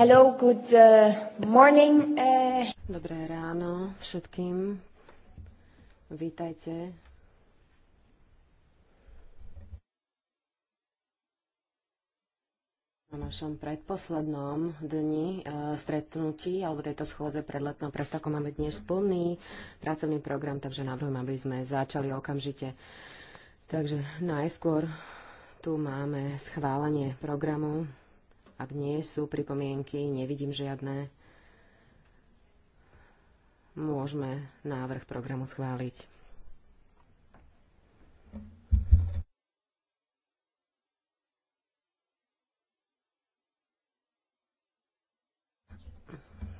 Hello, good uh, morning. Uh. Dobré ráno všetkým. Vítajte. Na našom predposlednom dni uh, stretnutí alebo tejto schôdze pred letnou prestávkou máme dnes plný pracovný program, takže navrhujem, aby sme začali okamžite. Takže najskôr tu máme schválenie programu ak nie sú pripomienky, nevidím žiadne, môžeme návrh programu schváliť.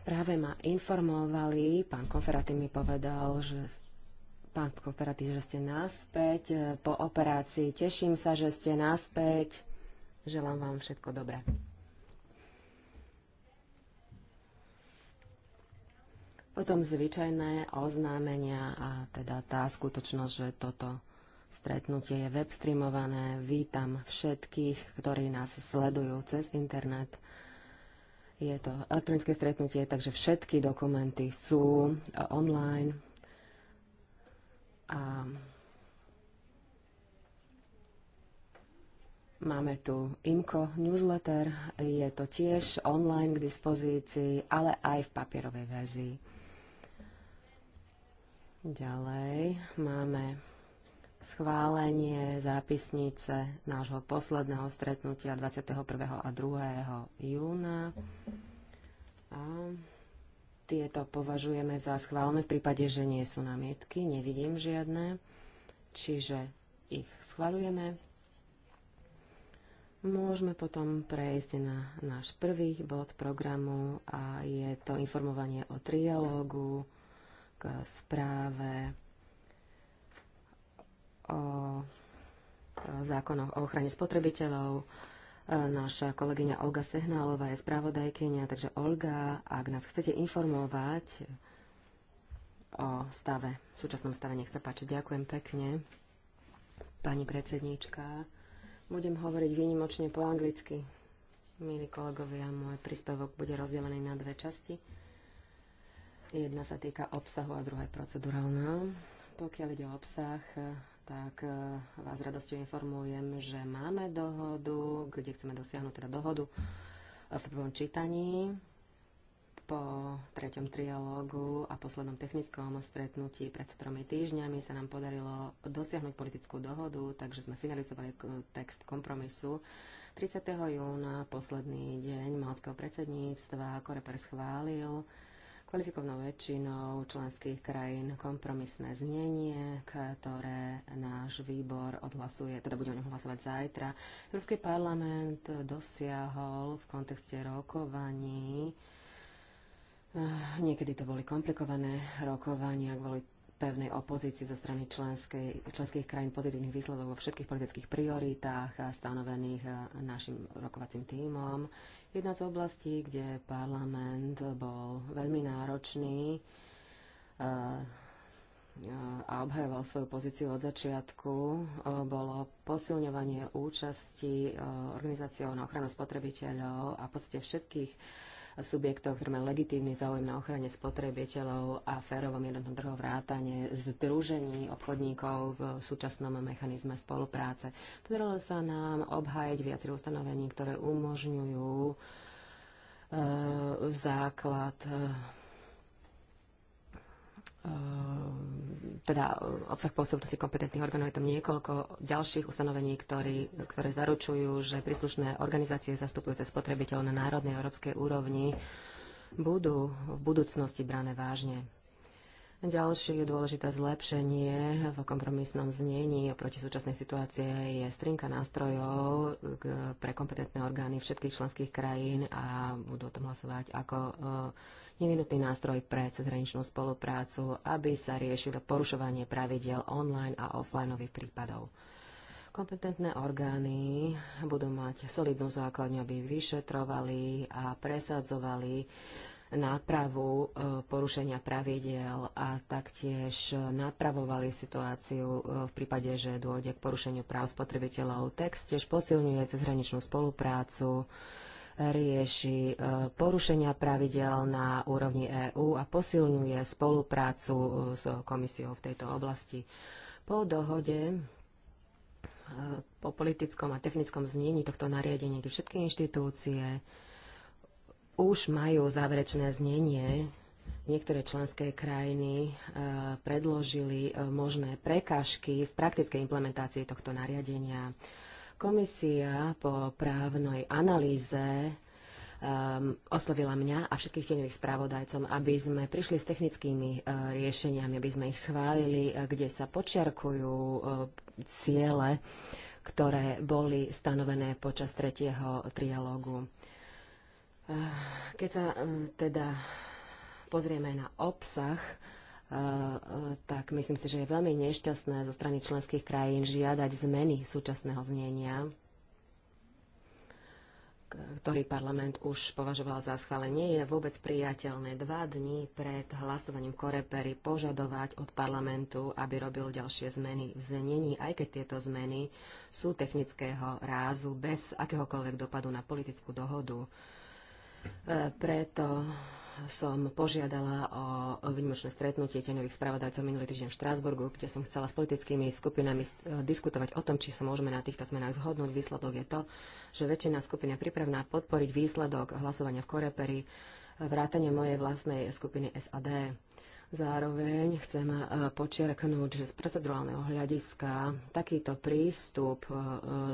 práve ma informovali, pán Konferaty mi povedal, že pán Konferaty, že ste naspäť eh, po operácii. Teším sa, že ste naspäť. Želám vám všetko dobré. Potom zvyčajné oznámenia a teda tá skutočnosť, že toto stretnutie je webstreamované. Vítam všetkých, ktorí nás sledujú cez internet. Je to elektronické stretnutie, takže všetky dokumenty sú e, online. A Máme tu IMCO newsletter, je to tiež online k dispozícii, ale aj v papierovej verzii. Ďalej máme schválenie zápisnice nášho posledného stretnutia 21. a 2. júna. A tieto považujeme za schválne v prípade, že nie sú námietky, nevidím žiadne, čiže ich schvalujeme. Môžeme potom prejsť na náš prvý bod programu a je to informovanie o trialógu k správe o zákonoch o ochrane spotrebiteľov. Naša kolegyňa Olga Sehnálová je spravodajkynia, takže Olga, ak nás chcete informovať o stave, súčasnom stave, nech sa páči. Ďakujem pekne, pani predsedníčka. Budem hovoriť výnimočne po anglicky. Milí kolegovia, môj príspevok bude rozdelený na dve časti. Jedna sa týka obsahu a druhá je procedurálna. Pokiaľ ide o obsah, tak e, vás radosťou informujem, že máme dohodu, kde chceme dosiahnuť teda dohodu e, v prvom čítaní po treťom trialógu a poslednom technickom stretnutí pred tromi týždňami sa nám podarilo dosiahnuť politickú dohodu, takže sme finalizovali e, text kompromisu. 30. júna, posledný deň malského predsedníctva, Koreper schválil kvalifikovanou väčšinou členských krajín kompromisné znenie, ktoré náš výbor odhlasuje, teda bude o ňom hlasovať zajtra. Európsky parlament dosiahol v kontexte rokovaní eh, Niekedy to boli komplikované rokovania kvôli pevnej opozícii zo strany členskej, členských krajín pozitívnych výsledov vo všetkých politických prioritách eh, stanovených eh, našim rokovacím tímom. Jedna z oblastí, kde parlament bol veľmi náročný eh, eh, a obhajoval svoju pozíciu od začiatku, eh, bolo posilňovanie účasti organizáciou na ochranu spotrebiteľov a v podstate všetkých subjektov, ktoré majú legitímny záujem na ochrane spotrebiteľov a férovom jednotnom trhu vrátane združení obchodníkov v súčasnom mechanizme spolupráce. Podarilo sa nám obhájiť viacero ustanovení, ktoré umožňujú e, základ e, Ehm, teda e, obsah pôsobnosti kompetentných orgánov je tam niekoľko ďalších ustanovení, ktorý, ktoré zaručujú, že príslušné organizácie zastupujúce spotrebiteľov na národnej európskej úrovni budú v budúcnosti brané vážne. Ďalšie dôležité zlepšenie v kompromisnom znení oproti súčasnej situácie je strinka nástrojov pre kompetentné orgány všetkých členských krajín a budú o tom hlasovať ako e, nevinutný nástroj pre cezhraničnú spoluprácu, aby sa riešilo porušovanie pravidel online a offlineových prípadov. Kompetentné orgány budú mať solidnú základňu, aby vyšetrovali a presadzovali nápravu e, porušenia pravidiel a taktiež napravovali situáciu e, v prípade, že dôjde k porušeniu práv spotrebiteľov. Text tiež posilňuje cezhraničnú spoluprácu rieši e, porušenia pravidel na úrovni EÚ a posilňuje spoluprácu e, s komisiou v tejto oblasti. Po dohode e, po politickom a technickom znení tohto nariadenia, kde všetky inštitúcie už majú záverečné znenie, niektoré členské krajiny predložili možné prekážky v praktickej implementácii tohto nariadenia. Komisia po právnej analýze um, oslovila mňa a všetkých tieňových správodajcom, aby sme prišli s technickými uh, riešeniami, aby sme ich schválili, uh, kde sa počiarkujú uh, ciele, ktoré boli stanovené počas tretieho trialógu. Uh, keď sa uh, teda pozrieme na obsah, tak myslím si, že je veľmi nešťastné zo strany členských krajín žiadať zmeny súčasného znenia, ktorý parlament už považoval za schválenie, je vôbec priateľné dva dní pred hlasovaním Korepery požadovať od parlamentu, aby robil ďalšie zmeny v znení, aj keď tieto zmeny sú technického rázu bez akéhokoľvek dopadu na politickú dohodu E, preto som požiadala o výnimočné stretnutie tenových spravodajcov minulý týždeň v Štrásburgu, kde som chcela s politickými skupinami e, diskutovať o tom, či sa môžeme na týchto zmenách zhodnúť. Výsledok je to, že väčšina skupina je pripravená podporiť výsledok hlasovania v Koreperi e, vrátane mojej vlastnej skupiny SAD. Zároveň chcem počiarknúť, že z procedurálneho hľadiska takýto prístup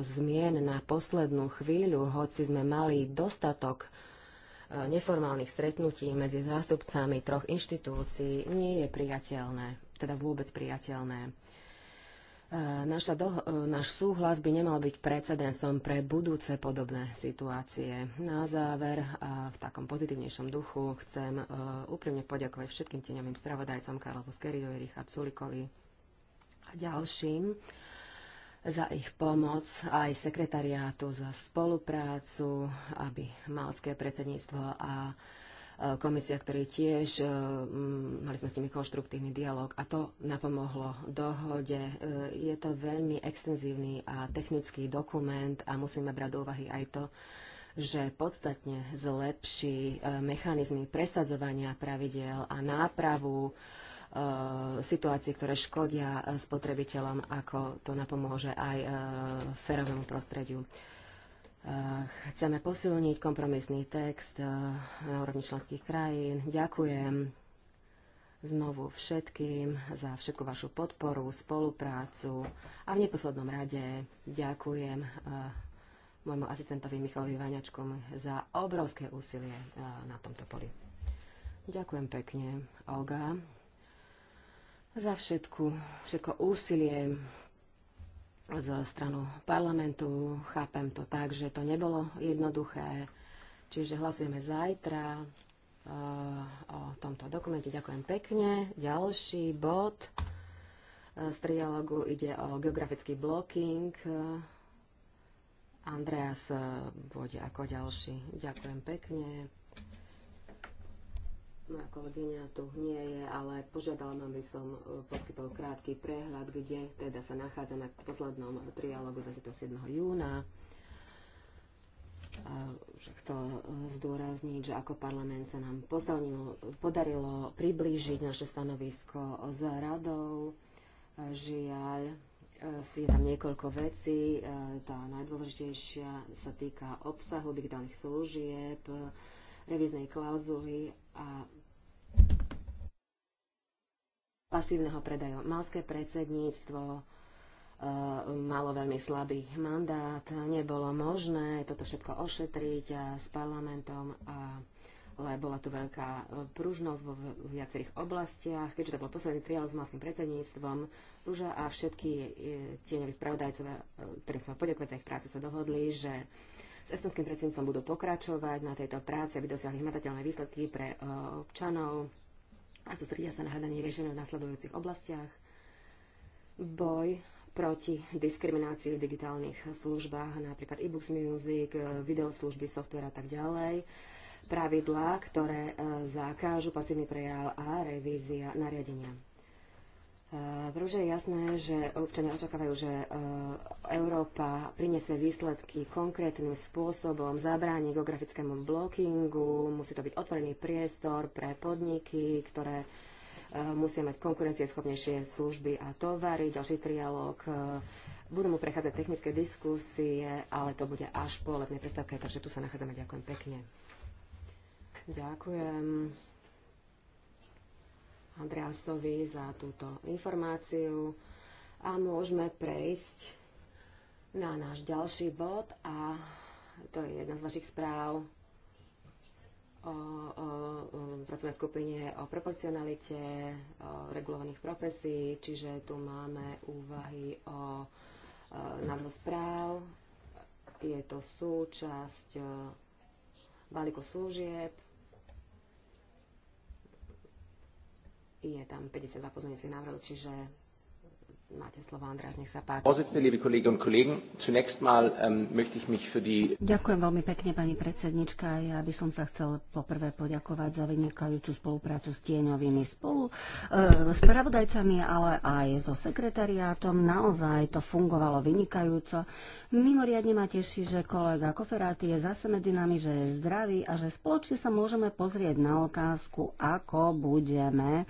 zmien na poslednú chvíľu, hoci sme mali dostatok E, neformálnych stretnutí medzi zástupcami troch inštitúcií nie je priateľné, teda vôbec priateľné. E, naša do, e, náš súhlas by nemal byť precedensom pre budúce podobné situácie. Na záver a v takom pozitívnejšom duchu chcem úprimne poďakovať všetkým tieňovým spravodajcom Karlovu Skeriovi, Richard Sulikovi a ďalším za ich pomoc aj sekretariátu za spoluprácu, aby malské predsedníctvo a e, komisia, ktorý tiež, e, mali sme s nimi konštruktívny dialog a to napomohlo dohode. E, je to veľmi extenzívny a technický dokument a musíme brať do úvahy aj to, že podstatne zlepší mechanizmy presadzovania pravidel a nápravu Eh, situácie, ktoré škodia eh, spotrebiteľom, ako to napomôže aj eh, férovému prostrediu. Chceme posilniť kompromisný text na úrovni členských krajín. Ďakujem znovu všetkým za všetku vašu podporu, spoluprácu a v neposlednom rade ďakujem môjmu asistentovi Michalovi Vaňačkom za obrovské úsilie na tomto poli. Ďakujem pekne, Olga za všetku, všetko úsilie zo stranu parlamentu. Chápem to tak, že to nebolo jednoduché. Čiže hlasujeme zajtra e, o tomto dokumente. Ďakujem pekne. Ďalší bod e, z trialogu ide o geografický blocking. E, Andreas bude ako ďalší. Ďakujem pekne. Moja kolegyňa tu nie je, ale požiadala ma, aby som e, poskytol krátky prehľad, kde teda sa nachádzame v poslednom trialogu 27. júna. Už chcel e, zdôrazniť, že ako parlament sa nám podarilo priblížiť naše stanovisko s radou. E, Žiaľ, je tam niekoľko vecí. Tá najdôležitejšia sa týka obsahu digitálnych služieb, revíznej klauzuly a pasívneho predaja. Malské predsedníctvo e, malo veľmi slabý mandát, nebolo možné toto všetko ošetriť a e, s parlamentom, a, ale bola tu veľká e, pružnosť vo viacerých oblastiach. Keďže to bol posledný triál s malským predsedníctvom, Rúža a všetky tieňoví spravodajcovia, ktorým som poďakovať za ich prácu, sa dohodli, že s estonským predsedníctvom budú pokračovať na tejto práci, aby dosiahli hmatateľné výsledky pre e, občanov a sústredia sa na hľadanie riešenia v nasledujúcich oblastiach. Boj proti diskriminácii v digitálnych službách, napríklad e-books music, e, videoslužby, software a tak ďalej pravidlá, ktoré e, zakážu pasívny prejav a revízia nariadenia. V e, Rúže je jasné, že občania očakávajú, že e, Európa priniesie výsledky konkrétnym spôsobom, zabráni geografickému blokingu, musí to byť otvorený priestor pre podniky, ktoré e, musia mať konkurencieschopnejšie služby a tovary, ďalší trialóg. Budú mu prechádzať technické diskusie, ale to bude až po letnej prestávke, takže tu sa nachádzame. Ďakujem pekne. Ďakujem. Andreasovi za túto informáciu a môžeme prejsť na náš ďalší bod a to je jedna z vašich správ o, o, o pracovnej skupine o proporcionalite, o regulovaných profesí, čiže tu máme úvahy o, o návrhu správ. Je to súčasť e, balíku služieb Je tam 52 pozmeňujúcich návrhov, čiže Máte slovo, András, nech sa páči. Ähm, Ďakujem veľmi pekne, pani predsednička. Ja by som sa chcel poprvé poďakovať za vynikajúcu spoluprácu s tieňovými spolu e, spravodajcami, ale aj so sekretariátom. Naozaj to fungovalo vynikajúco. Mimoriadne ma teší, že kolega Koferáty je zase medzi nami, že je zdravý a že spoločne sa môžeme pozrieť na otázku, ako budeme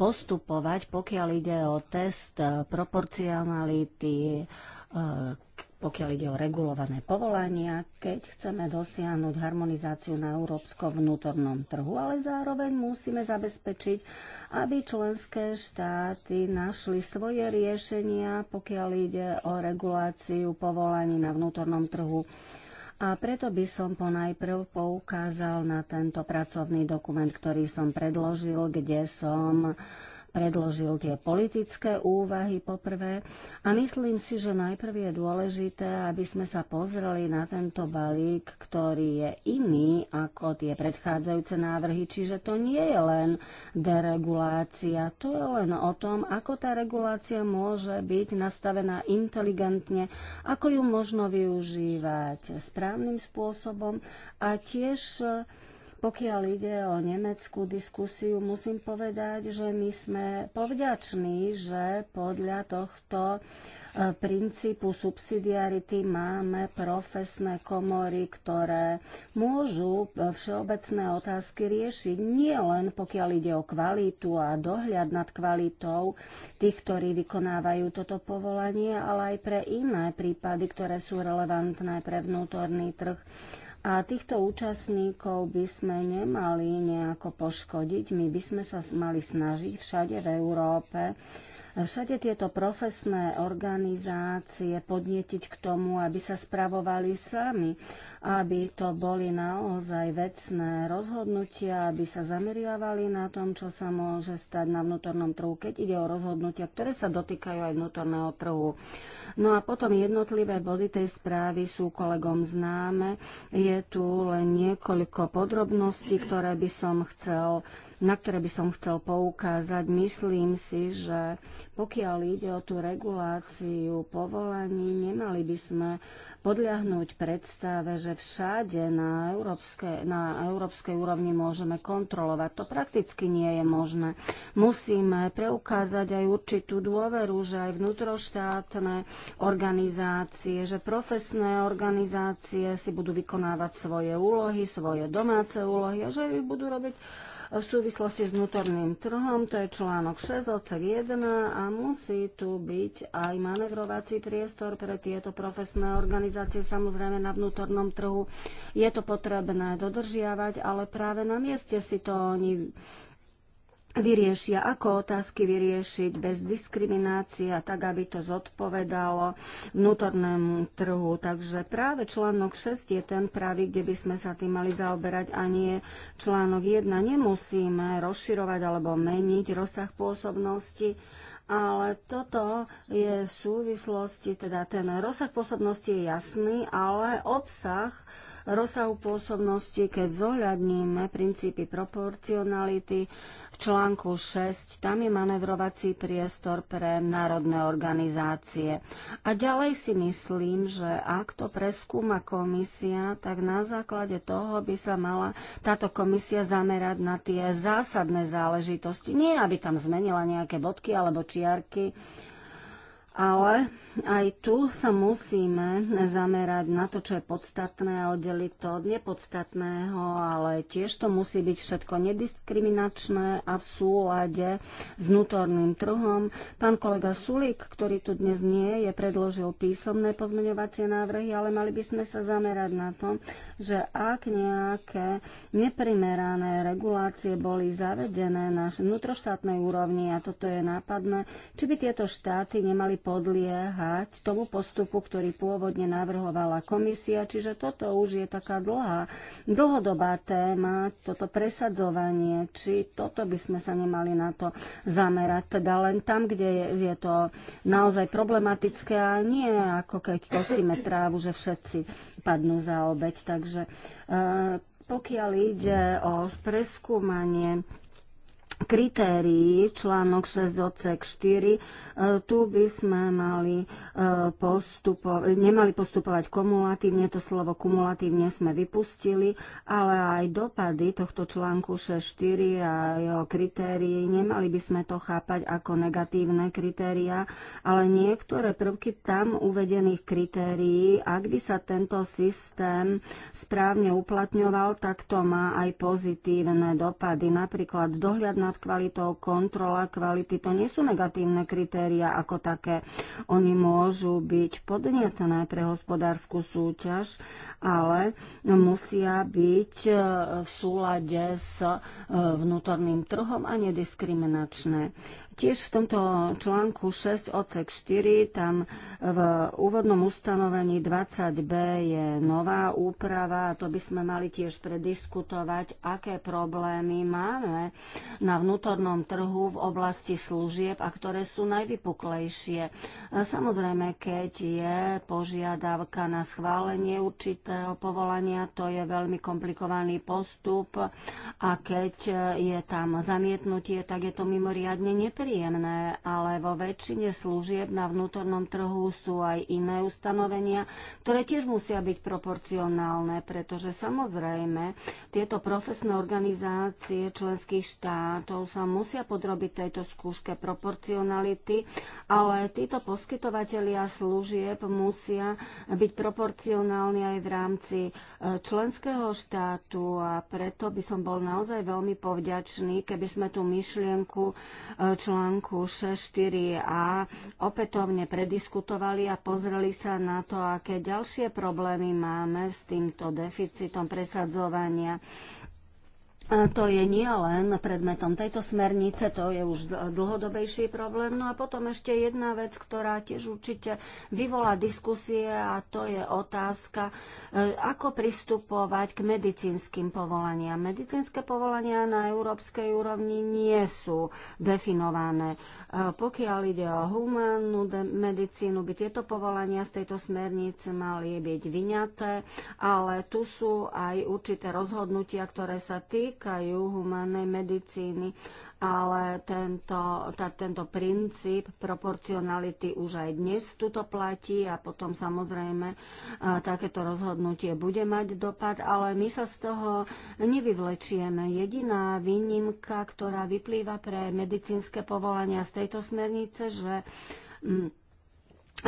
postupovať, pokiaľ ide o test proporcionality, eh, pokiaľ ide o regulované povolania, keď chceme dosiahnuť harmonizáciu na európsko-vnútornom trhu, ale zároveň musíme zabezpečiť, aby členské štáty našli svoje riešenia, pokiaľ ide o reguláciu povolaní na vnútornom trhu. A preto by som ponajprv poukázal na tento pracovný dokument, ktorý som predložil, kde som uh, predložil tie politické úvahy poprvé a myslím si, že najprv je dôležité, aby sme sa pozreli na tento balík, ktorý je iný ako tie predchádzajúce návrhy, čiže to nie je len deregulácia, to je len o tom, ako tá regulácia môže byť nastavená inteligentne, ako ju možno využívať správnym spôsobom a tiež pokiaľ ide o nemeckú diskusiu, musím povedať, že my sme povďační, že podľa tohto e, princípu subsidiarity máme profesné komory, ktoré môžu e, všeobecné otázky riešiť nie len pokiaľ ide o kvalitu a dohľad nad kvalitou tých, ktorí vykonávajú toto povolanie, ale aj pre iné prípady, ktoré sú relevantné pre vnútorný trh a týchto účastníkov by sme nemali nejako poškodiť. My by sme sa mali snažiť všade v Európe všade tieto profesné organizácie podnietiť k tomu, aby sa spravovali sami, aby to boli naozaj vecné rozhodnutia, aby sa zameriavali na tom, čo sa môže stať na vnútornom trhu, keď ide o rozhodnutia, ktoré sa dotýkajú aj vnútorného trhu. No a potom jednotlivé body tej správy sú kolegom známe. Je tu len niekoľko podrobností, ktoré by som chcel na ktoré by som chcel poukázať. Myslím si, že pokiaľ ide o tú reguláciu povolaní, nemali by sme podľahnúť predstave, že všade na európskej, na európskej úrovni môžeme kontrolovať. To prakticky nie je možné. Musíme preukázať aj určitú dôveru, že aj vnútroštátne organizácie, že profesné organizácie si budú vykonávať svoje úlohy, svoje domáce úlohy a že ich budú robiť v súvislosti s vnútorným trhom, to je článok 6 odsek 1 a musí tu byť aj manevrovací priestor pre tieto profesné organizácie, samozrejme na vnútornom trhu. Je to potrebné dodržiavať, ale práve na mieste si to oni vyriešia, ako otázky vyriešiť bez diskriminácie, tak aby to zodpovedalo vnútornému trhu. Takže práve článok 6 je ten pravý, kde by sme sa tým mali zaoberať a nie článok 1. Nemusíme rozširovať alebo meniť rozsah pôsobnosti, ale toto je v súvislosti, teda ten rozsah pôsobnosti je jasný, ale obsah rozsahu pôsobnosti, keď zohľadníme princípy proporcionality v článku 6, tam je manevrovací priestor pre národné organizácie. A ďalej si myslím, že ak to preskúma komisia, tak na základe toho by sa mala táto komisia zamerať na tie zásadné záležitosti. Nie, aby tam zmenila nejaké bodky alebo čiarky, ale aj tu sa musíme zamerať na to, čo je podstatné a oddeliť to od nepodstatného, ale tiež to musí byť všetko nediskriminačné a v súlade s vnútorným trhom. Pán kolega Sulík, ktorý tu dnes nie je, predložil písomné pozmeňovacie návrhy, ale mali by sme sa zamerať na to, že ak nejaké neprimerané regulácie boli zavedené na vnútroštátnej úrovni, a toto je nápadné, či by tieto štáty nemali podliehať tomu postupu, ktorý pôvodne navrhovala komisia. Čiže toto už je taká dlhá, dlhodobá téma, toto presadzovanie, či toto by sme sa nemali na to zamerať. Teda len tam, kde je, je to naozaj problematické a nie ako keď kosíme trávu, že všetci padnú za obeď. Takže e, pokiaľ ide o preskúmanie kritérií, článok 6 odsek 4, e, tu by sme mali e, postupo- nemali postupovať kumulatívne, to slovo kumulatívne sme vypustili, ale aj dopady tohto článku 6.4 a jeho kritérií, nemali by sme to chápať ako negatívne kritéria, ale niektoré prvky tam uvedených kritérií, ak by sa tento systém správne uplatňoval, tak to má aj pozitívne dopady, napríklad dohľad na nad kvalitou, kontrola kvality, to nie sú negatívne kritéria ako také. Oni môžu byť podnetné pre hospodárskú súťaž, ale musia byť e, v súlade s e, vnútorným trhom a nediskriminačné. Tiež v tomto článku 6 odsek 4, tam v úvodnom ustanovení 20b je nová úprava a to by sme mali tiež prediskutovať, aké problémy máme na vnútornom trhu v oblasti služieb a ktoré sú najvypuklejšie. Samozrejme, keď je požiadavka na schválenie určitého povolania, to je veľmi komplikovaný postup a keď je tam zamietnutie, tak je to mimoriadne nepríjemné príjemné, ale vo väčšine služieb na vnútornom trhu sú aj iné ustanovenia, ktoré tiež musia byť proporcionálne, pretože samozrejme tieto profesné organizácie členských štátov sa musia podrobiť tejto skúške proporcionality, ale títo poskytovateľia služieb musia byť proporcionálni aj v rámci e, členského štátu a preto by som bol naozaj veľmi povďačný, keby sme tú myšlienku e, člen článku 6.4a opätovne prediskutovali a pozreli sa na to, aké ďalšie problémy máme s týmto deficitom presadzovania to je nie len predmetom tejto smernice, to je už dlhodobejší problém. No a potom ešte jedna vec, ktorá tiež určite vyvolá diskusie a to je otázka, e, ako pristupovať k medicínskym povolaniam. Medicínske povolania na európskej úrovni nie sú definované. Eh, pokiaľ ide o humánnu medicínu, by tieto povolania z tejto smernice mali byť vyňaté, ale tu sú aj určité rozhodnutia, ktoré sa týkajú humánnej medicíny ale tento, tá, tento princíp proporcionality už aj dnes tuto platí a potom samozrejme a, e, takéto rozhodnutie bude mať dopad, ale my sa z toho nevyvlečieme. Jediná výnimka, ktorá vyplýva pre medicínske povolania z tejto smernice, že mm, E,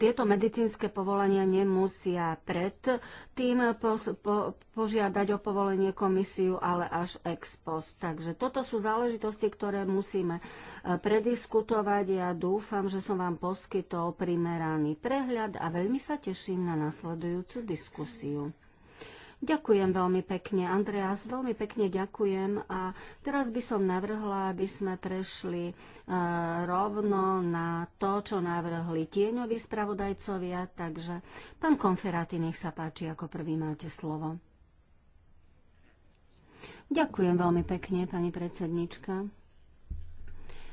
tieto medicínske povolenia nemusia pred tým pos, po, požiadať o povolenie komisiu, ale až ex post. Takže toto sú záležitosti, ktoré musíme e, prediskutovať. Ja dúfam, že som vám poskytol primeraný prehľad a veľmi sa teším na nasledujúcu diskusiu. Ďakujem veľmi pekne, Andreas, veľmi pekne ďakujem a teraz by som navrhla, aby sme prešli e, rovno na to, čo navrhli tieňoví spravodajcovia, takže pán Konferáty, nech sa páči, ako prvý máte slovo. Ďakujem veľmi pekne, pani predsednička.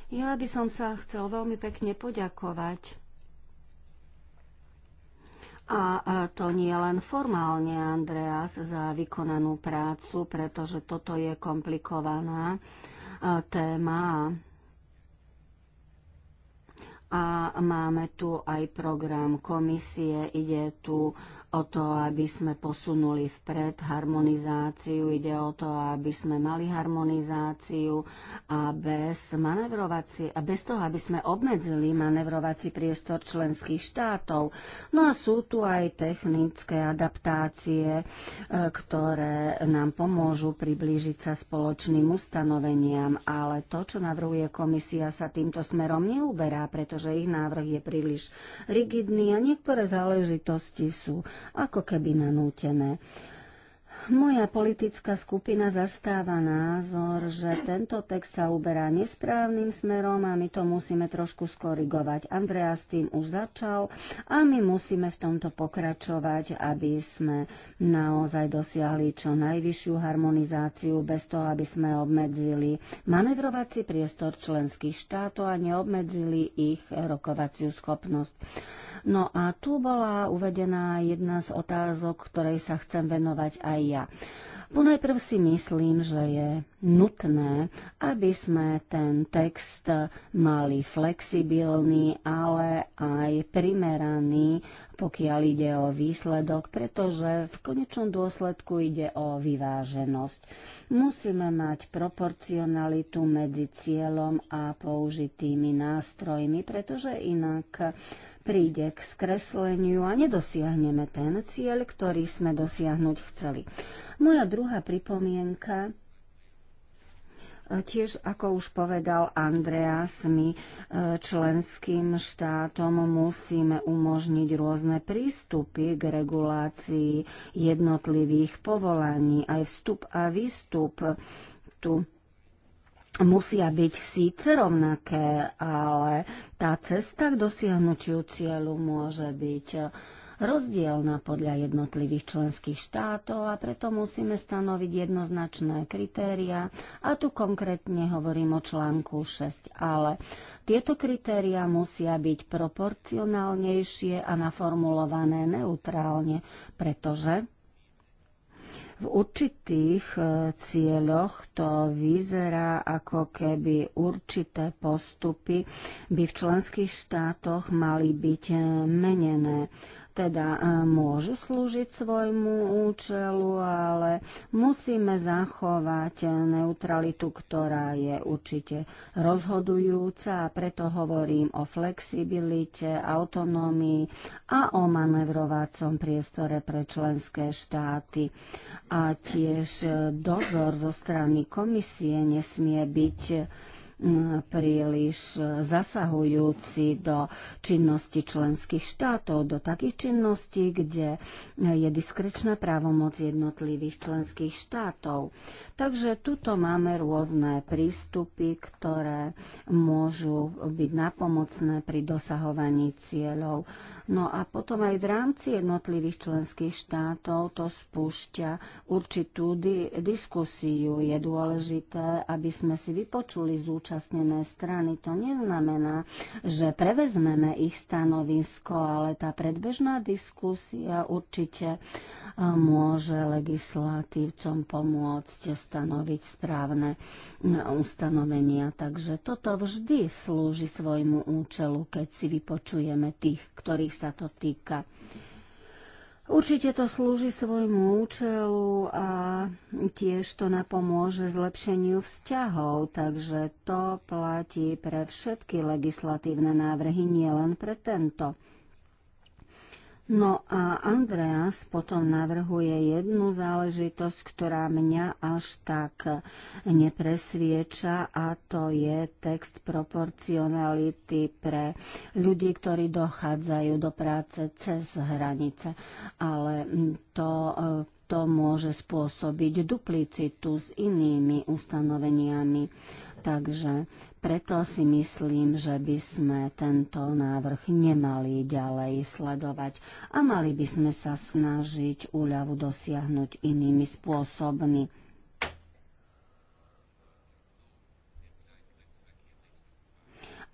Ja by som sa chcel veľmi pekne poďakovať a to nie len formálne, Andreas, za vykonanú prácu, pretože toto je komplikovaná e, téma. A máme tu aj program komisie, ide tu o to, aby sme posunuli vpred harmonizáciu, ide o to, aby sme mali harmonizáciu a bez, a bez toho, aby sme obmedzili manevrovací priestor členských štátov. No a sú tu aj technické adaptácie, e, ktoré nám pomôžu priblížiť sa spoločným ustanoveniam, ale to, čo navrhuje komisia, sa týmto smerom neuberá, pretože ich návrh je príliš rigidný a niektoré záležitosti sú ako keby nanútené. Moja politická skupina zastáva názor, že tento text sa uberá nesprávnym smerom a my to musíme trošku skorigovať. Andreas tým už začal a my musíme v tomto pokračovať, aby sme naozaj dosiahli čo najvyššiu harmonizáciu bez toho, aby sme obmedzili manevrovací priestor členských štátov a neobmedzili ich rokovaciu schopnosť. No a tu bola uvedená jedna z otázok, ktorej sa chcem venovať aj ja úsilia. Ponajprv si myslím, že je nutné, aby sme ten text mali flexibilný, ale aj primeraný pokiaľ ide o výsledok, pretože v konečnom dôsledku ide o vyváženosť. Musíme mať proporcionalitu medzi cieľom a použitými nástrojmi, pretože inak príde k skresleniu a nedosiahneme ten cieľ, ktorý sme dosiahnuť chceli. Moja druhá pripomienka E, tiež, ako už povedal Andreas, my e, členským štátom musíme umožniť rôzne prístupy k regulácii jednotlivých povolaní, aj vstup a výstup. Tu musia byť síce rovnaké, ale tá cesta k dosiahnutiu cieľu môže byť e, rozdielna podľa jednotlivých členských štátov a preto musíme stanoviť jednoznačné kritéria a tu konkrétne hovorím o článku 6, ale tieto kritéria musia byť proporcionálnejšie a naformulované neutrálne, pretože v určitých e, cieľoch to vyzerá ako keby určité postupy by v členských štátoch mali byť e, menené teda e, môžu slúžiť svojmu účelu, ale musíme zachovať neutralitu, ktorá je určite rozhodujúca a preto hovorím o flexibilite, autonómii a o manevrovacom priestore pre členské štáty. A tiež dozor zo strany komisie nesmie byť príliš e, zasahujúci do činnosti členských štátov, do takých činností, kde e, je diskrečná právomoc jednotlivých členských štátov. Takže tuto máme rôzne prístupy, ktoré môžu byť napomocné pri dosahovaní cieľov. No a potom aj v rámci jednotlivých členských štátov to spúšťa určitú di- diskusiu. Je dôležité, aby sme si vypočuli zúčastnenie zúčastnené strany. To neznamená, že prevezmeme ich stanovisko, ale tá predbežná diskusia určite e, môže legislatívcom pomôcť stanoviť správne ustanovenia. Takže toto vždy slúži svojmu účelu, keď si vypočujeme tých, ktorých sa to týka. Určite to slúži svojmu účelu a tiež to napomôže zlepšeniu vzťahov, takže to platí pre všetky legislatívne návrhy, nielen pre tento. No a Andreas potom navrhuje jednu záležitosť, ktorá mňa až tak nepresvieča a to je text proporcionality pre ľudí, ktorí dochádzajú do práce cez hranice. Ale to to môže spôsobiť duplicitu s inými ustanoveniami. Takže preto si myslím, že by sme tento návrh nemali ďalej sledovať a mali by sme sa snažiť úľavu dosiahnuť inými spôsobmi.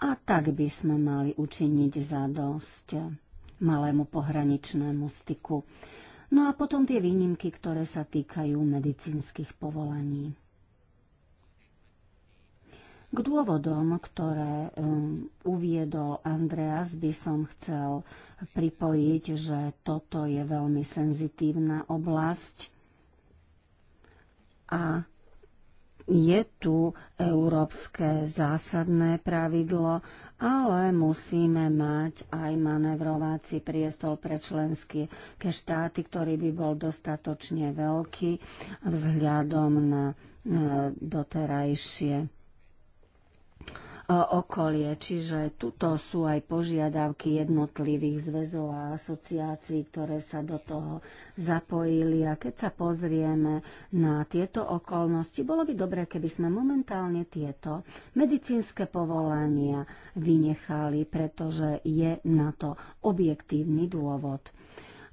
A tak by sme mali učiniť zadosť malému pohraničnému styku. No a potom tie výnimky, ktoré sa týkajú medicínskych povolaní. K dôvodom, ktoré um, uviedol Andreas, by som chcel pripojiť, že toto je veľmi senzitívna oblasť a je tu európske zásadné pravidlo, ale musíme mať aj manevrovací priestor pre členské štáty, ktorý by bol dostatočne veľký vzhľadom na doterajšie E, okolie. Čiže tuto sú aj požiadavky jednotlivých zväzov a asociácií, ktoré sa do toho zapojili. A keď sa pozrieme na tieto okolnosti, bolo by dobré, keby sme momentálne tieto medicínske povolania vynechali, pretože je na to objektívny dôvod.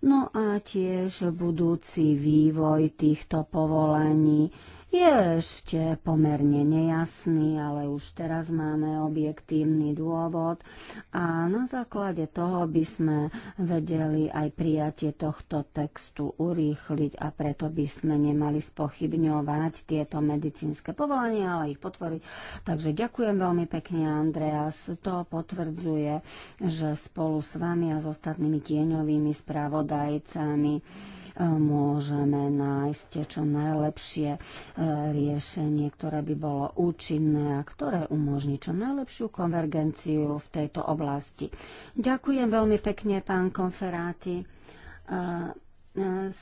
No a tiež budúci vývoj týchto povolaní je ešte pomerne nejasný, ale už teraz máme objektívny dôvod a na základe toho by sme vedeli aj prijatie tohto textu urýchliť a preto by sme nemali spochybňovať tieto medicínske povolania, ale ich potvoriť. Takže ďakujem veľmi pekne, Andreas. To potvrdzuje, že spolu s vami a s ostatnými tieňovými spravodajcami môžeme nájsť čo najlepšie e, riešenie, ktoré by bolo účinné a ktoré umožní čo najlepšiu konvergenciu v tejto oblasti. Ďakujem veľmi pekne, pán Konferáty. E, e,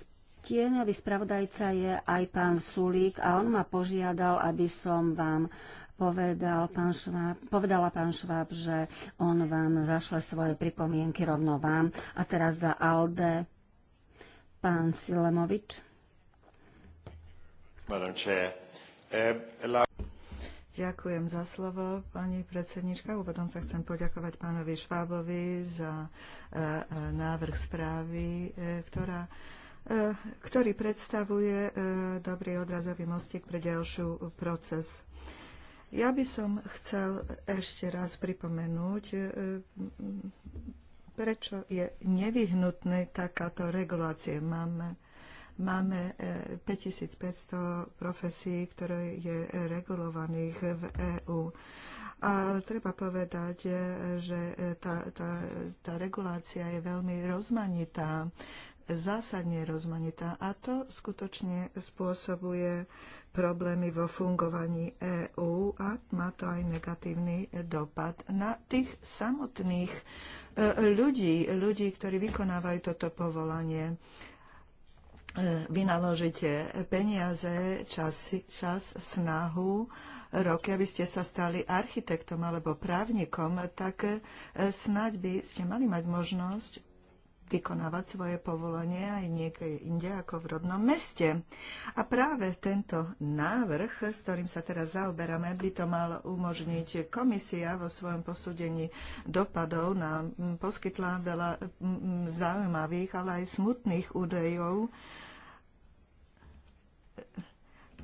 Tieňový spravodajca je aj pán Sulík a on ma požiadal, aby som vám povedal pán Šváb, povedala pán Šváb, že on vám zašle svoje pripomienky rovno vám. A teraz za Alde Pán Silemovič. Eh, Ďakujem za slovo, pani predsednička. Úvodom sa chcem poďakovať pánovi Švábovi za eh, eh, návrh správy, ktorá ktorý predstavuje dobrý odrazový mostík pre ďalšiu proces. Ja by som chcel ešte raz pripomenúť prečo je nevyhnutné takáto regulácia. Máme, máme 5500 e, profesí, ktoré je regulovaných v EÚ. A treba povedať, e, že e, tá, tá, tá regulácia je veľmi rozmanitá, zásadne rozmanitá a to skutočne spôsobuje problémy vo fungovaní EÚ a má to aj negatívny dopad na tých samotných e, ľudí, ľudí, ktorí vykonávajú toto povolanie e, vynaložíte peniaze, čas, čas, snahu, roky, aby ste sa stali architektom alebo právnikom, tak e, snáď by ste mali mať možnosť vykonávať svoje povolanie aj niekde inde ako v rodnom meste. A práve tento návrh, s ktorým sa teraz zaoberáme, by to mal umožniť komisia vo svojom posúdení dopadov na poskytla veľa zaujímavých, ale aj smutných údajov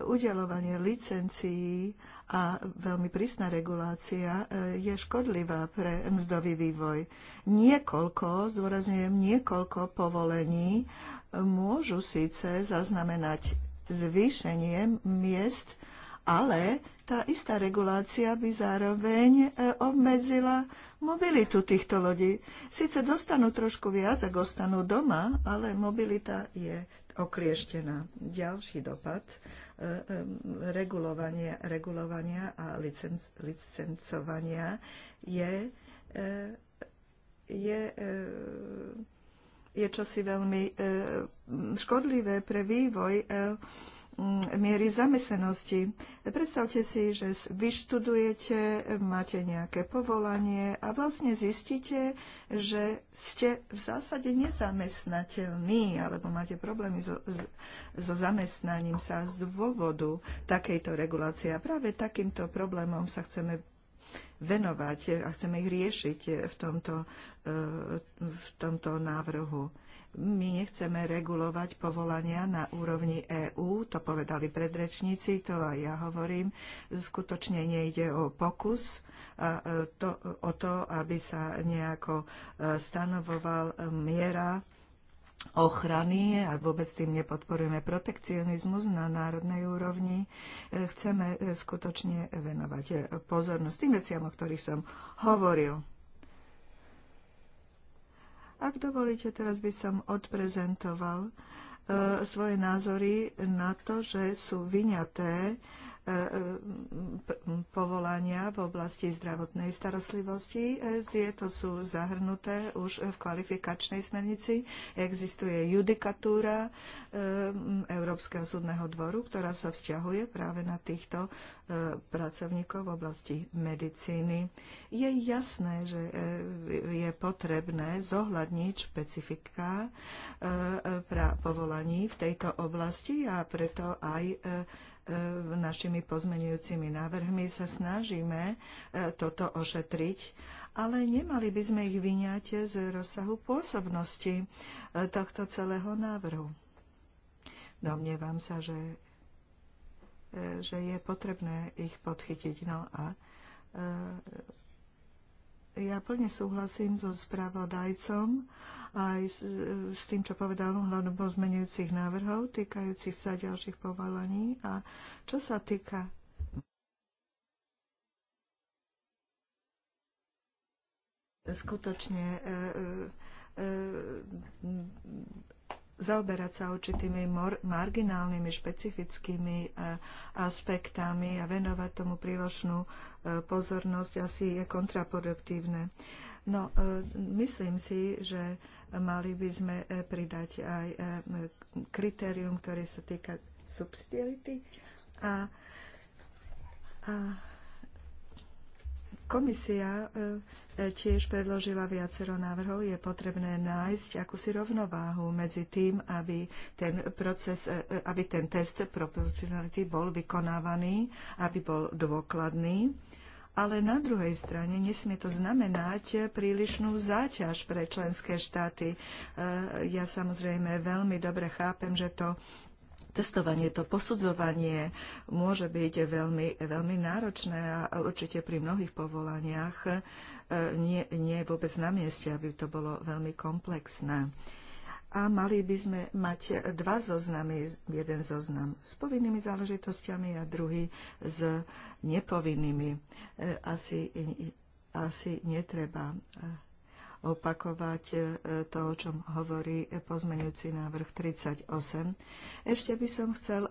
udelovanie licencií a veľmi prísna regulácia e, je škodlivá pre mzdový vývoj. Niekoľko, zdôrazňujem, niekoľko povolení e, môžu síce zaznamenať zvýšenie miest, ale tá istá regulácia by zároveň e, obmedzila mobilitu týchto lodí. Sice dostanú trošku viac, ak ostanú doma, ale mobilita je oklieštená. Ďalší dopad regulovania, regulovania a licenc, licencovania je, e, je, e, je čosi veľmi e, škodlivé pre vývoj Mm, miery zamestnanosti. Predstavte si, že vyštudujete, máte nejaké povolanie a vlastne zistíte, že ste v zásade nezamestnateľní alebo máte problémy so, so zamestnaním sa z dôvodu takejto regulácie. A práve takýmto problémom sa chceme venovať a chceme ich riešiť v tomto, eh, v tomto návrhu. My nechceme regulovať povolania na úrovni EÚ, to povedali predrečníci, to aj ja hovorím. Skutočne nejde o pokus, a e, to, o to, aby sa nejako e, stanovoval e, miera ochrany a vôbec tým nepodporujeme protekcionizmus na národnej úrovni. Chceme skutočne venovať pozornosť tým veciam, o ktorých som hovoril. Ak dovolíte, teraz by som odprezentoval e, svoje názory na to, že sú vyňaté E, povolania v oblasti zdravotnej starostlivosti. E, tieto sú zahrnuté už v kvalifikačnej smernici. Existuje judikatúra e, Európskeho súdneho dvoru, ktorá sa vzťahuje práve na týchto pracovníkov v oblasti medicíny. Je jasné, že je potrebné zohľadniť špecifika povolaní v tejto oblasti a preto aj E, našimi pozmenujúcimi návrhmi sa snažíme e, toto ošetriť, ale nemali by sme ich vyňať z rozsahu pôsobnosti e, tohto celého návrhu. Domnievam sa, že, že je potrebné ich podchytiť. No a ja plne súhlasím so spravodajcom, aj s, s tým, čo povedal hľadom pozmenujúcich návrhov týkajúcich sa ďalších povolaní. A čo sa týka skutočne e, e, e zaoberať sa určitými marginálnymi, špecifickými eh, aspektami a venovať tomu príložnú eh, pozornosť asi je kontraproduktívne. No, eh, myslím si, že mali by sme pridať aj kritérium, ktoré sa týka subsidiarity a, a Komisia e, e, tiež predložila viacero návrhov. Je potrebné nájsť akúsi rovnováhu medzi tým, aby ten, proces, e, aby ten test proporcionality bol vykonávaný, aby bol dôkladný. Ale na druhej strane nesmie to znamenať prílišnú záťaž pre členské štáty. Ja samozrejme veľmi dobre chápem, že to testovanie, to posudzovanie môže byť veľmi, veľmi náročné a určite pri mnohých povolaniach e, nie, nie je vôbec na mieste, aby to bolo veľmi komplexné a mali by sme mať dva zoznamy, jeden zoznam s povinnými záležitostiami a druhý s nepovinnými. E, asi, asi netreba e, opakovať e, to, o čom hovorí pozmenujúci návrh 38. Ešte by som chcel e, e,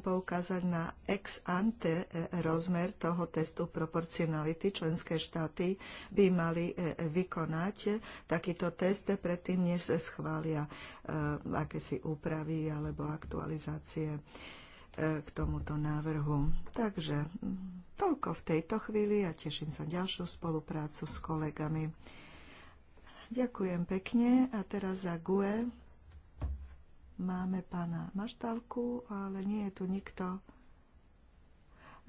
poukázať na ex ante rozmer toho testu proporcionality. Členské štáty by mali vykonať takýto test predtým, než sa schvália akési úpravy alebo aktualizácie k tomuto návrhu. Takže toľko v tejto chvíli a ja teším sa ďalšiu spoluprácu s kolegami. Ďakujem pekne a teraz za GUE máme pána Maštalku, ale nie je tu nikto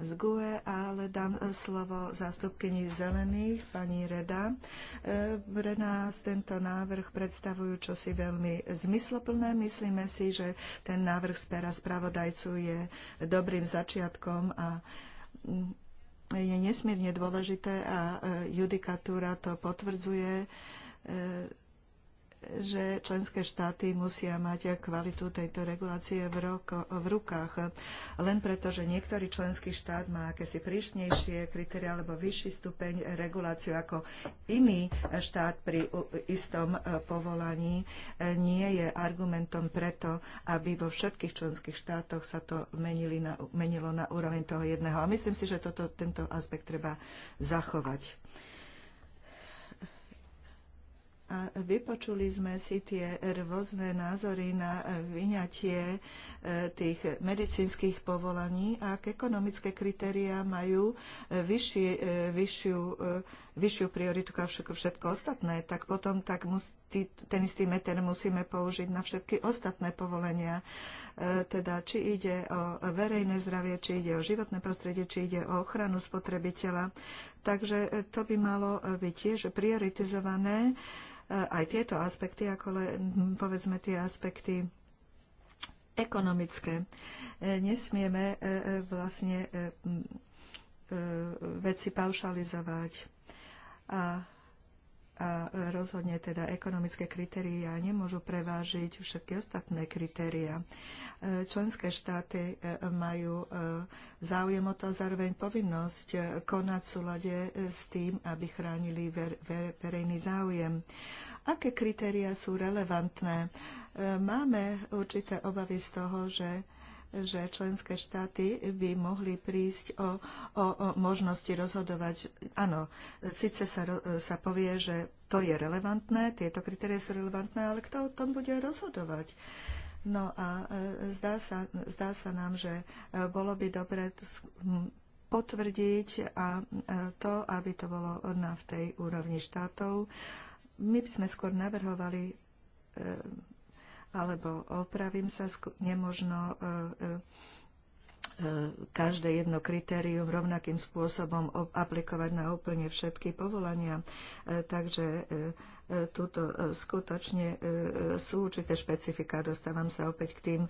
z GUE, ale dám slovo zástupkyni zelených, pani Reda. E, pre nás tento návrh predstavujú čosi veľmi zmysloplné. Myslíme si, že ten návrh z pera spravodajcu je dobrým začiatkom a je nesmierne dôležité a e, judikatúra to potvrdzuje že členské štáty musia mať kvalitu tejto regulácie v, roko, v rukách. Len preto, že niektorý členský štát má akési príšnejšie kritéria alebo vyšší stupeň reguláciu ako iný štát pri istom e, povolaní, e, nie je argumentom preto, aby vo všetkých členských štátoch sa to menili na, menilo na úroveň toho jedného. A myslím si, že toto, tento aspekt treba zachovať. A vypočuli sme si tie rôzne názory na vyňatie e, tých medicínskych povolaní a ak ekonomické kritériá majú e, vyšší, e, vyššiu, vyššiu prioritu ako všetko ostatné, tak potom tak musí, ten istý meter musíme použiť na všetky ostatné povolenia. E, teda či ide o verejné zdravie, či ide o životné prostredie, či ide o ochranu spotrebiteľa. Takže e, to by malo byť tiež prioritizované e, aj tieto aspekty, ako le, povedzme tie aspekty ekonomické. Nesmieme vlastne veci paušalizovať. A a rozhodne teda ekonomické kritériá nemôžu prevážiť všetky ostatné kritériá. E, členské štáty e, majú e, záujem o to zároveň povinnosť konať súlade s tým, aby chránili verejný záujem. Aké kritériá sú relevantné? Máme určité obavy z toho, že že členské štáty by mohli prísť o, o, o možnosti rozhodovať. Áno, síce sa, sa povie, že to je relevantné, tieto kritérie sú relevantné, ale kto o tom bude rozhodovať? No a e, zdá sa, zdá sa nám, že e, bolo by dobre potvrdiť a e, to, aby to bolo na v tej úrovni štátov. My by sme skôr navrhovali alebo opravím sa, nemožno e, e, e, každé jedno kritérium rovnakým spôsobom aplikovať na úplne všetky povolania. Takže túto skutočne sú určité špecifika. Dostávam sa opäť k tým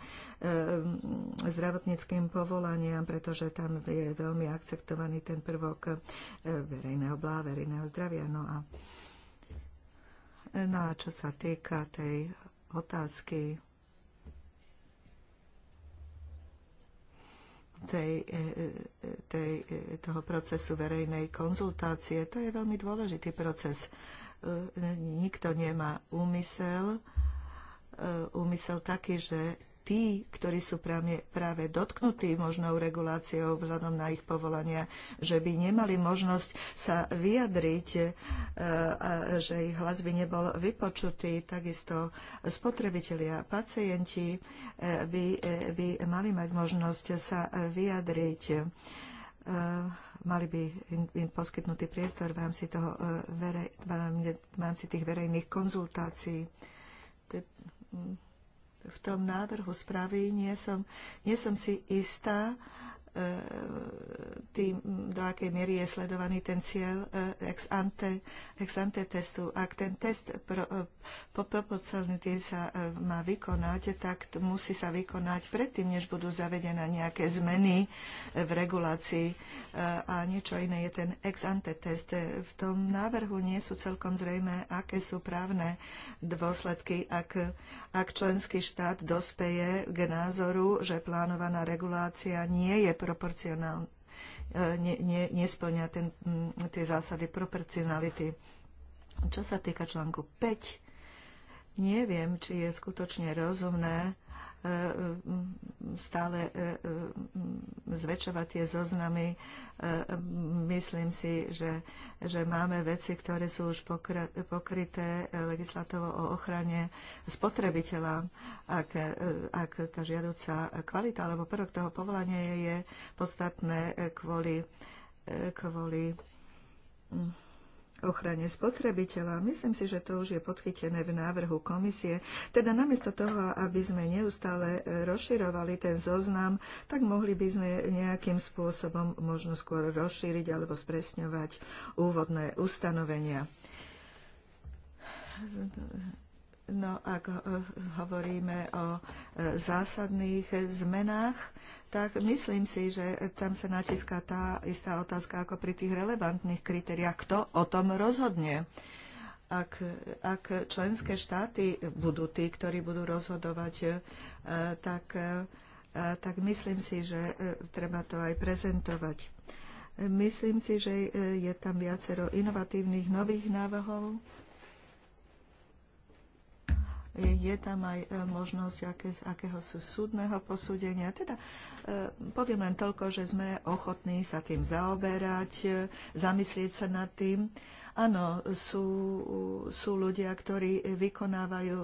zdravotníckým povolaniam, pretože tam je veľmi akceptovaný ten prvok verejného blá, verejného zdravia. No a, no a čo sa týka tej otázky tej, e, e, tej, e, toho procesu verejnej konzultácie. To je veľmi dôležitý proces. Nikto nemá úmysel, úmysel taký, že tí, ktorí sú práve, práve dotknutí možnou reguláciou vzhľadom na ich povolania, že by nemali možnosť sa vyjadriť, e, že ich hlas by nebol vypočutý. Takisto spotrebitelia, pacienti e, by, e, by mali mať možnosť sa vyjadriť mali by im, im poskytnutý priestor v rámci, toho, verej, v rámci tých verejných konzultácií v tom návrhu spravy nie som, nie som si istá, e, tým, do akej miery je sledovaný ten cieľ e, ex ante, ex ante testu. Ak ten test pro, e, po proporcionálny deň sa má vykonať, tak musí sa vykonať predtým, než budú zavedené nejaké zmeny v regulácii a niečo iné je ten ex ante test. V tom návrhu nie sú celkom zrejme, aké sú právne dôsledky, ak, ak členský štát dospeje k názoru, že plánovaná regulácia nie je proporcionálna, ne, ne, nesplňa ten, mm, tie zásady proporcionality. Čo sa týka článku 5, neviem, či je skutočne rozumné E, stále e, e, zväčšovať tie zoznamy. Myslím si, že, že máme veci, ktoré sú už pokryté legislatovou o ochrane spotrebiteľa. Ak, ak tá žiaduca kvalita alebo prvok toho povolania je podstatné kvôli, kvôli ochrane spotrebiteľa. Myslím si, že to už je podchytené v návrhu komisie. Teda namiesto toho, aby sme neustále e, rozširovali ten zoznam, tak mohli by sme nejakým spôsobom možno skôr rozšíriť alebo spresňovať úvodné ustanovenia. No, ak e, hovoríme o e, zásadných zmenách, tak myslím si, že tam sa natiská tá istá otázka ako pri tých relevantných kritériách, kto o tom rozhodne. Ak, ak členské štáty budú tí, ktorí budú rozhodovať, e, tak, e, tak myslím si, že e, treba to aj prezentovať. Myslím si, že je tam viacero inovatívnych nových návrhov, je tam aj e, možnosť aké, akého sú súdneho posúdenia. Teda e, poviem len toľko, že sme ochotní sa tým zaoberať, e, zamyslieť sa nad tým. Áno, sú, sú ľudia, ktorí vykonávajú,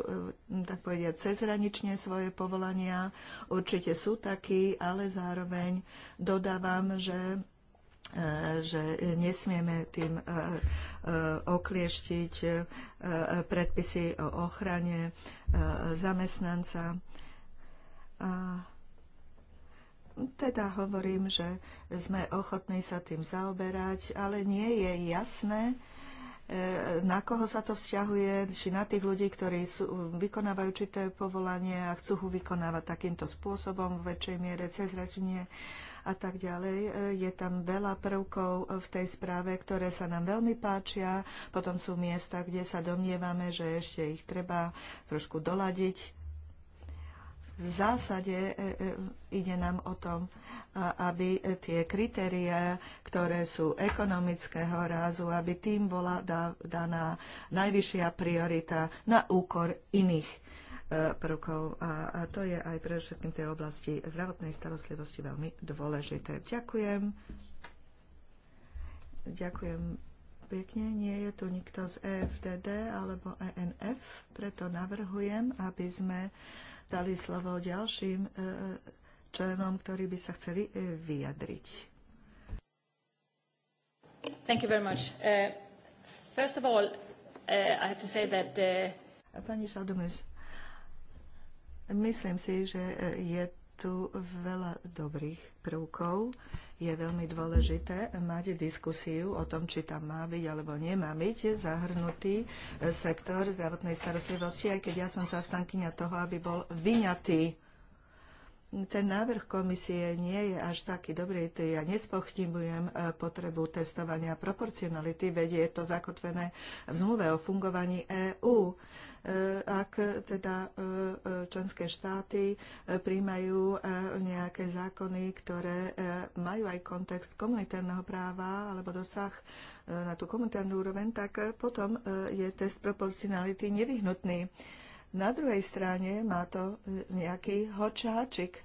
tak povediať, cezhranične svoje povolania. Určite sú takí, ale zároveň dodávam, že E, že nesmieme tým e, e, oklieštiť predpisy o ochrane zamestnanca. A teda hovorím, že sme ochotní sa tým zaoberať, ale nie je jasné, na koho sa to vzťahuje, či na tých ľudí, ktorí sú, vykonávajú určité povolanie a chcú ho vykonávať takýmto spôsobom v väčšej miere cez račenie a tak ďalej. E, je tam veľa prvkov e, v tej správe, ktoré sa nám veľmi páčia. Potom sú miesta, kde sa domnievame, že ešte ich treba trošku doladiť. V zásade e, ide nám o tom, aby tie kritériá, ktoré sú ekonomického rázu, aby tým bola daná najvyššia priorita na úkor iných prvkov a, a to je aj pre všetkým tej oblasti zdravotnej starostlivosti veľmi dôležité. Ďakujem. Ďakujem pekne. Nie je tu nikto z EFDD alebo ENF, preto navrhujem, aby sme dali slovo ďalším e, členom, ktorí by sa chceli e, vyjadriť. Thank you very much. Uh, first of all, uh, I have to say that... Uh... Pani Šaldomes, Myslím si, že e, je tu veľa dobrých prvkov. Je veľmi dôležité mať diskusiu o tom, či tam má byť alebo nemá byť zahrnutý e, sektor zdravotnej starostlivosti, aj keď ja som zastankyňa toho, aby bol vyňatý ten návrh komisie nie je až taký dobrý. Ja nespochybňujem e, potrebu testovania proporcionality, veď je to zakotvené v zmluve o fungovaní EÚ. E, ak teda e, e, členské štáty príjmajú nejaké zákony, ktoré majú aj kontext komunitárneho práva alebo dosah na tú komunitárnu úroveň, tak potom je test proporcionality nevyhnutný. Na druhej strane má to nejaký hočáčik,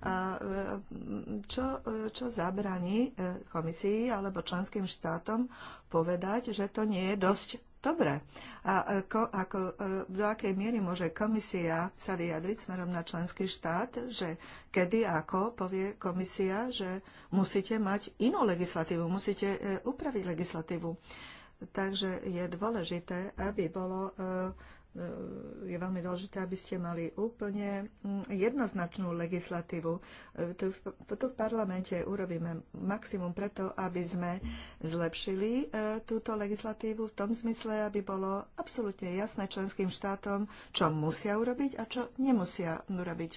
a čo, čo zabraní komisii alebo členským štátom povedať, že to nie je dosť Dobre. A e, ako, ako, e, do akej miery môže komisia sa vyjadriť smerom na členský štát, že kedy, ako povie komisia, že musíte mať inú legislatívu, musíte e, upraviť legislatívu. Takže je dôležité, aby bolo je veľmi dôležité, aby ste mali úplne mm, jednoznačnú legislatívu. E, tu v, parlamente urobíme maximum preto, aby sme zlepšili e, túto legislatívu v tom zmysle, aby bolo absolútne jasné členským štátom, čo musia urobiť a čo nemusia urobiť.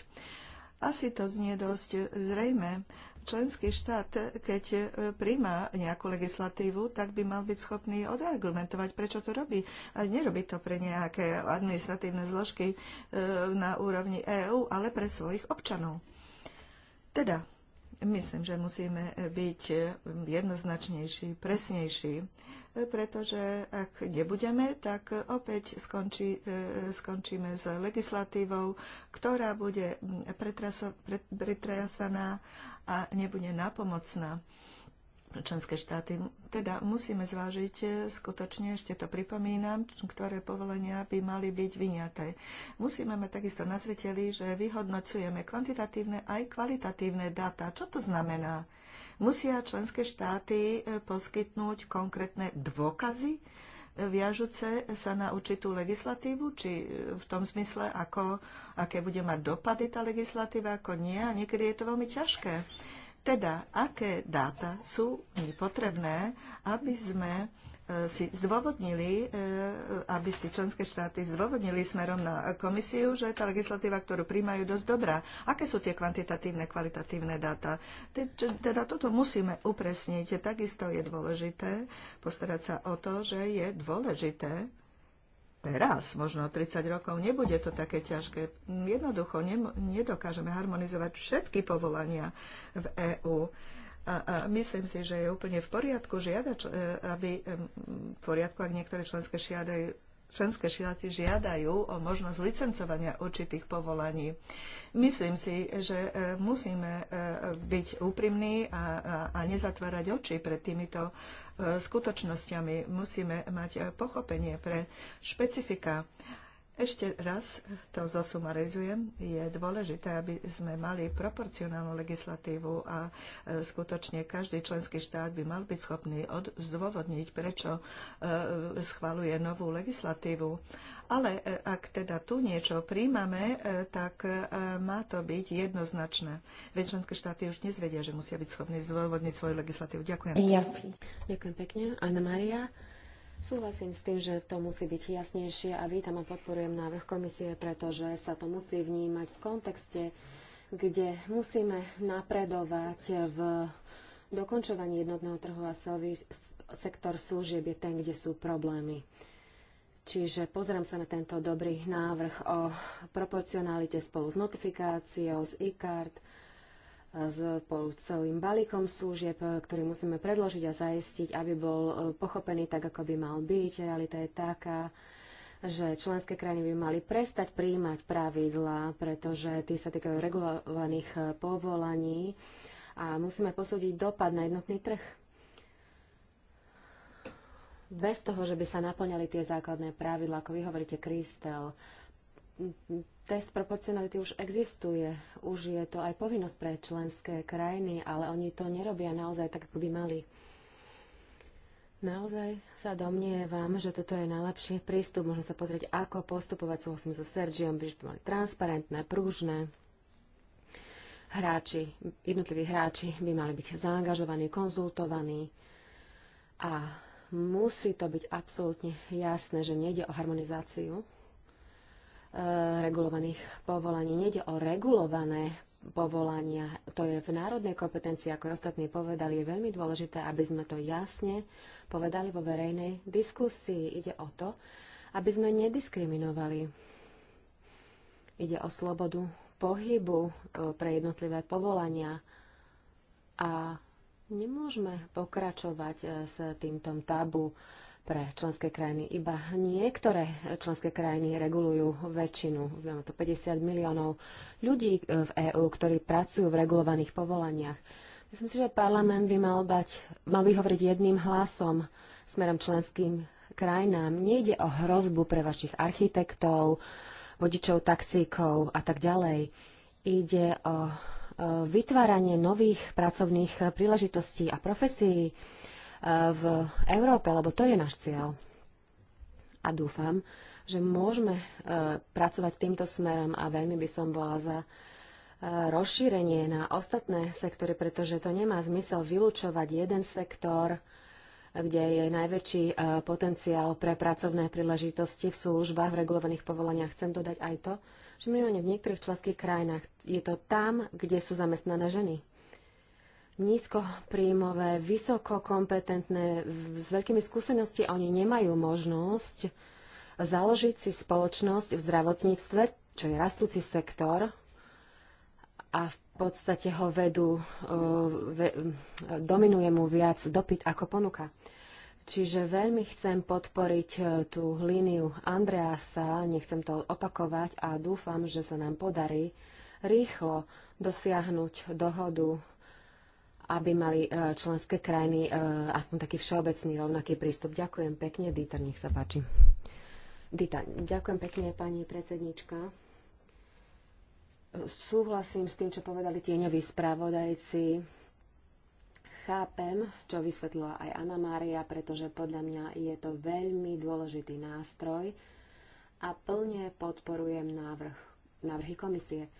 Asi to znie dosť zrejme, členský štát, keď e, príjma nejakú legislatívu, tak by mal byť schopný odargumentovať, prečo to robí. A nerobí to pre nejaké administratívne zložky e, na úrovni EÚ, ale pre svojich občanov. Teda, myslím, že musíme byť e, jednoznačnejší, presnejší, pretože ak nebudeme, tak opäť skončí, skončíme s legislatívou, ktorá bude pretrasaná a nebude napomocná členské štáty. Teda musíme zvážiť, e, skutočne ešte to pripomínam, ktoré povolenia by mali byť vyňaté. Musíme mať takisto na zreteli, že vyhodnocujeme kvantitatívne aj kvalitatívne dáta. Čo to znamená? Musia členské štáty e, poskytnúť konkrétne dôkazy, viažúce sa na určitú legislatívu, či v tom zmysle, ako, aké bude mať dopady tá legislatíva, ako nie. A niekedy je to veľmi ťažké. Teda, aké dáta sú potrebné, aby sme si zdôvodnili, e, aby si členské štáty zdôvodnili smerom na komisiu, že tá legislatíva, ktorú príjmajú, dosť dobrá. Aké sú tie kvantitatívne, kvalitatívne dáta? Teda toto musíme upresniť. Takisto je dôležité postarať sa o to, že je dôležité teraz, možno 30 rokov, nebude to také ťažké. Jednoducho nedokážeme harmonizovať všetky povolania v EÚ a, a myslím si, že je úplne v poriadku žiadať, e, aby v poriadku, ak niektoré členské šiadajú, členské štáty žiadajú o možnosť licencovania určitých povolaní. Myslím si, že e, musíme e, byť úprimní a, a, a nezatvárať oči pred týmito skutočnosťami. Musíme mať pochopenie pre špecifika ešte raz to zosumarizujem. Je dôležité, aby sme mali proporcionálnu legislatívu a e, skutočne každý členský štát by mal byť schopný od, zdôvodniť, prečo e, schvaluje novú legislatívu. Ale e, ak teda tu niečo príjmame, tak má to byť jednoznačné. Veď členské štáty už nezvedia, že musia byť schopní zdôvodniť svoju legislatívu. Ďakujem. Ja. Ďakujem pekne. Anna Maria. Súhlasím s tým, že to musí byť jasnejšie a vítam a podporujem návrh komisie, pretože sa to musí vnímať v kontexte, kde musíme napredovať v dokončovaní jednotného trhu a celý sektor služieb je ten, kde sú problémy. Čiže pozriem sa na tento dobrý návrh o proporcionalite spolu s notifikáciou, s e-card, s celým balíkom služieb, e, ktorý musíme predložiť a zaistiť, aby bol e, pochopený tak, ako by mal byť. Realita je taká, že členské krajiny by mali prestať príjmať pravidlá, pretože tie sa týkajú regulovaných e, povolaní a musíme posúdiť dopad na jednotný trh. Bez toho, že by sa naplňali tie základné pravidlá, ako vy hovoríte, Kristel, Test proporcionality už existuje, už je to aj povinnosť pre členské krajiny, ale oni to nerobia naozaj tak, ako by mali. Naozaj sa domnievam, že toto je najlepší prístup. Môžeme sa pozrieť, ako postupovať. Súhlasím so Sergiom, by mali transparentné, prúžne. Hráči, jednotliví hráči by mali byť zaangažovaní, konzultovaní a musí to byť absolútne jasné, že nejde o harmonizáciu, Eh, regulovaných povolaní. Nede o regulované povolania. To je v národnej kompetencii, ako ostatní povedali, je veľmi dôležité, aby sme to jasne povedali vo verejnej diskusii. Ide o to, aby sme nediskriminovali. Ide o slobodu pohybu eh, pre jednotlivé povolania a nemôžeme pokračovať eh, s týmto tabu pre členské krajiny. Iba niektoré členské krajiny regulujú väčšinu, máme to 50 miliónov ľudí e, v EÚ, ktorí pracujú v regulovaných povolaniach. Myslím si, že parlament by mal, bať, mal by hovoriť jedným hlasom smerom členským krajinám. Nejde o hrozbu pre vašich architektov, vodičov taxíkov a tak ďalej. Ide o e, vytváranie nových pracovných príležitostí a profesí v Európe, lebo to je náš cieľ. A dúfam, že môžeme e, pracovať týmto smerom a veľmi by som bola za e, rozšírenie na ostatné sektory, pretože to nemá zmysel vylúčovať jeden sektor, kde je najväčší e, potenciál pre pracovné príležitosti v službách, v regulovaných povolaniach. Chcem dodať aj to, že minimálne v niektorých členských krajinách je to tam, kde sú zamestnané ženy nízkopríjmové, vysokokompetentné, s veľkými skúsenosti, oni nemajú možnosť založiť si spoločnosť v zdravotníctve, čo je rastúci sektor a v podstate ho vedú, e, dominuje mu viac dopyt ako ponuka. Čiže veľmi chcem podporiť e, tú líniu Andreasa, nechcem to opakovať a dúfam, že sa nám podarí rýchlo dosiahnuť dohodu aby mali e, členské krajiny e, aspoň taký všeobecný rovnaký prístup. Ďakujem pekne. Dieter, nech sa páči. Dita, ďakujem pekne, pani predsednička. Súhlasím s tým, čo povedali tieňoví spravodajci. Chápem, čo vysvetlila aj Anna Mária, pretože podľa mňa je to veľmi dôležitý nástroj a plne podporujem návrh, návrhy komisie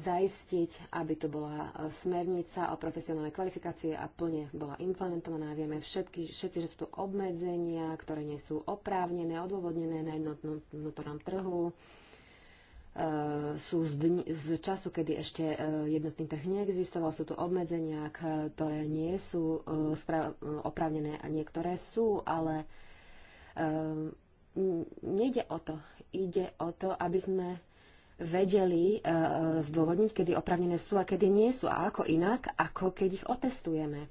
zaistiť, aby to bola e, smernica o profesionálnej kvalifikácie a plne bola implementovaná. Vieme všetky, všetci, že sú tu obmedzenia, ktoré nie sú oprávnené, odôvodnené na jednotnom vnútornom trhu. E, sú z, dň, z času, kedy ešte e, jednotný trh neexistoval, sú tu obmedzenia, ktoré nie sú e, oprávnené a niektoré sú, ale e, nejde o to. Ide o to, aby sme vedeli e, e, zdôvodniť, kedy opravnené sú a kedy nie sú. A ako inak, ako keď ich otestujeme.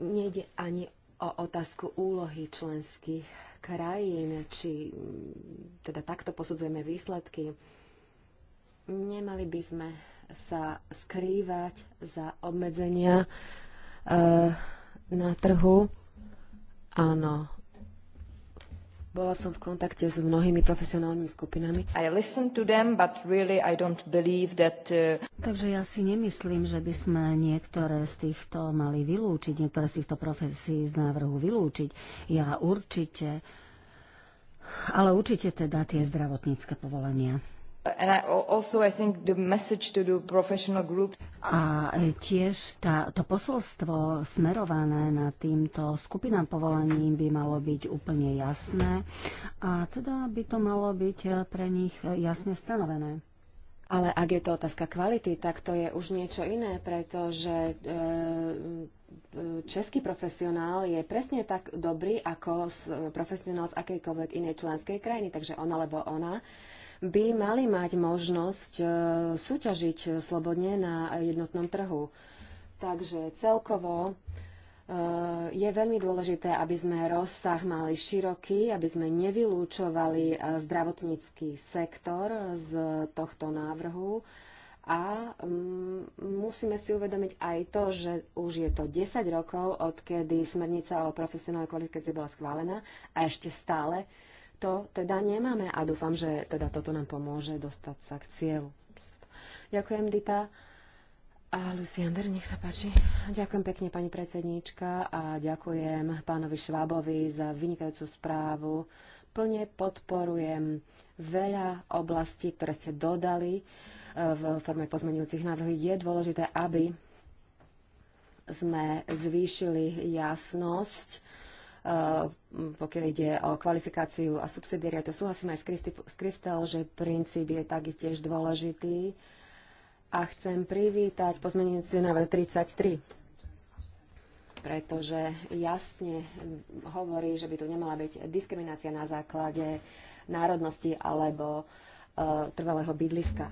Nejde ani o otázku úlohy členských krajín, či mm, teda takto posudzujeme výsledky. Nemali by sme sa skrývať za obmedzenia e, na trhu. Áno, bola som v kontakte s mnohými profesionálnymi skupinami. I to them, but really I don't believe that, uh... Takže ja si nemyslím, že by sme niektoré z týchto mali vylúčiť, niektoré z týchto profesí z návrhu vylúčiť. Ja určite, ale určite teda tie zdravotnícke povolenia. A tiež tá, to posolstvo smerované na týmto skupinám povolaním by malo byť úplne jasné a teda by to malo byť pre nich jasne stanovené. Ale ak je to otázka kvality, tak to je už niečo iné, pretože e, e, český profesionál je presne tak dobrý ako profesionál z akejkoľvek inej členskej krajiny, takže on alebo ona by mali mať možnosť e, súťažiť slobodne na jednotnom trhu. Takže celkovo e, je veľmi dôležité, aby sme rozsah mali široký, aby sme nevylúčovali e, zdravotnícky sektor z tohto návrhu. A mm, musíme si uvedomiť aj to, že už je to 10 rokov, odkedy smernica o profesionálnej kvalifikácii bola schválená a ešte stále to teda nemáme a dúfam, že teda toto nám pomôže dostať sa k cieľu. Ďakujem, Dita. A Luciander, nech sa páči. Ďakujem pekne, pani predsedníčka, a ďakujem pánovi Švábovi za vynikajúcu správu. Plne podporujem veľa oblastí, ktoré ste dodali e, v forme pozmenujúcich návrhov. Je dôležité, aby sme zvýšili jasnosť Eh, pokiaľ ide o kvalifikáciu a to Súhlasím aj s Kristel, že princíp je taktiež dôležitý. A chcem privítať pozmenujúci návrh 33 pretože jasne hovorí, že by tu nemala byť diskriminácia na základe národnosti alebo e, trvalého bydliska.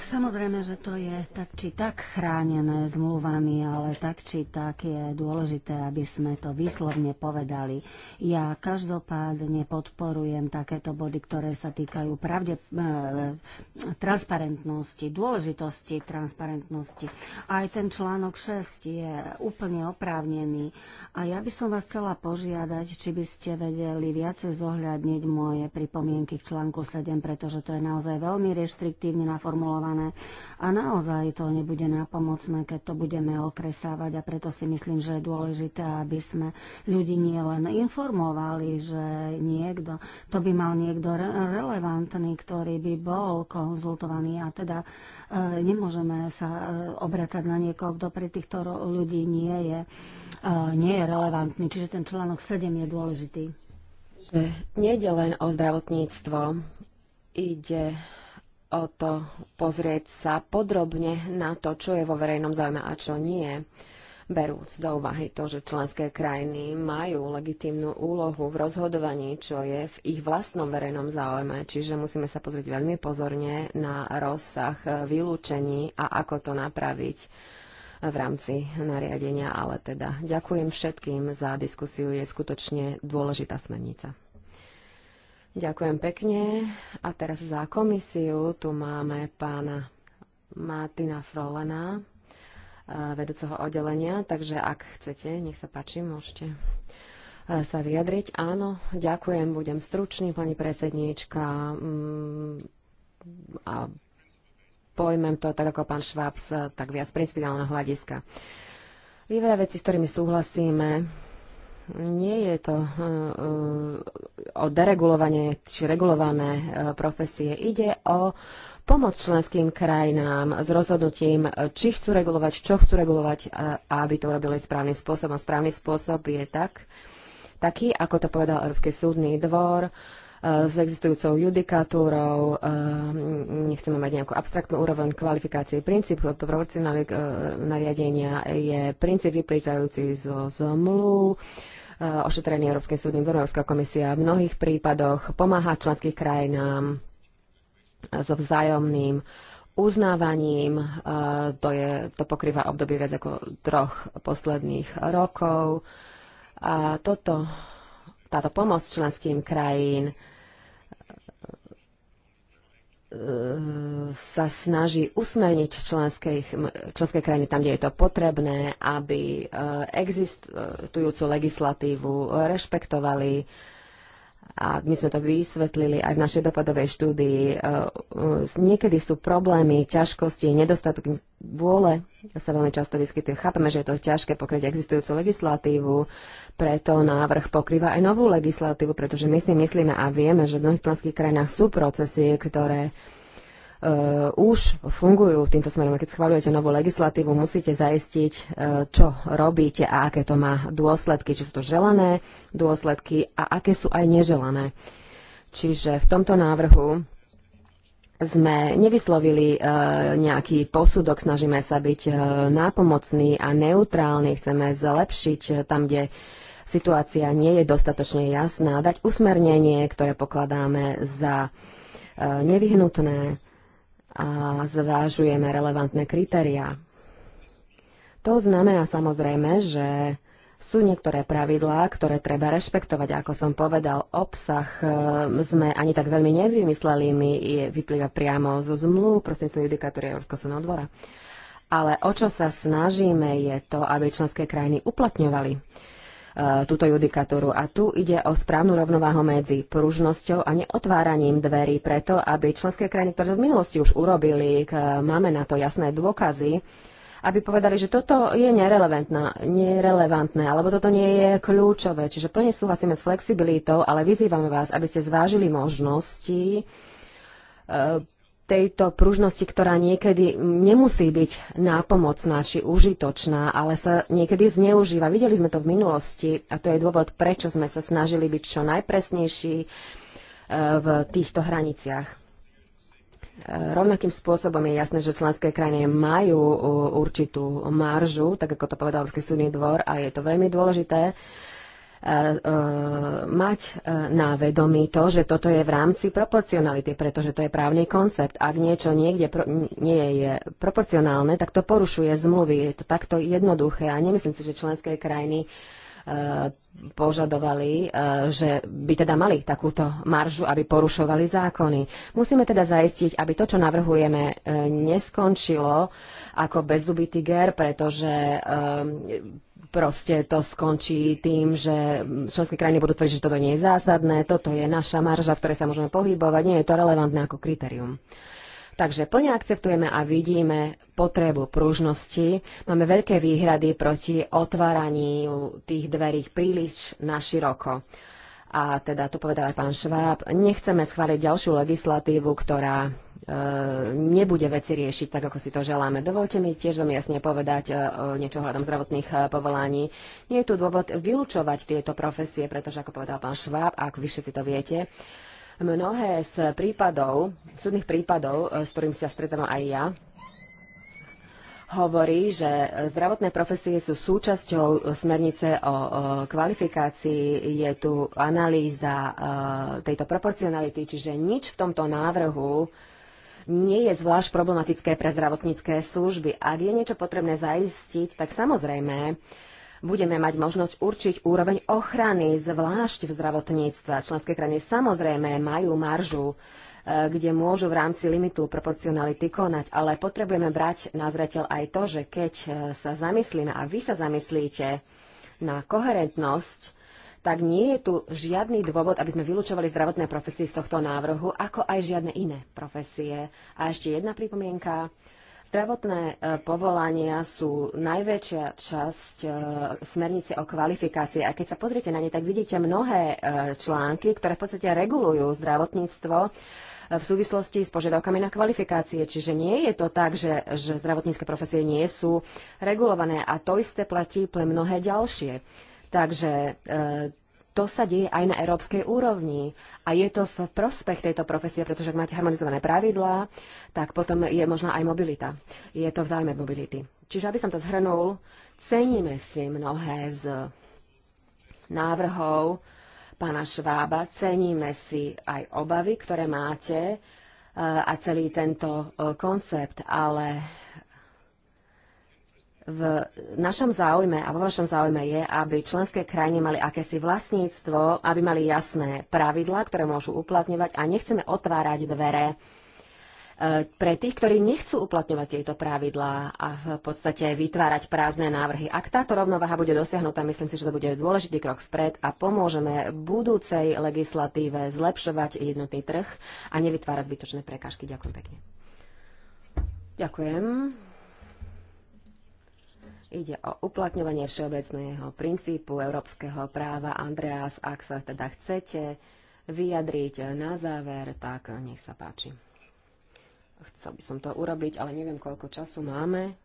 Samozrejme, že to je tak či tak chránené zmluvami, ale tak či tak je dôležité, aby sme to výslovne povedali. Ja každopádne podporujem takéto body, ktoré sa týkajú pravde, eh, transparentnosti, dôležitosti transparentnosti. Aj ten článok 6 je úplne oprávnený. A ja by som vás chcela požiadať, či by ste vedeli viacej zohľadniť moje pripomienky podmienky v článku 7, pretože to je naozaj veľmi reštriktívne naformulované a naozaj to nebude nápomocné, keď to budeme okresávať a preto si myslím, že je dôležité, aby sme ľudí nielen informovali, že niekto, to by mal niekto re- relevantný, ktorý by bol konzultovaný a teda e, nemôžeme sa e, obracať na niekoho, kto pre týchto ľudí nie je, e, nie je relevantný. Čiže ten článok 7 je dôležitý že nejde len o zdravotníctvo, ide o to pozrieť sa podrobne na to, čo je vo verejnom záujme a čo nie berúc do úvahy to, že členské krajiny majú legitímnu úlohu v rozhodovaní, čo je v ich vlastnom verejnom záujme. Čiže musíme sa pozrieť veľmi pozorne na rozsah vylúčení a ako to napraviť v rámci nariadenia, ale teda ďakujem všetkým za diskusiu, je skutočne dôležitá smernica. Ďakujem pekne. A teraz za komisiu tu máme pána Martina Frolena, eh, vedúceho oddelenia, takže ak chcete, nech sa páči, môžete eh, sa vyjadriť. Áno, ďakujem, budem stručný, pani predsedníčka. Mm, a pojmem to tak ako pán Švábs, eh, tak viac principiálneho hľadiska. Je veľa vecí, s ktorými súhlasíme. Nie je to uh, o deregulovanie či regulované uh, profesie. Ide o pomoc členským krajinám s rozhodnutím, či chcú regulovať, čo chcú regulovať uh, aby to robili správnym spôsobom. Správny spôsob je tak, taký, ako to povedal Európsky súdny dvor, Eh, s existujúcou judikatúrou, eh, nechceme mať nejakú abstraktnú úroveň kvalifikácie. Princíp proporcionálnych eh, nariadenia je princíp vyprýtajúci zo zmluv, ošetrenie Európskym súdnym Európska komisia v mnohých prípadoch pomáha členským krajinám so vzájomným uznávaním. To, je, to pokrýva obdobie viac ako troch posledných rokov. A toto, táto pomoc členským krajín E, sa snaží usmerniť členské, členské krajiny tam, kde je to potrebné, aby e, existujúcu legislatívu rešpektovali a my sme to vysvetlili aj v našej dopadovej štúdii, e, e, niekedy sú problémy, ťažkosti, nedostatok vôle sa veľmi často vyskytuje. Chápeme, že je to ťažké pokryť existujúcu legislatívu, preto návrh pokrýva aj novú legislatívu, pretože my si myslíme a vieme, že v mnohých členských krajinách sú procesy, ktoré E, už fungujú v týmto smerom. Keď schváľujete novú legislatívu, musíte zaistiť, e, čo robíte a aké to má dôsledky, či sú to želané dôsledky a aké sú aj neželané. Čiže v tomto návrhu sme nevyslovili e, nejaký posudok, snažíme sa byť e, nápomocní a neutrálni, chceme zlepšiť e, tam, kde situácia nie je dostatočne jasná, dať usmernenie, ktoré pokladáme za e, nevyhnutné a zvážujeme relevantné kritériá. To znamená samozrejme, že sú niektoré pravidlá, ktoré treba rešpektovať. Ako som povedal, obsah e, sme ani tak veľmi nevymysleli, mi vyplýva priamo zo zmluv, prostredníctvom judikatúry Európskeho súdneho dvora. Ale o čo sa snažíme je to, aby členské krajiny uplatňovali E, túto judikatúru. A tu ide o správnu rovnováhu medzi pružnosťou a neotváraním dverí preto, aby členské krajiny, ktoré v minulosti už urobili, máme na to jasné dôkazy, aby povedali, že toto je nerelevantné, alebo toto nie je kľúčové. Čiže plne súhlasíme s flexibilitou, ale vyzývame vás, aby ste zvážili možnosti e, tejto pružnosti, ktorá niekedy nemusí byť nápomocná či užitočná, ale sa niekedy zneužíva. Videli sme to v minulosti a to je dôvod, prečo sme sa snažili byť čo najpresnejší e, v týchto hraniciach. E, rovnakým spôsobom je jasné, že členské krajiny majú e, určitú maržu, tak ako to povedal Ruský súdny dvor a je to veľmi dôležité E, e, mať e, na vedomí to, že toto je v rámci proporcionality, pretože to je právny koncept. Ak niečo niekde pro, nie je proporcionálne, tak to porušuje zmluvy. Je to takto jednoduché a nemyslím si, že členské krajiny E, požadovali, e, že by teda mali takúto maržu, aby porušovali zákony. Musíme teda zaistiť, aby to, čo navrhujeme, e, neskončilo ako bezzubý tiger, pretože proste to skončí tým, že členské krajiny budú tvrdiť, že toto nie je zásadné, toto je naša marža, v ktorej sa môžeme pohybovať, nie je to relevantné ako kritérium. Takže plne akceptujeme a vidíme potrebu pružnosti. Máme veľké výhrady proti otváraniu tých dverí príliš naširoko. A teda to povedal aj pán Šváb, nechceme schváliť ďalšiu legislatívu, ktorá e, nebude veci riešiť tak, ako si to želáme. Dovolte mi tiež veľmi jasne povedať e, niečo hľadom zdravotných e, povolaní. Nie je tu dôvod vylúčovať tieto profesie, pretože, ako povedal pán Šváb, ak vy všetci to viete, Mnohé z prípadov, súdnych prípadov, e, s ktorým sa stretávam aj ja, hovorí, že zdravotné profesie sú súčasťou smernice o kvalifikácii. Je tu analýza e, tejto proporcionality, čiže nič v tomto návrhu nie je zvlášť problematické pre zdravotnícke služby. Ak je niečo potrebné zaistiť, tak samozrejme budeme mať možnosť určiť úroveň ochrany, zvlášť v zdravotníctve. Členské krajiny samozrejme majú maržu, e, kde môžu v rámci limitu proporcionality konať, ale potrebujeme brať na zreteľ aj to, že keď e, sa zamyslíme a vy sa zamyslíte na koherentnosť, tak nie je tu žiadny dôvod, aby sme vylúčovali zdravotné profesie z tohto návrhu, ako aj žiadne iné profesie. A ešte jedna pripomienka. Zdravotné e, povolania sú najväčšia časť e, smernice o kvalifikácii. A keď sa pozriete na ne, tak vidíte mnohé e, články, ktoré v podstate regulujú zdravotníctvo v súvislosti s požiadavkami na kvalifikácie. Čiže nie je to tak, že, že zdravotnícke profesie nie sú regulované a to isté platí pre mnohé ďalšie. Takže to sa deje aj na európskej úrovni. A je to v prospech tejto profesie, pretože ak máte harmonizované pravidlá, tak potom je možná aj mobilita. Je to vzájme mobility. Čiže aby som to zhrnul, ceníme si mnohé z návrhov pána Švába, ceníme si aj obavy, ktoré máte eh, a celý tento eh, koncept, ale v našom záujme a vo vašom záujme je, aby členské krajiny mali akési vlastníctvo, aby mali jasné pravidlá, ktoré môžu uplatňovať a nechceme otvárať dvere e, pre tých, ktorí nechcú uplatňovať tieto pravidlá a v podstate vytvárať prázdne návrhy. Ak táto rovnováha bude dosiahnutá, myslím si, že to bude dôležitý krok vpred a pomôžeme budúcej legislatíve zlepšovať jednotný trh a nevytvárať zbytočné prekážky. Ďakujem pekne. Ďakujem. Ide o uplatňovanie všeobecného princípu európskeho práva. Andreas, ak sa teda chcete vyjadriť na záver, tak nech sa páči. Chcel by som to urobiť, ale neviem, koľko času máme.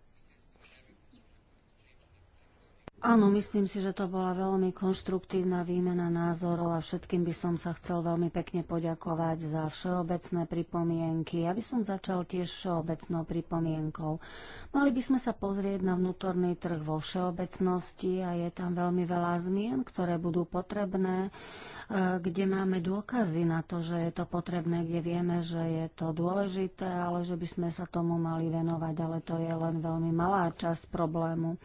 Áno, myslím si, že to bola veľmi konštruktívna výmena názorov a všetkým by som sa chcel veľmi pekne poďakovať za všeobecné pripomienky. Ja by som začal tiež všeobecnou pripomienkou. Mali by sme sa pozrieť na vnútorný trh vo všeobecnosti a je tam veľmi veľa zmien, ktoré budú potrebné, e, kde máme dôkazy na to, že je to potrebné, kde vieme, že je to dôležité, ale že by sme sa tomu mali venovať, ale to je len veľmi malá časť problému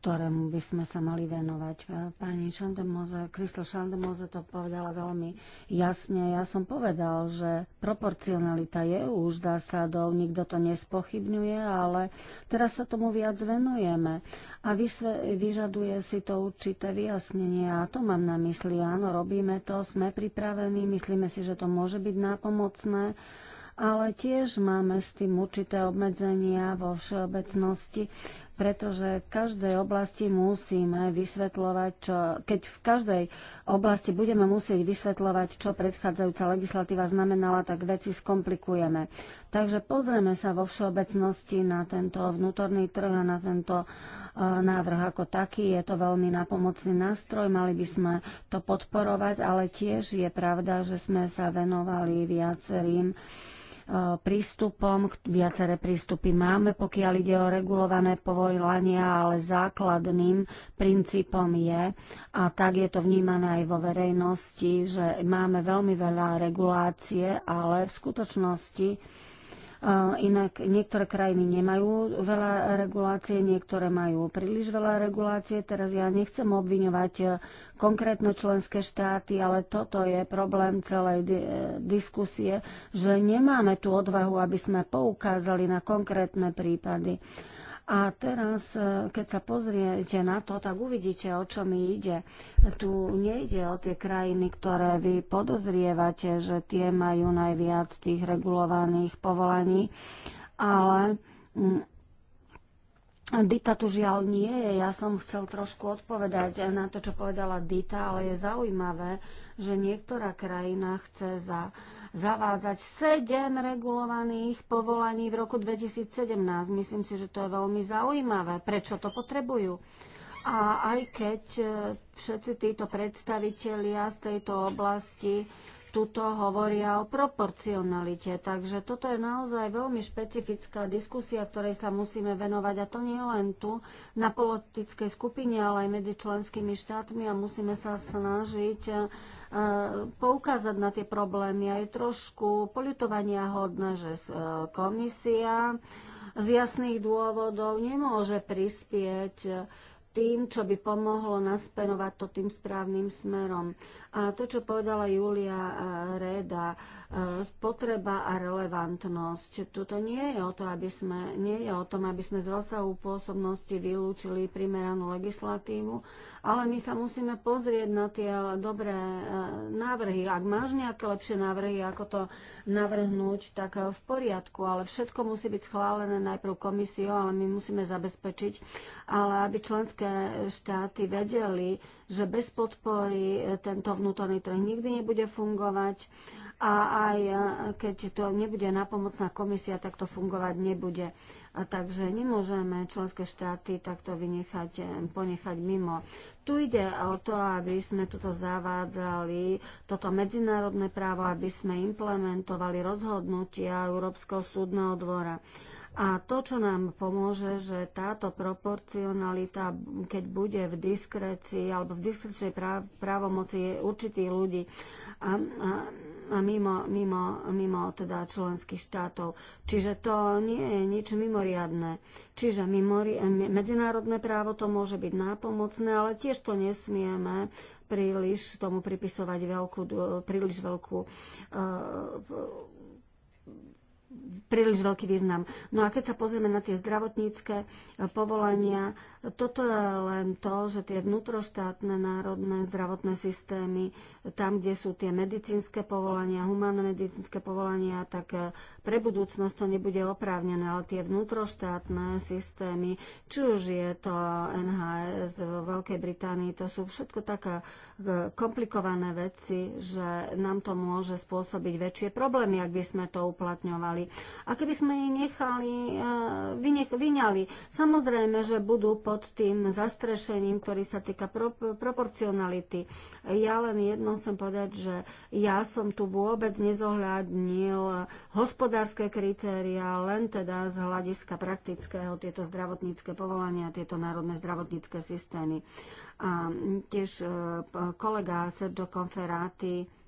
ktorému by sme sa mali venovať. Pani Šandemoze, Kristel Šandemoze to povedala veľmi jasne. Ja som povedal, že proporcionalita je už zásadou, nikto to nespochybňuje, ale teraz sa tomu viac venujeme. A vyžaduje si to určité vyjasnenie. A to mám na mysli, áno, robíme to, sme pripravení, myslíme si, že to môže byť nápomocné ale tiež máme s tým určité obmedzenia vo všeobecnosti pretože v každej oblasti musíme vysvetľovať, čo, keď v každej oblasti budeme musieť vysvetľovať, čo predchádzajúca legislatíva znamenala, tak veci skomplikujeme. Takže pozrieme sa vo všeobecnosti na tento vnútorný trh a na tento e, návrh ako taký. Je to veľmi napomocný nástroj, mali by sme to podporovať, ale tiež je pravda, že sme sa venovali viacerým uh, prístupom. Viaceré prístupy máme, pokiaľ ide o regulované povolania, ale základným princípom je, a tak je to vnímané aj vo verejnosti, že máme veľmi veľa regulácie, ale v skutočnosti Inak niektoré krajiny nemajú veľa regulácie, niektoré majú príliš veľa regulácie. Teraz ja nechcem obviňovať e, konkrétne členské štáty, ale toto je problém celej e, diskusie, že nemáme tú odvahu, aby sme poukázali na konkrétne prípady. A teraz, e, keď sa pozriete na to, tak uvidíte, o čo mi ide. Tu nejde o tie krajiny, ktoré vy podozrievate, že tie majú najviac tých regulovaných povolaní, ale mm, Dita tu žiaľ nie je. Ja som chcel trošku odpovedať na to, čo povedala Dita, ale je zaujímavé, že niektorá krajina chce za uh, zavádzať 7 regulovaných povolaní v roku 2017. Myslím si, že to je veľmi zaujímavé. Prečo to potrebujú? A aj keď e, všetci títo predstavitelia z tejto oblasti tuto hovoria o proporcionalite. Takže toto je naozaj veľmi špecifická diskusia, ktorej sa musíme venovať. A to nie len tu na politickej skupine, ale aj medzi členskými štátmi a musíme sa snažiť e, poukázať na tie problémy. A je trošku politovania hodné, že e, komisia z jasných dôvodov nemôže prispieť tým, čo by pomohlo nasmerovať to tým správnym smerom. A to, čo povedala Julia eh, Reda, Eh, potreba a relevantnosť. Tuto nie je o, to, aby sme, nie je o tom, aby sme z rozsahu pôsobnosti vylúčili primeranú legislatívu, ale my sa musíme pozrieť na tie dobré eh, návrhy. Ak máš nejaké lepšie návrhy, ako to navrhnúť, tak eh, v poriadku, ale všetko musí byť schválené najprv komisiou, ale my musíme zabezpečiť, ale aby členské štáty vedeli, že bez podpory tento vnútorný trh nikdy nebude fungovať a aj e, keď to nebude napomocná komisia, tak to fungovať nebude. A takže nemôžeme členské štáty takto vynechať, e, ponechať mimo. Tu ide o to, aby sme tuto zavádzali, toto medzinárodné právo, aby sme implementovali rozhodnutia Európskeho súdneho dvora. A to, čo nám pomôže, že táto proporcionalita, keď bude v diskrecii alebo v diskrecii práv, právomoci určitých ľudí a, a, a mimo, mimo, mimo teda členských štátov. Čiže to nie je nič mimoriadné. Čiže mimori, medzinárodné právo to môže byť nápomocné, ale tiež to nesmieme príliš tomu pripisovať veľkú, príliš veľkú uh, príliš veľký význam. No a keď sa pozrieme na tie zdravotnícke e, povolania, toto je len to, že tie vnútroštátne národné zdravotné systémy, tam, kde sú tie medicínske povolania, humánne medicínske povolania, tak e, pre budúcnosť to nebude oprávnené, ale tie vnútroštátne systémy, či už je to NHS v Veľkej Británii, to sú všetko také e, komplikované veci, že nám to môže spôsobiť väčšie problémy, ak by sme to uplatňovali nechali. A keby sme ich nechali, e, vynech, vyňali, samozrejme, že budú pod tým zastrešením, ktorý sa týka pro, proporcionality. Ja len jedno chcem povedať, že ja som tu vôbec nezohľadnil hospodárske kritéria, len teda z hľadiska praktického tieto zdravotnícke povolania, tieto národné zdravotnícke systémy. A tiež e, kolega Sergio Conferati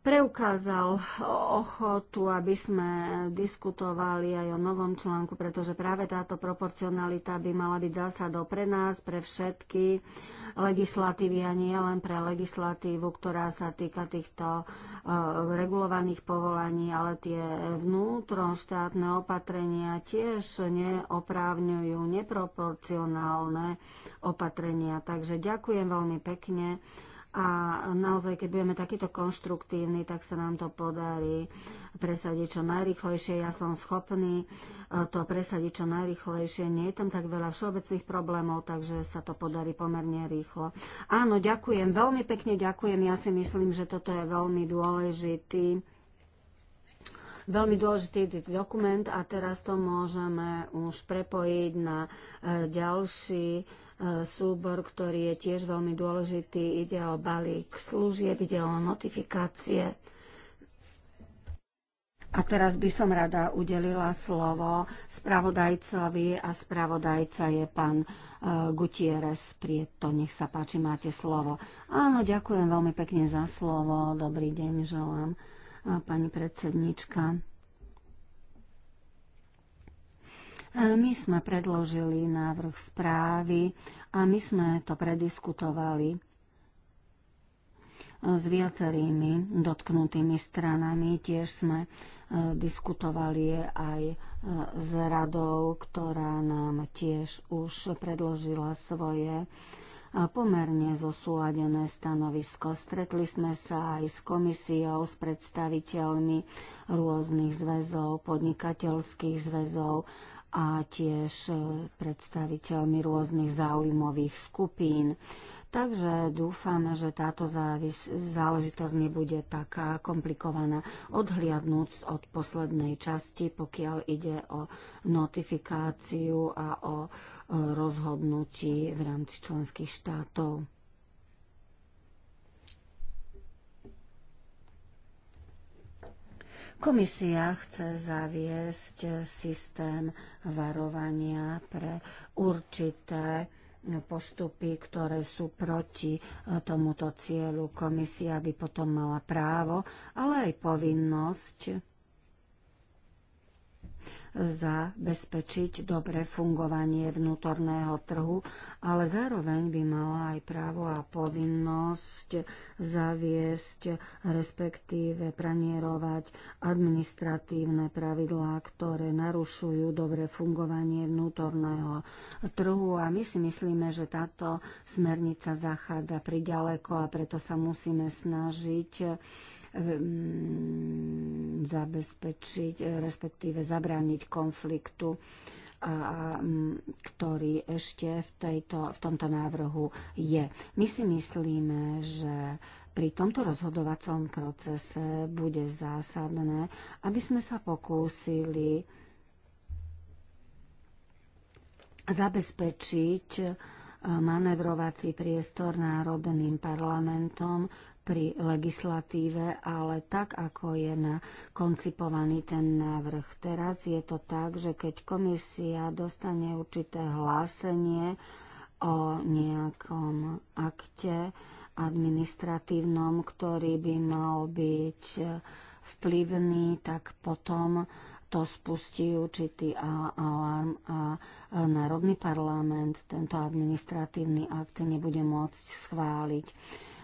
preukázal ochotu, aby sme diskutovali aj o novom článku, pretože práve táto proporcionalita by mala byť zásadou pre nás, pre všetky legislatívy a nie len pre legislatívu, ktorá sa týka týchto uh, regulovaných povolaní, ale tie vnútroštátne opatrenia tiež neoprávňujú neproporcionálne opatrenia. Takže ďakujem veľmi pekne a naozaj, keď budeme takýto konštruktívni, tak sa nám to podarí presadiť čo najrychlejšie. Ja som schopný e, to presadiť čo najrychlejšie. Nie je tam tak veľa všeobecných problémov, takže sa to podarí pomerne rýchlo. Áno, ďakujem, veľmi pekne ďakujem. Ja si myslím, že toto je veľmi dôležitý veľmi dôležitý dokument a teraz to môžeme už prepojiť na e, ďalší E, súbor, ktorý je tiež veľmi dôležitý. Ide o balík služieb, ide o notifikácie. A teraz by som rada udelila slovo spravodajcovi a spravodajca je pán e, Gutierrez Prieto. Nech sa páči, máte slovo. Áno, ďakujem veľmi pekne za slovo. Dobrý deň želám, e, pani predsednička. My sme predložili návrh správy a my sme to prediskutovali s viacerými dotknutými stranami. Tiež sme e, diskutovali aj e, s radou, ktorá nám tiež už predložila svoje e, pomerne zosúladené stanovisko. Stretli sme sa aj s komisiou, s predstaviteľmi rôznych zväzov, podnikateľských zväzov a tiež e, predstaviteľmi rôznych záujmových skupín. Takže dúfam, že táto záležitosť nebude taká komplikovaná. Odhliadnúc od poslednej časti, pokiaľ ide o notifikáciu a o e, rozhodnutí v rámci členských štátov. Komisia chce zaviesť systém varovania pre určité postupy, ktoré sú proti eh, tomuto cieľu. Komisia by potom mala právo, ale aj povinnosť zabezpečiť dobré fungovanie vnútorného trhu, ale zároveň by mala aj právo a povinnosť zaviesť, respektíve pranierovať administratívne pravidlá, ktoré narušujú dobré fungovanie vnútorného trhu. A my si myslíme, že táto smernica zachádza priďaleko a preto sa musíme snažiť Ehm, zabezpečiť, eh, respektíve zabrániť konfliktu, a, mm, ktorý ešte v, tejto, v tomto návrhu je. My si myslíme, že pri tomto rozhodovacom procese bude zásadné, aby sme sa pokúsili zabezpečiť eh, manevrovací priestor národným parlamentom pri legislatíve, ale tak, ako je na koncipovaný ten návrh. Teraz je to tak, že keď komisia dostane určité hlásenie o nejakom akte administratívnom, ktorý by mal byť vplyvný, tak potom to spustí určitý alarm a Národný parlament tento administratívny akt nebude môcť schváliť.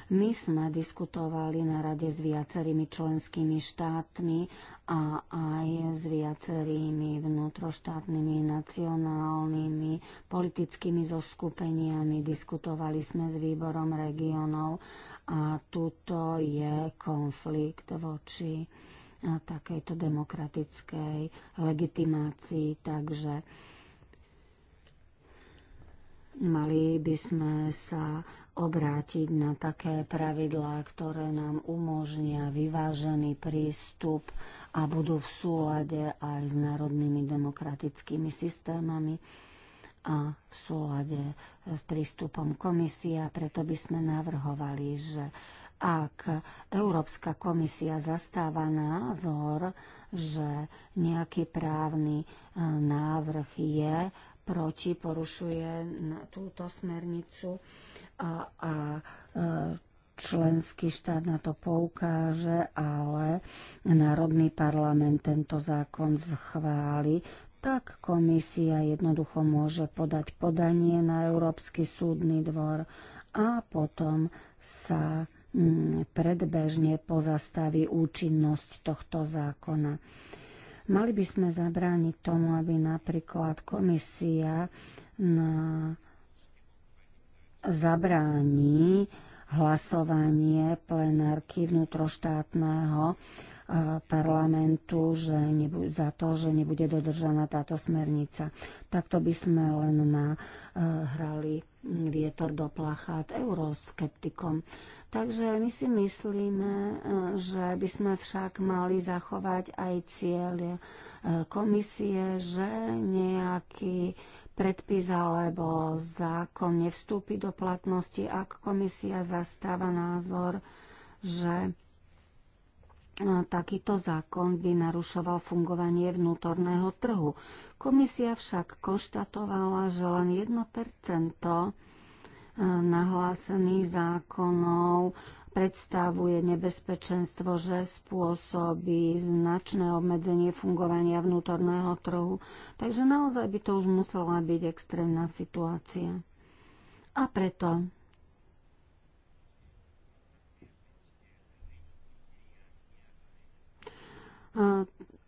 My sme diskutovali na rade s viacerými členskými štátmi a aj s viacerými vnútroštátnymi, nacionálnymi, politickými zoskupeniami. Diskutovali sme s výborom regionov a tuto je konflikt voči takejto demokratickej legitimácii. Takže mali by sme sa obrátiť na také pravidlá, ktoré nám umožnia vyvážený prístup a budú v súlade aj s národnými demokratickými systémami a v súlade s prístupom komisie. preto by sme navrhovali, že ak Európska komisia zastáva názor, že nejaký právny e, návrh je proti, porušuje túto smernicu, a, a e, členský štát na to poukáže, ale Národný parlament tento zákon schváli, tak komisia jednoducho môže podať podanie na Európsky súdny dvor a potom sa mm, predbežne pozastaví účinnosť tohto zákona. Mali by sme zabrániť tomu, aby napríklad komisia na zabráni hlasovanie plenárky vnútroštátneho eh, parlamentu že nebu- za to, že nebude dodržaná táto smernica. Takto by sme len nahrali eh, vietor do plachát euroskeptikom. Takže my si myslíme, eh, že by sme však mali zachovať aj cieľ komisie, že nejaký predpis alebo zákon nevstúpi do platnosti, ak komisia zastáva názor, že e, takýto zákon by narušoval fungovanie vnútorného trhu. Komisia však konštatovala, že len 1 e, nahlásených zákonov predstavuje nebezpečenstvo, že spôsobí značné obmedzenie fungovania vnútorného trhu. Takže naozaj by to už musela byť extrémna situácia. A preto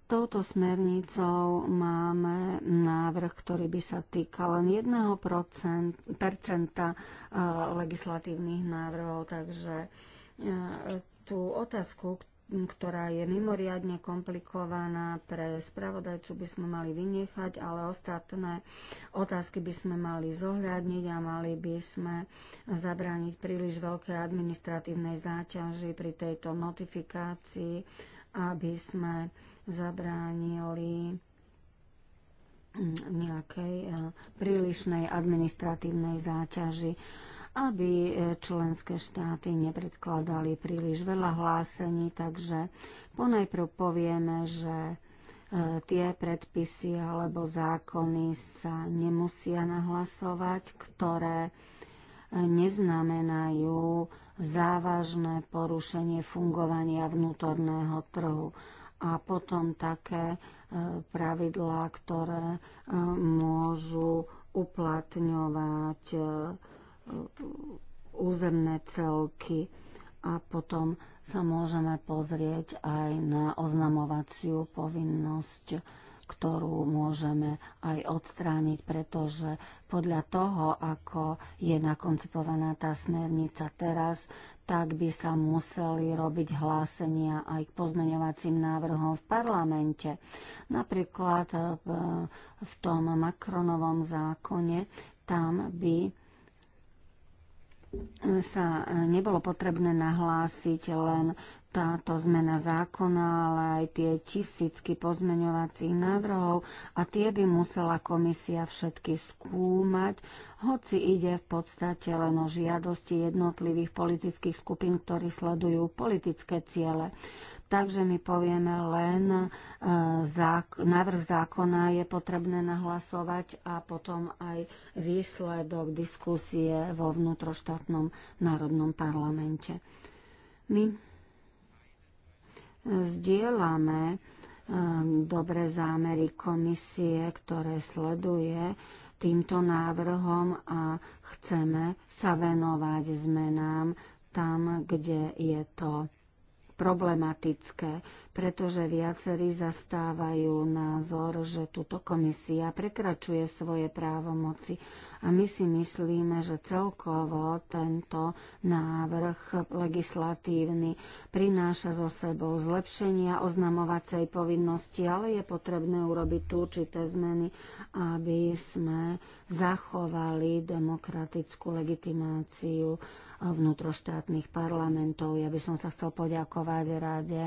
Touto smernicou máme návrh, ktorý by sa týkal len 1% legislatívnych návrhov, takže tú otázku, ktorá je mimoriadne komplikovaná pre spravodajcu, by sme mali vynechať, ale ostatné otázky by sme mali zohľadniť a mali by sme zabrániť príliš veľké administratívnej záťaži pri tejto notifikácii, aby sme zabránili nejakej eh, prílišnej administratívnej záťaži aby e, členské štáty nepredkladali príliš veľa hlásení, takže ponajprv povieme, že e, tie predpisy alebo zákony sa nemusia nahlasovať, ktoré e, neznamenajú závažné porušenie fungovania vnútorného trhu a potom také pravidlá, ktoré môžu uplatňovať územné celky a potom sa môžeme pozrieť aj na oznamovaciu povinnosť, ktorú môžeme aj odstrániť, pretože podľa toho, ako je nakoncipovaná tá smernica teraz, tak by sa museli robiť hlásenia aj k pozmeňovacím návrhom v parlamente. Napríklad eh, v tom Makronovom zákone tam by sa e, nebolo potrebné nahlásiť len táto zmena zákona, ale aj tie tisícky pozmeňovacích návrhov a tie by musela komisia všetky skúmať, hoci ide v podstate len o žiadosti jednotlivých politických skupín, ktorí sledujú politické ciele takže my povieme len, e, zák- návrh zákona je potrebné nahlasovať a potom aj výsledok diskusie vo vnútroštátnom národnom parlamente. My zdieľame e, dobré zámery komisie, ktoré sleduje týmto návrhom a chceme sa venovať zmenám tam, kde je to problematické pretože viacerí zastávajú názor, že túto komisia prekračuje svoje právomoci a my si myslíme, že celkovo tento návrh legislatívny prináša so sebou zlepšenia oznamovacej povinnosti, ale je potrebné urobiť tu určité zmeny, aby sme zachovali demokratickú legitimáciu vnútroštátnych parlamentov. Ja by som sa chcel poďakovať rade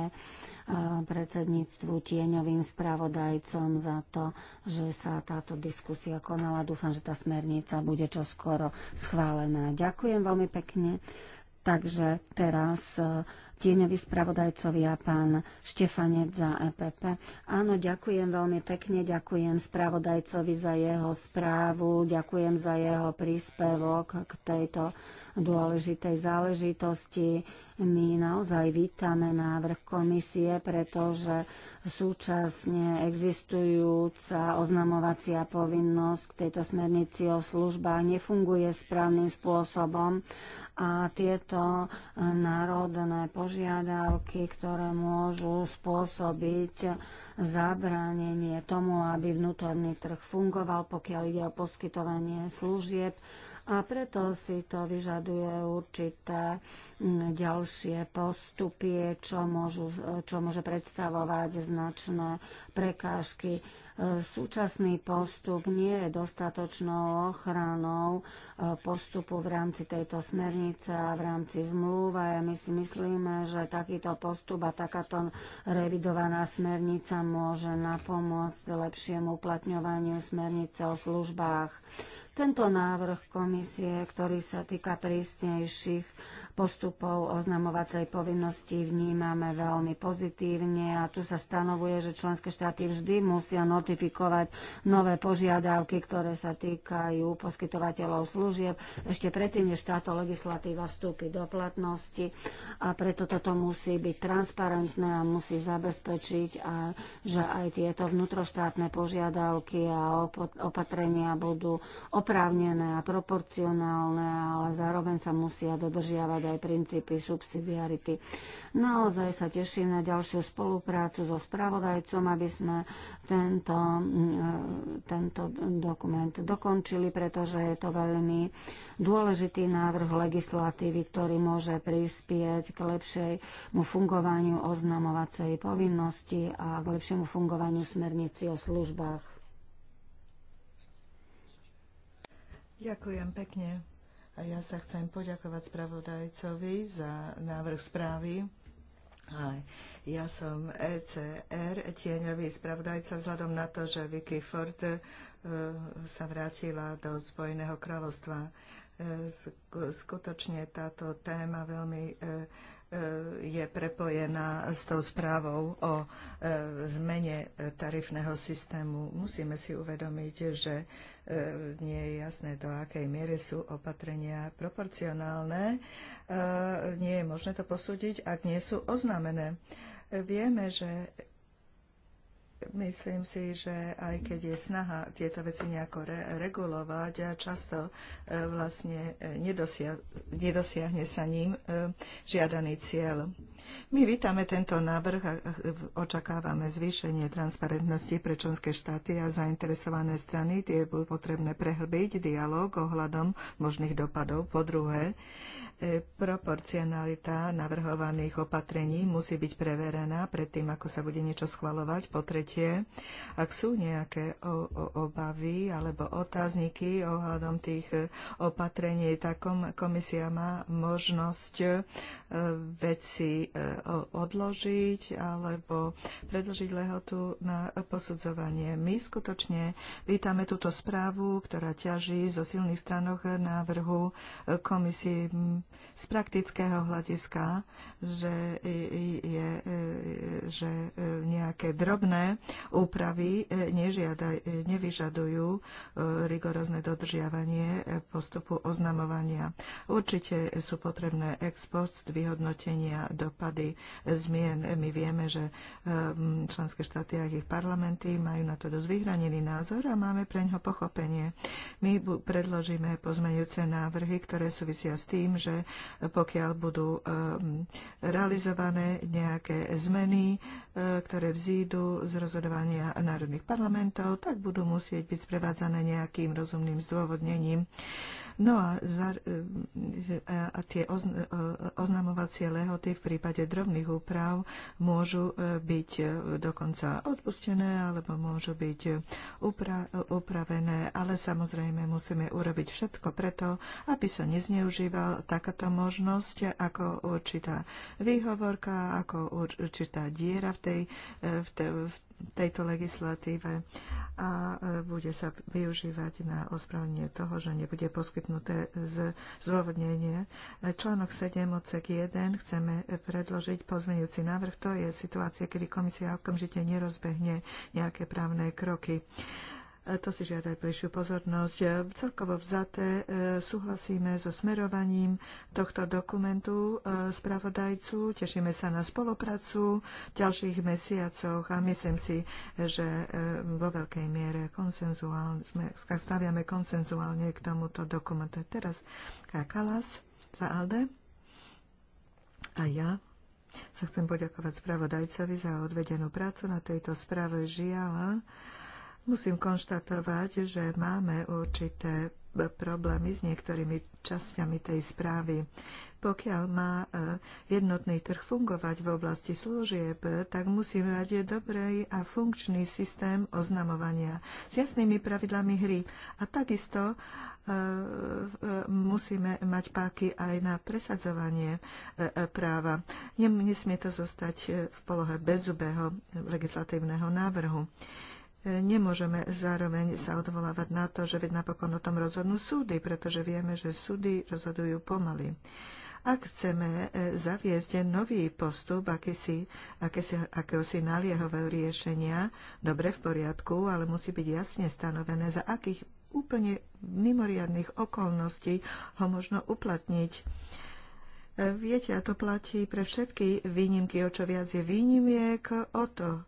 predsedníctvu, tieňovým spravodajcom za to, že sa táto diskusia konala. Dúfam, že tá smernica bude čoskoro schválená. Ďakujem veľmi pekne. Takže teraz spravodajcovi e, spravodajcovia, pán Štefanec za EPP. Áno, ďakujem veľmi pekne, ďakujem spravodajcovi za jeho správu, ďakujem za jeho príspevok k tejto dôležitej záležitosti. My naozaj vítame návrh komisie, pretože súčasne existujúca oznamovacia povinnosť k tejto smernici o službách nefunguje správnym spôsobom a tieto národné požiadavky, ktoré môžu spôsobiť zabránenie tomu, aby vnútorný trh fungoval, pokiaľ ide o poskytovanie služieb, a preto si to vyžaduje určité mm, ďalšie postupy, čo, môžu, čo môže predstavovať značné prekážky. Súčasný postup nie je dostatočnou ochranou e, postupu v rámci tejto smernice a v rámci zmluv a my si myslíme, že takýto postup a takáto revidovaná smernica môže napomôcť lepšiemu uplatňovaniu smernice o službách. Tento návrh komisie, ktorý sa týka prísnejších postupov oznamovacej povinnosti vnímame veľmi pozitívne a tu sa stanovuje, že členské štáty vždy musia notifikovať nové požiadavky, ktoré sa týkajú poskytovateľov služieb ešte predtým, než táto legislatíva vstúpi do platnosti a preto toto musí byť transparentné a musí zabezpečiť, a, že aj tieto vnútroštátne požiadavky a opatrenia budú oprávnené a proporcionálne, ale zároveň sa musia dodržiavať aj princípy subsidiarity. Naozaj sa teším na ďalšiu spoluprácu so spravodajcom, aby sme tento, mm, tento dokument dokončili, pretože je to veľmi dôležitý návrh legislatívy, ktorý môže prispieť k lepšiemu fungovaniu oznamovacej povinnosti a k lepšiemu fungovaniu smernici o službách. Ďakujem pekne. A ja sa chcem poďakovať spravodajcovi za návrh správy. Aj. Ja som ECR, tieňový spravodajca, vzhľadom na to, že Vicky Ford e, sa vrátila do Spojeného kráľovstva. E, skutočne táto téma veľmi e, E, je prepojená s tou správou o e, zmene e, tarifného systému. Musíme si uvedomiť, že nie je jasné, do akej miery sú opatrenia proporcionálne. Nie je možné to posúdiť, ak nie sú oznámené. Vieme, že Myslím si, že aj keď je snaha tieto veci nejako re- regulovať, a často e, vlastne e, nedosia- nedosiahne sa ním e, žiadaný cieľ. My vítame tento návrh a očakávame zvýšenie transparentnosti pre členské štáty a zainteresované strany. Tie budú potrebné prehlbiť dialog ohľadom možných dopadov. Po druhé, e, proporcionalita navrhovaných opatrení musí byť preverená predtým, ako sa bude niečo schvalovať. Po tretie, ak sú nejaké obavy alebo otázniky ohľadom tých e, opatrení, tak komisia má možnosť e, veci E, odložiť alebo predlžiť lehotu na posudzovanie. My skutočne vítame túto správu, ktorá ťaží zo silných stranoch návrhu komisie z praktického hľadiska, že, je, e, že e, nejaké drobné úpravy nežiada, nevyžadujú rigorózne dodržiavanie postupu oznamovania. Určite sú potrebné ex post vyhodnotenia dopadu dopady zmien. My vieme, že ehm, členské štáty a ich parlamenty majú na to dosť vyhranený názor a máme pre ňo pochopenie. My predložíme pozmeňujúce návrhy, ktoré súvisia s tým, že pokiaľ budú ehm, realizované nejaké zmeny, e, ktoré vzídu z rozhodovania národných parlamentov, tak budú musieť byť sprevádzané nejakým rozumným zdôvodnením. No a, za, e, a tie e, oznamovacie lehoty v prípade drobných úprav môžu e, byť dokonca odpustené alebo môžu byť upra, upravené, ale samozrejme musíme urobiť všetko preto, aby sa nezneužíval takáto možnosť ako určitá výhovorka, ako určitá diera v tej, v tej, v tej tejto legislatíve a e, bude sa využívať na ospravedlnenie toho, že nebude poskytnuté zôvodnenie. E, článok 7 odsek 1 chceme predložiť pozmeňujúci návrh. To je situácia, kedy komisia okamžite nerozbehne nejaké právne kroky. Uh, to si žiada aj bližšiu pozornosť. Celkovo vzaté e, súhlasíme so smerovaním tohto dokumentu e, spravodajcu. Tešíme sa na spoluprácu v ďalších mesiacoch a myslím si, že e, vo veľkej miere konsenzuálne, staviame konsenzuálne k tomuto dokumentu. Teraz Kalas za Alde a ja sa chcem poďakovať spravodajcovi za odvedenú prácu na tejto správe. Žiaľ, Musím konštatovať, že máme určité problémy s niektorými časťami tej správy. Pokiaľ má eh, jednotný trh fungovať v oblasti služieb, tak musí mať dobrý a funkčný systém oznamovania s jasnými pravidlami hry. A takisto eh, musíme mať páky aj na presadzovanie eh, práva. Nesmie to zostať v polohe bezubého legislatívneho návrhu nemôžeme zároveň sa odvolávať na to, že veď napokon o tom rozhodnú súdy, pretože vieme, že súdy rozhodujú pomaly. Ak chceme e, zaviesť nový postup akési, akési, akéhosi naliehového riešenia, dobre v poriadku, ale musí byť jasne stanovené, za akých úplne mimoriadných okolností ho možno uplatniť. E, viete, a to platí pre všetky výnimky. O čo viac je výnimiek, o to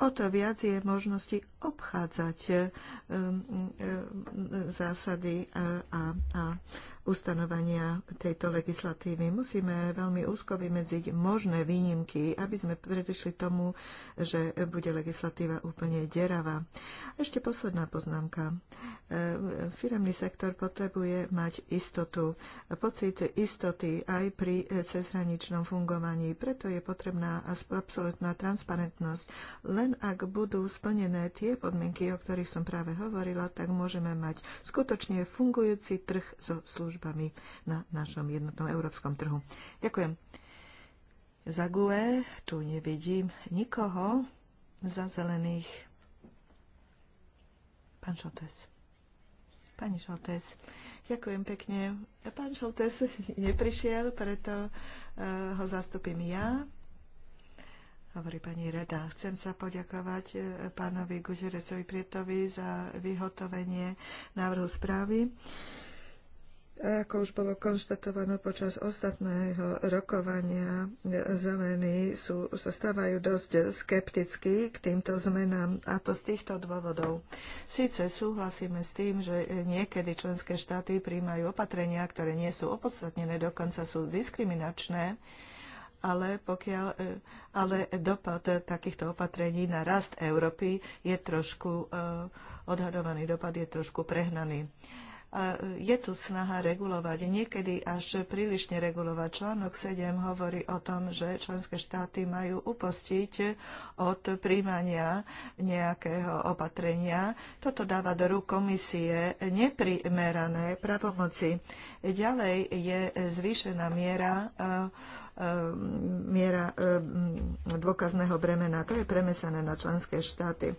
o to viac je možností obchádzať eh, eh, zásady a, a ustanovania tejto legislatívy. Musíme veľmi úzko vymedziť možné výnimky, aby sme predišli tomu, že bude legislatíva úplne deravá. Ešte posledná poznámka. Eh, firemný sektor potrebuje mať istotu, pocit istoty aj pri cezhraničnom fungovaní. Preto je potrebná absolútna transparentnosť. Len ak budú splnené tie tie podmienky, o ktorých som práve hovorila, tak môžeme mať skutočne fungujúci trh so službami na našom jednotnom európskom trhu. Ďakujem. Za GUE tu nevidím nikoho. Za zelených pán Šoltes. Pani Šoltes, ďakujem pekne. Pán Šoltes neprišiel, preto eh, ho zastupím ja hovorí pani Reda. Chcem sa poďakovať e, pánovi Gužerecovi Prietovi za vyhotovenie návrhu správy. Ako už bolo konštatované počas ostatného rokovania, zelení sú, sa stávajú dosť skeptickí k týmto zmenám, a to z týchto dôvodov. Síce súhlasíme s tým, že niekedy členské štáty príjmajú opatrenia, ktoré nie sú opodstatnené, dokonca sú diskriminačné, ale, pokiaľ, e, ale dopad takýchto opatrení na rast Európy je trošku, e, odhadovaný dopad je trošku prehnaný. A e, je tu snaha regulovať, niekedy až prílišne regulovať. Článok 7 hovorí o tom, že členské štáty majú upostiť od príjmania nejakého opatrenia. Toto dáva do rúk komisie neprimerané pravomoci. Ďalej je zvýšená miera e, e, miera dôkazného bremena. To je premesané na členské štáty.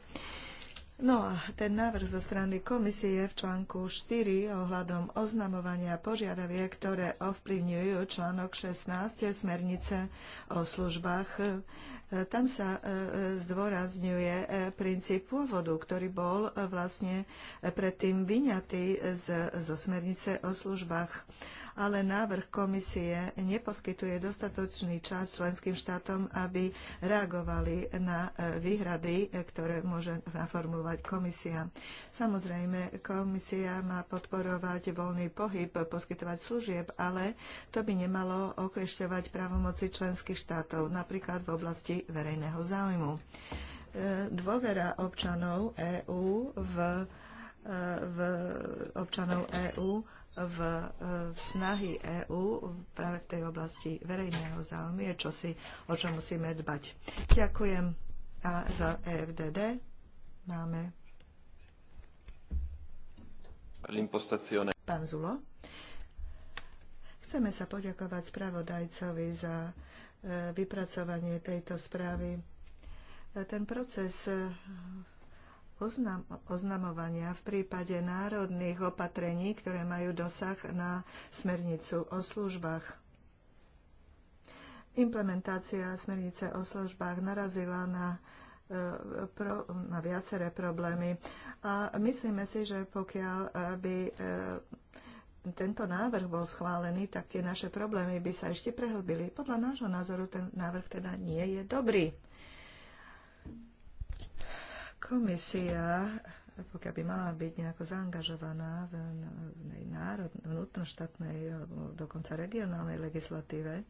No a ten návrh zo strany komisie v článku 4 ohľadom oznamovania požiadavie, ktoré ovplyvňujú článok 16 smernice o službách, e, tam sa e, zdôrazňuje e, princíp pôvodu, ktorý bol vlastne predtým vyňatý z, zo smernice o službách ale návrh komisie neposkytuje dostatočný čas členským štátom, aby reagovali na e, výhrady, e, ktoré môže naformulovať komisia. Samozrejme, komisia má podporovať voľný pohyb, poskytovať služieb, ale to by nemalo okrešťovať právomoci členských štátov, napríklad v oblasti verejného záujmu. E, dôvera občanov EÚ v v občanov EÚ v, e, v snahy EÚ práve v tej oblasti verejného záujmu je čosi, o čo musíme dbať. Ďakujem a za EFDD. Máme Pán Zulo, chceme sa poďakovať spravodajcovi za e, vypracovanie tejto správy. E, ten proces oznam, oznamovania v prípade národných opatrení, ktoré majú dosah na smernicu o službách. Implementácia smernice o službách narazila na, e, na viaceré problémy a myslíme si, že pokiaľ e, by e, tento návrh bol schválený, tak tie naše problémy by sa ešte prehlbili. Podľa nášho názoru ten návrh teda nie je dobrý. Komisia, pokiaľ by mala byť nejako zaangažovaná v, v národnej, vnútroštátnej alebo dokonca regionálnej legislatíve,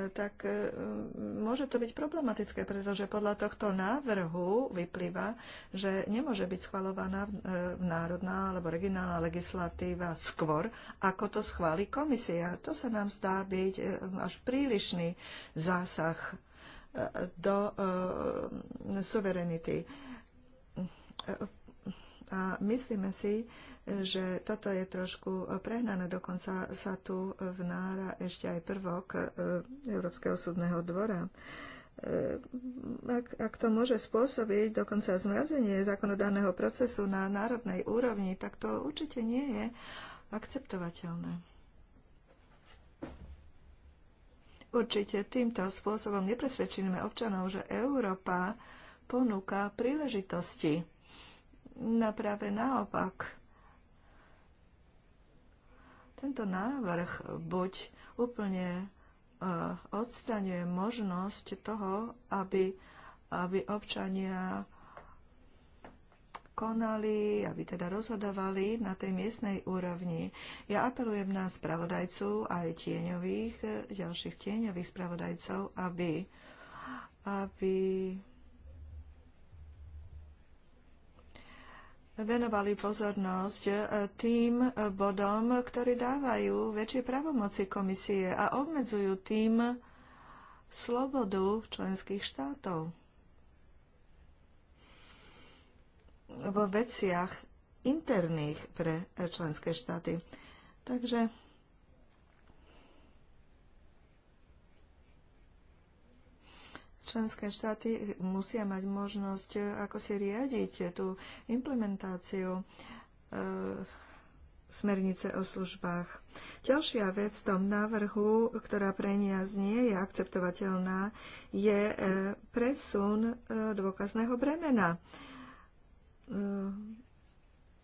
E, tak e, môže to byť problematické, pretože podľa tohto návrhu vyplýva, že nemôže byť schvalovaná e, národná alebo regionálna legislatíva skôr, ako to schváli komisia. To sa nám zdá byť až prílišný zásah do suverenity a myslíme si, že toto je trošku prehnané. Dokonca sa tu vnára ešte aj prvok e, Európskeho súdneho dvora. E, ak, ak to môže spôsobiť dokonca zmrazenie zákonodárneho procesu na národnej úrovni, tak to určite nie je akceptovateľné. Určite týmto spôsobom nepresvedčíme občanov, že Európa ponúka príležitosti na práve naopak. Tento návrh buď úplne e, odstraňuje možnosť toho, aby, aby občania konali, aby teda rozhodovali na tej miestnej úrovni. Ja apelujem na spravodajcu aj tieňových, ďalších tieňových spravodajcov, aby, aby venovali pozornosť e, tým e, bodom, ktorí dávajú väčšie pravomoci komisie a obmedzujú tým slobodu členských štátov vo veciach interných pre členské štáty. Takže členské štáty musia mať možnosť, e, ako si riadiť tú implementáciu e, smernice o službách. Ďalšia vec v tom návrhu, ktorá pre nás nie je akceptovateľná, je e, presun dôkazného bremena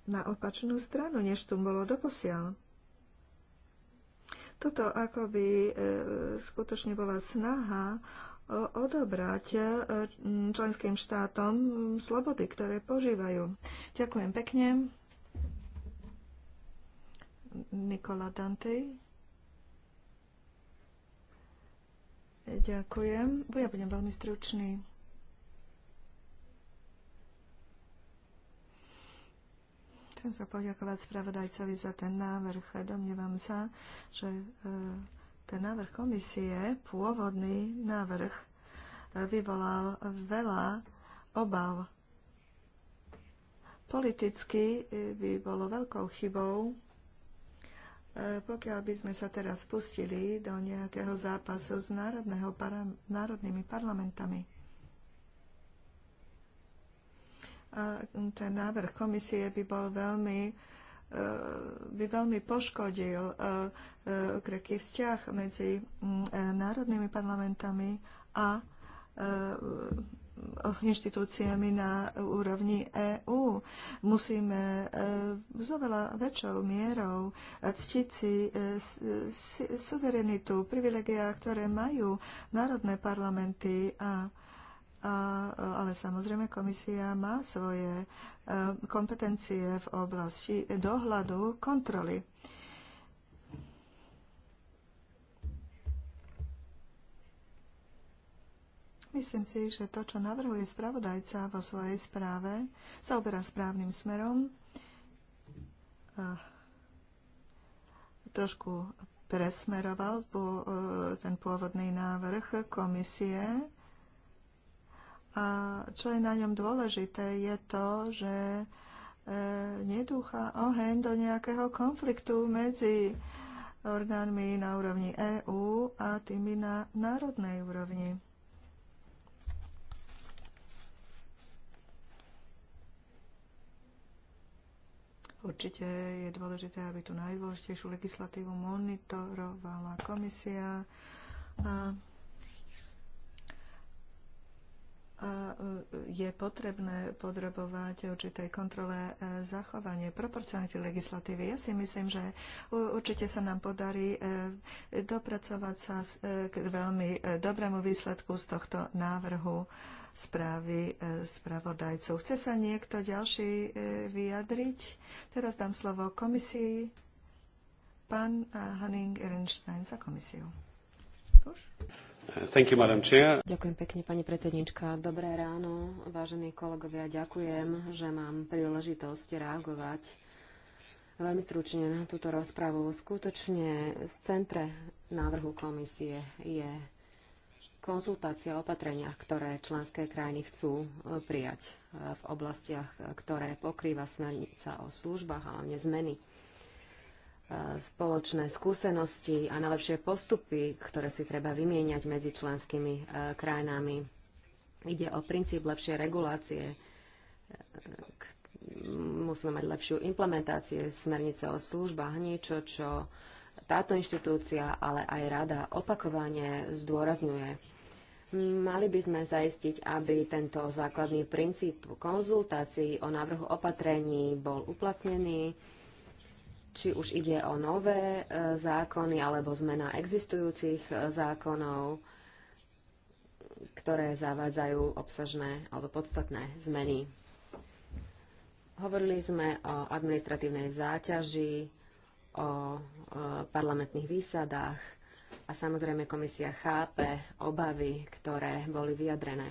na opačnú stranu, než tu bolo doposiaľ. Toto akoby skutočne bola snaha odobrať e, členským štátom slobody, ktoré požívajú. Ďakujem pekne. Nikola Dante. Ďakujem. Ja budem veľmi stručný. Chcem sa poďakovať spravodajcovi za ten návrh. Domnievam sa, že e, ten návrh komisie, pôvodný návrh, vyvolal veľa obav. Politicky by bolo veľkou chybou, e, pokiaľ by sme sa teraz pustili do nejakého zápasu s para, národnými parlamentami. A ten návrh komisie by bol veľmi by veľmi poškodil e, e, kreký vzťah medzi mm, e, národnými parlamentami a inštitúciami na úrovni EÚ. Musíme s oveľa väčšou mierou ctiť si suverenitu, privilegia, ktoré majú národné parlamenty a ale samozrejme komisia má svoje e, kompetencie v oblasti dohľadu, kontroly. Myslím si, že to, čo navrhuje spravodajca vo svojej správe, sa oberá správnym smerom. A trošku presmeroval po, e, ten pôvodný návrh komisie a čo je na ňom dôležité, je to, že e, nedúcha oheň do nejakého konfliktu medzi orgánmi na úrovni EÚ a tými na národnej úrovni. Určite je dôležité, aby tú najdôležitejšiu legislatívu monitorovala komisia a a e, je potrebné podrobovať určitej kontrole e, zachovanie proporcionality legislatívy. Ja si myslím, že určite sa nám podarí e, dopracovať sa k veľmi dobrému výsledku z tohto návrhu správy spravodajcu. Chce sa niekto ďalší vyjadriť? Teraz dám slovo komisii. Pán Hanning Ehrenstein za komisiu. Už? Thank you, Madam Chair. Ďakujem pekne, pani predsednička. Dobré ráno, vážení kolegovia. Ďakujem, že mám príležitosť reagovať veľmi stručne na túto rozpravu. Skutočne v centre návrhu komisie je konzultácia o opatreniach, ktoré členské krajiny chcú e, prijať e, v oblastiach, ktoré pokrýva smernica o službách a hlavne zmeny spoločné skúsenosti a najlepšie postupy, ktoré si treba vymieňať medzi členskými e, krajinami. Ide o princíp lepšej regulácie. E, musíme mať lepšiu implementácie smernice o službách, niečo, čo táto inštitúcia, ale aj rada opakovane zdôrazňuje. Mali by sme zaistiť, aby tento základný princíp konzultácií o návrhu opatrení bol uplatnený či už ide o nové e, zákony alebo zmena existujúcich e, zákonov, ktoré zavádzajú obsažné alebo podstatné zmeny. Hovorili sme o administratívnej záťaži, o e, parlamentných výsadách a samozrejme komisia chápe obavy, ktoré boli vyjadrené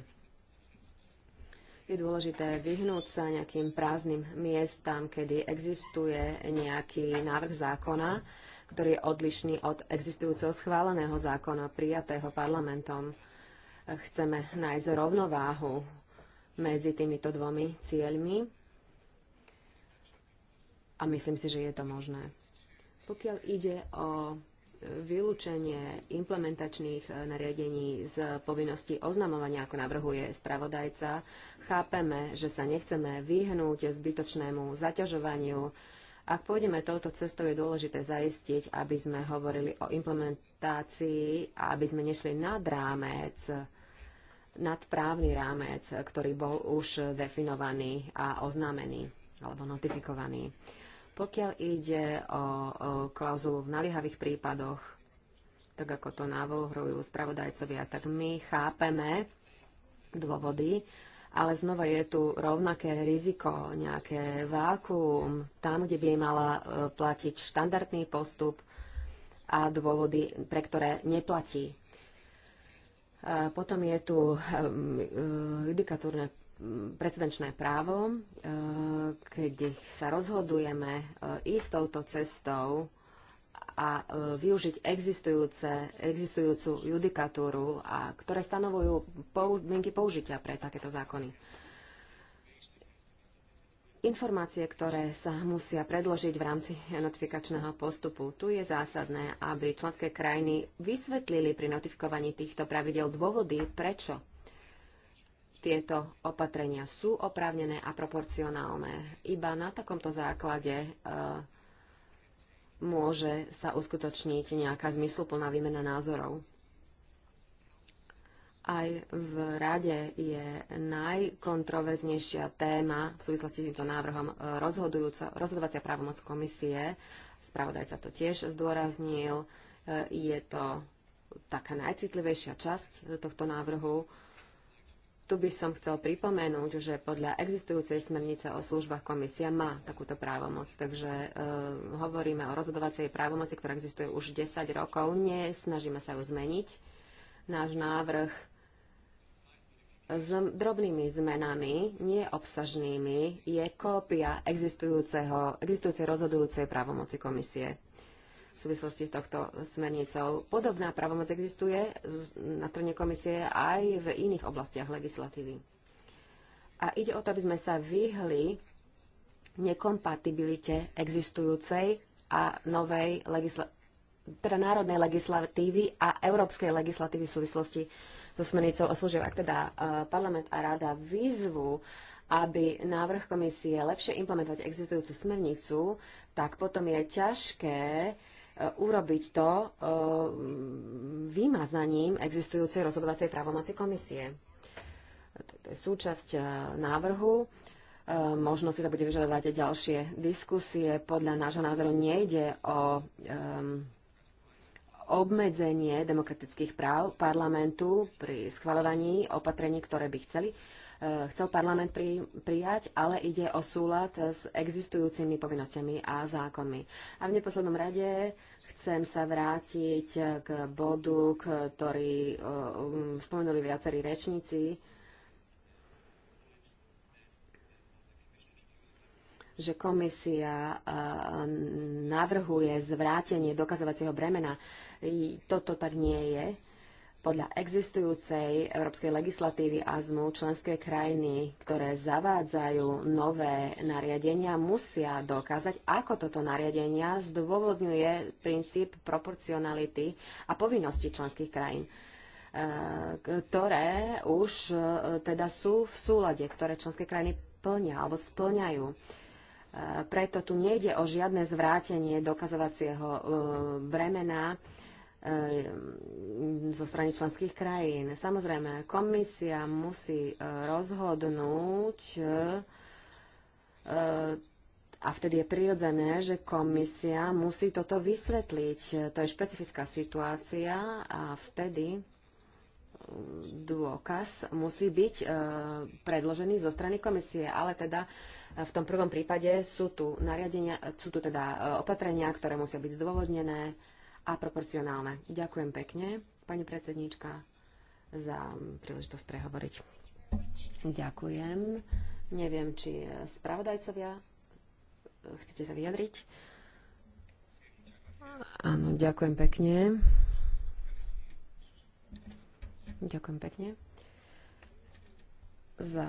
je dôležité vyhnúť sa nejakým prázdnym miestam, kedy existuje nejaký návrh zákona, ktorý je odlišný od existujúceho schváleného zákona prijatého parlamentom. Chceme nájsť rovnováhu medzi týmito dvomi cieľmi a myslím si, že je to možné. Pokiaľ ide o vylúčenie implementačných eh, nariadení z povinnosti oznamovania, ako navrhuje spravodajca. Chápeme, že sa nechceme vyhnúť zbytočnému zaťažovaniu. Ak pôjdeme touto cestou, je dôležité zaistiť, aby sme hovorili o implementácii a aby sme nešli nad rámec nad právny rámec, ktorý bol už definovaný a oznámený alebo notifikovaný. Pokiaľ ide o, o klauzulu v naliehavých prípadoch, tak ako to navrhujú spravodajcovia, tak my chápeme dôvody, ale znova je tu rovnaké riziko, nejaké vákuum, tam, kde by mala e, platiť štandardný postup a dôvody, pre ktoré neplatí. Potom je tu e, e, judikatúrne precedenčné právo, e, keď sa rozhodujeme e, ísť touto cestou a e, využiť existujúce, existujúcu judikatúru, a, ktoré stanovujú podmienky použitia pre takéto zákony. Informácie, ktoré sa musia predložiť v rámci notifikačného postupu, tu je zásadné, aby členské krajiny vysvetlili pri notifikovaní týchto pravidel dôvody, prečo tieto opatrenia sú oprávnené a proporcionálne. Iba na takomto základe e, môže sa uskutočniť nejaká zmysluplná výmena názorov. Aj v rade je najkontroverznejšia téma v súvislosti s týmto návrhom e, rozhodovacia právomoc komisie. Spravodajca to tiež zdôraznil. E, je to taká najcitlivejšia časť tohto návrhu tu by som chcel pripomenúť, že podľa existujúcej smernice o službách komisia má takúto právomoc. Takže e, hovoríme o rozhodovacej právomoci, ktorá existuje už 10 rokov. Nie, snažíme sa ju zmeniť. Náš návrh s drobnými zmenami, nie obsažnými, je kópia existujúceho, existujúcej rozhodujúcej právomoci komisie v súvislosti s tohto smernicou. Podobná pravomoc existuje na strane komisie aj v iných oblastiach legislatívy. A ide o to, aby sme sa vyhli nekompatibilite existujúcej a novej legisla- teda národnej legislatívy a európskej legislatívy v súvislosti so smernicou o služieb. Ak teda e, parlament a rada výzvu, aby návrh komisie lepšie implementovať existujúcu smernicu, tak potom je ťažké E, urobiť to e, vymazaním existujúcej rozhodovacej právomoci komisie. To je súčasť e, návrhu. Možno si to bude vyžadovať aj ďalšie diskusie. Podľa nášho názoru nejde o obmedzenie demokratických práv parlamentu pri schvaľovaní opatrení, ktoré by chceli. Eh, chcel parlament pri, prijať, ale ide o súlad s existujúcimi povinnosťami a zákonmi. A v neposlednom rade chcem sa vrátiť k bodu, ktorý eh, spomenuli viacerí rečníci, že komisia eh, navrhuje zvrátenie dokazovacieho bremena. Toto tak nie je podľa existujúcej európskej legislatívy a zmluv členské krajiny, ktoré zavádzajú nové nariadenia, musia dokázať, ako toto nariadenia zdôvodňuje princíp proporcionality a povinnosti členských krajín e, ktoré už e, teda sú v súlade, ktoré členské krajiny plnia alebo splňajú. E, preto tu nejde o žiadne zvrátenie dokazovacieho bremena, Ehm, zo strany členských krajín. Samozrejme, komisia musí e, rozhodnúť e, e, a vtedy je prirodzené, že komisia musí toto vysvetliť. To je špecifická situácia a vtedy dôkaz musí byť predložený zo strany komisie, ale teda v tom prvom prípade sú tu, nariadenia, sú tu teda opatrenia, ktoré musia byť zdôvodnené a proporcionálne. Ďakujem pekne, pani predsednička, za príležitosť prehovoriť. Ďakujem. Neviem, či spravodajcovia eh, chcete sa vyjadriť. Áno, ďakujem pekne. Ďakujem pekne za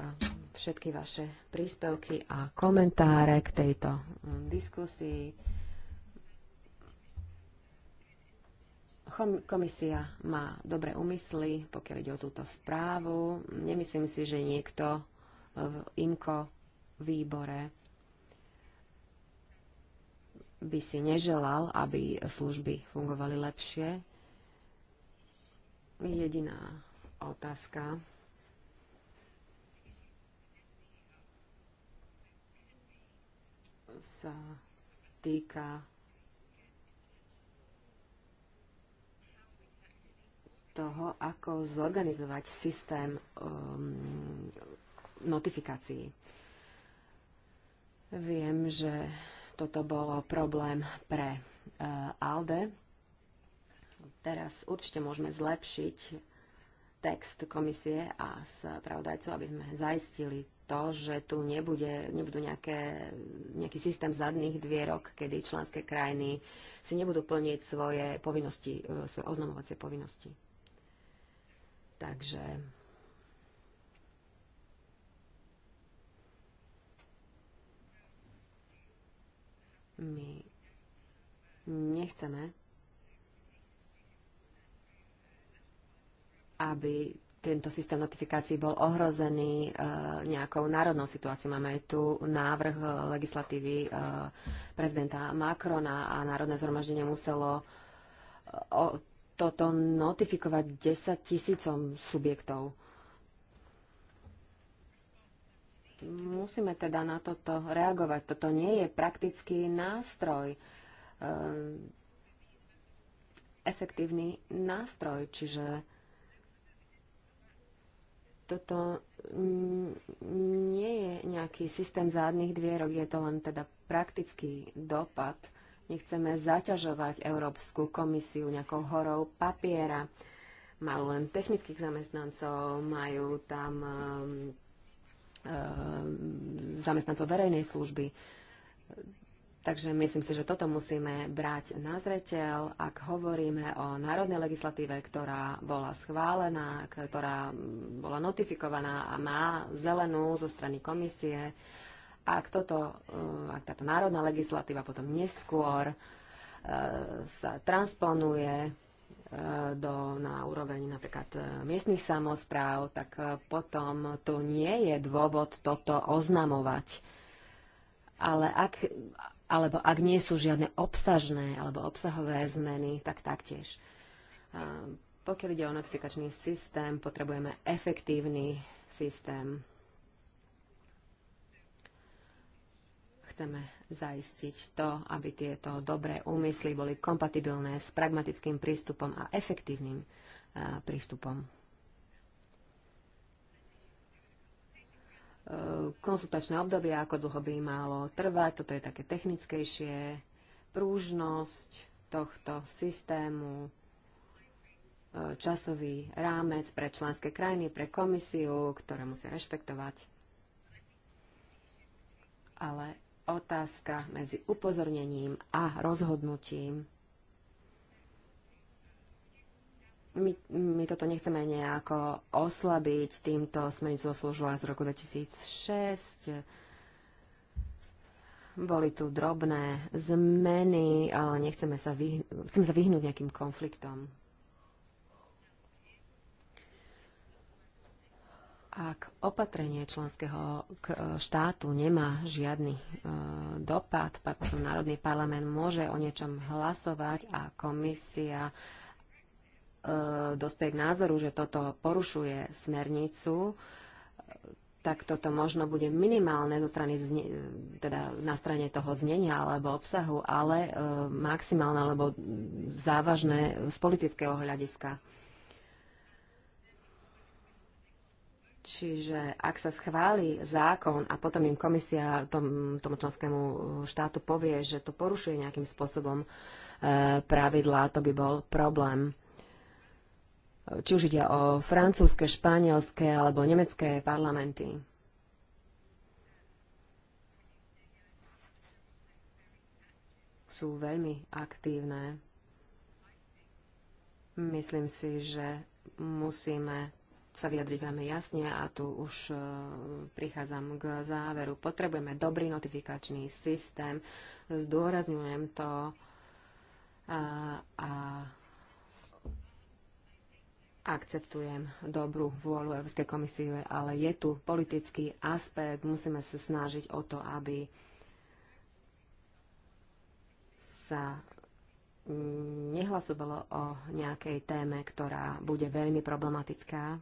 všetky vaše príspevky a komentáre k tejto mm, diskusii. Komisia má dobré úmysly, pokiaľ ide o túto správu. Nemyslím si, že niekto v IMKO výbore by si neželal, aby služby fungovali lepšie. Jediná otázka. sa týka toho, ako zorganizovať systém um, notifikácií. Viem, že toto bolo problém pre uh, ALDE. Teraz určite môžeme zlepšiť text komisie a pravodajcov, aby sme zaistili to, že tu nebude, nebudú nejaké, nejaký systém zadných dvierok, kedy členské krajiny si nebudú plniť svoje povinnosti, uh, svoje oznamovacie povinnosti. Takže my nechceme, aby tento systém notifikácií bol ohrozený e, nejakou národnou situáciou. Máme aj tu návrh legislatívy e, prezidenta Macrona a Národné zhromaždenie muselo eh, o, toto notifikovať 10 tisícom subjektov. Musíme teda na toto reagovať. Toto nie je praktický nástroj, eh, efektívny nástroj, čiže toto nie je nejaký systém zádnych dvierok, je to len teda praktický dopad Nechceme zaťažovať Európsku komisiu nejakou horou papiera. Majú len technických zamestnancov, majú tam um, um, zamestnancov verejnej služby. Takže myslím si, že toto musíme brať na zreteľ, ak hovoríme o národnej legislatíve, ktorá bola schválená, ktorá bola notifikovaná a má zelenú zo strany komisie ak, toto, mm, ak táto národná legislatíva potom neskôr e, sa transponuje e, do, na úroveň napríklad e, miestnych samozpráv, tak potom to nie je dôvod toto oznamovať. Ale ak, alebo ak nie sú žiadne obsažné alebo obsahové zmeny, tak taktiež. Pokiaľ ide o notifikačný systém, potrebujeme efektívny systém chceme zaistiť to, aby tieto dobré úmysly boli kompatibilné s pragmatickým prístupom a efektívnym eh, prístupom. Eh, Konsultačné obdobie, ako dlho by malo trvať, toto je také technickejšie, prúžnosť tohto systému, eh, časový rámec pre členské krajiny, pre komisiu, ktoré musia rešpektovať. Ale otázka medzi upozornením a rozhodnutím. My, my toto nechceme nejako oslabiť týmto smernicu oslúžila z roku 2006. Boli tu drobné zmeny, ale nechceme sa, vyhn- chceme sa vyhnúť nejakým konfliktom. Ak opatrenie členského e, štátu nemá žiadny e, dopad, potom Národný parlament môže o niečom hlasovať a komisia e, dospie k názoru, že toto porušuje smernicu, e, tak toto možno bude minimálne zo strany, teda na strane toho znenia alebo obsahu, ale e, maximálne alebo závažné z politického hľadiska. Čiže ak sa schváli zákon a potom im komisia tom, tomu členskému štátu povie, že to porušuje nejakým spôsobom e, pravidlá, to by bol problém. Či už ide o francúzske, španielské alebo nemecké parlamenty. Sú veľmi aktívne. Myslím si, že musíme sa vyjadriť veľmi jasne a tu už e, prichádzam k záveru. Potrebujeme dobrý notifikačný systém, zdôrazňujem to a, a akceptujem dobrú vôľu Európskej komisie, ale je tu politický aspekt, musíme sa snažiť o to, aby sa nehlasovalo o nejakej téme, ktorá bude veľmi problematická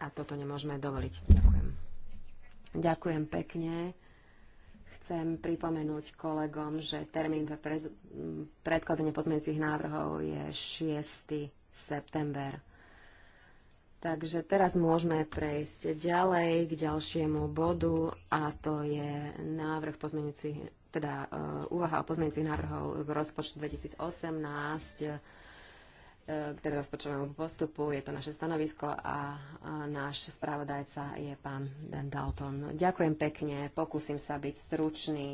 a toto nemôžeme dovoliť. Ďakujem. Ďakujem pekne. Chcem pripomenúť kolegom, že termín pre predkladanie pozmeňujúcich návrhov je 6. september. Takže teraz môžeme prejsť ďalej k ďalšiemu bodu a to je návrh pozmeňujúcich, teda uh, úvaha o pozmeňujúcich návrhov k rozpočtu 2018 E, teda rozpočtovému postupu. Je to naše stanovisko a, náš správodajca je pán Dan Dalton. Ďakujem pekne, pokúsim sa byť stručný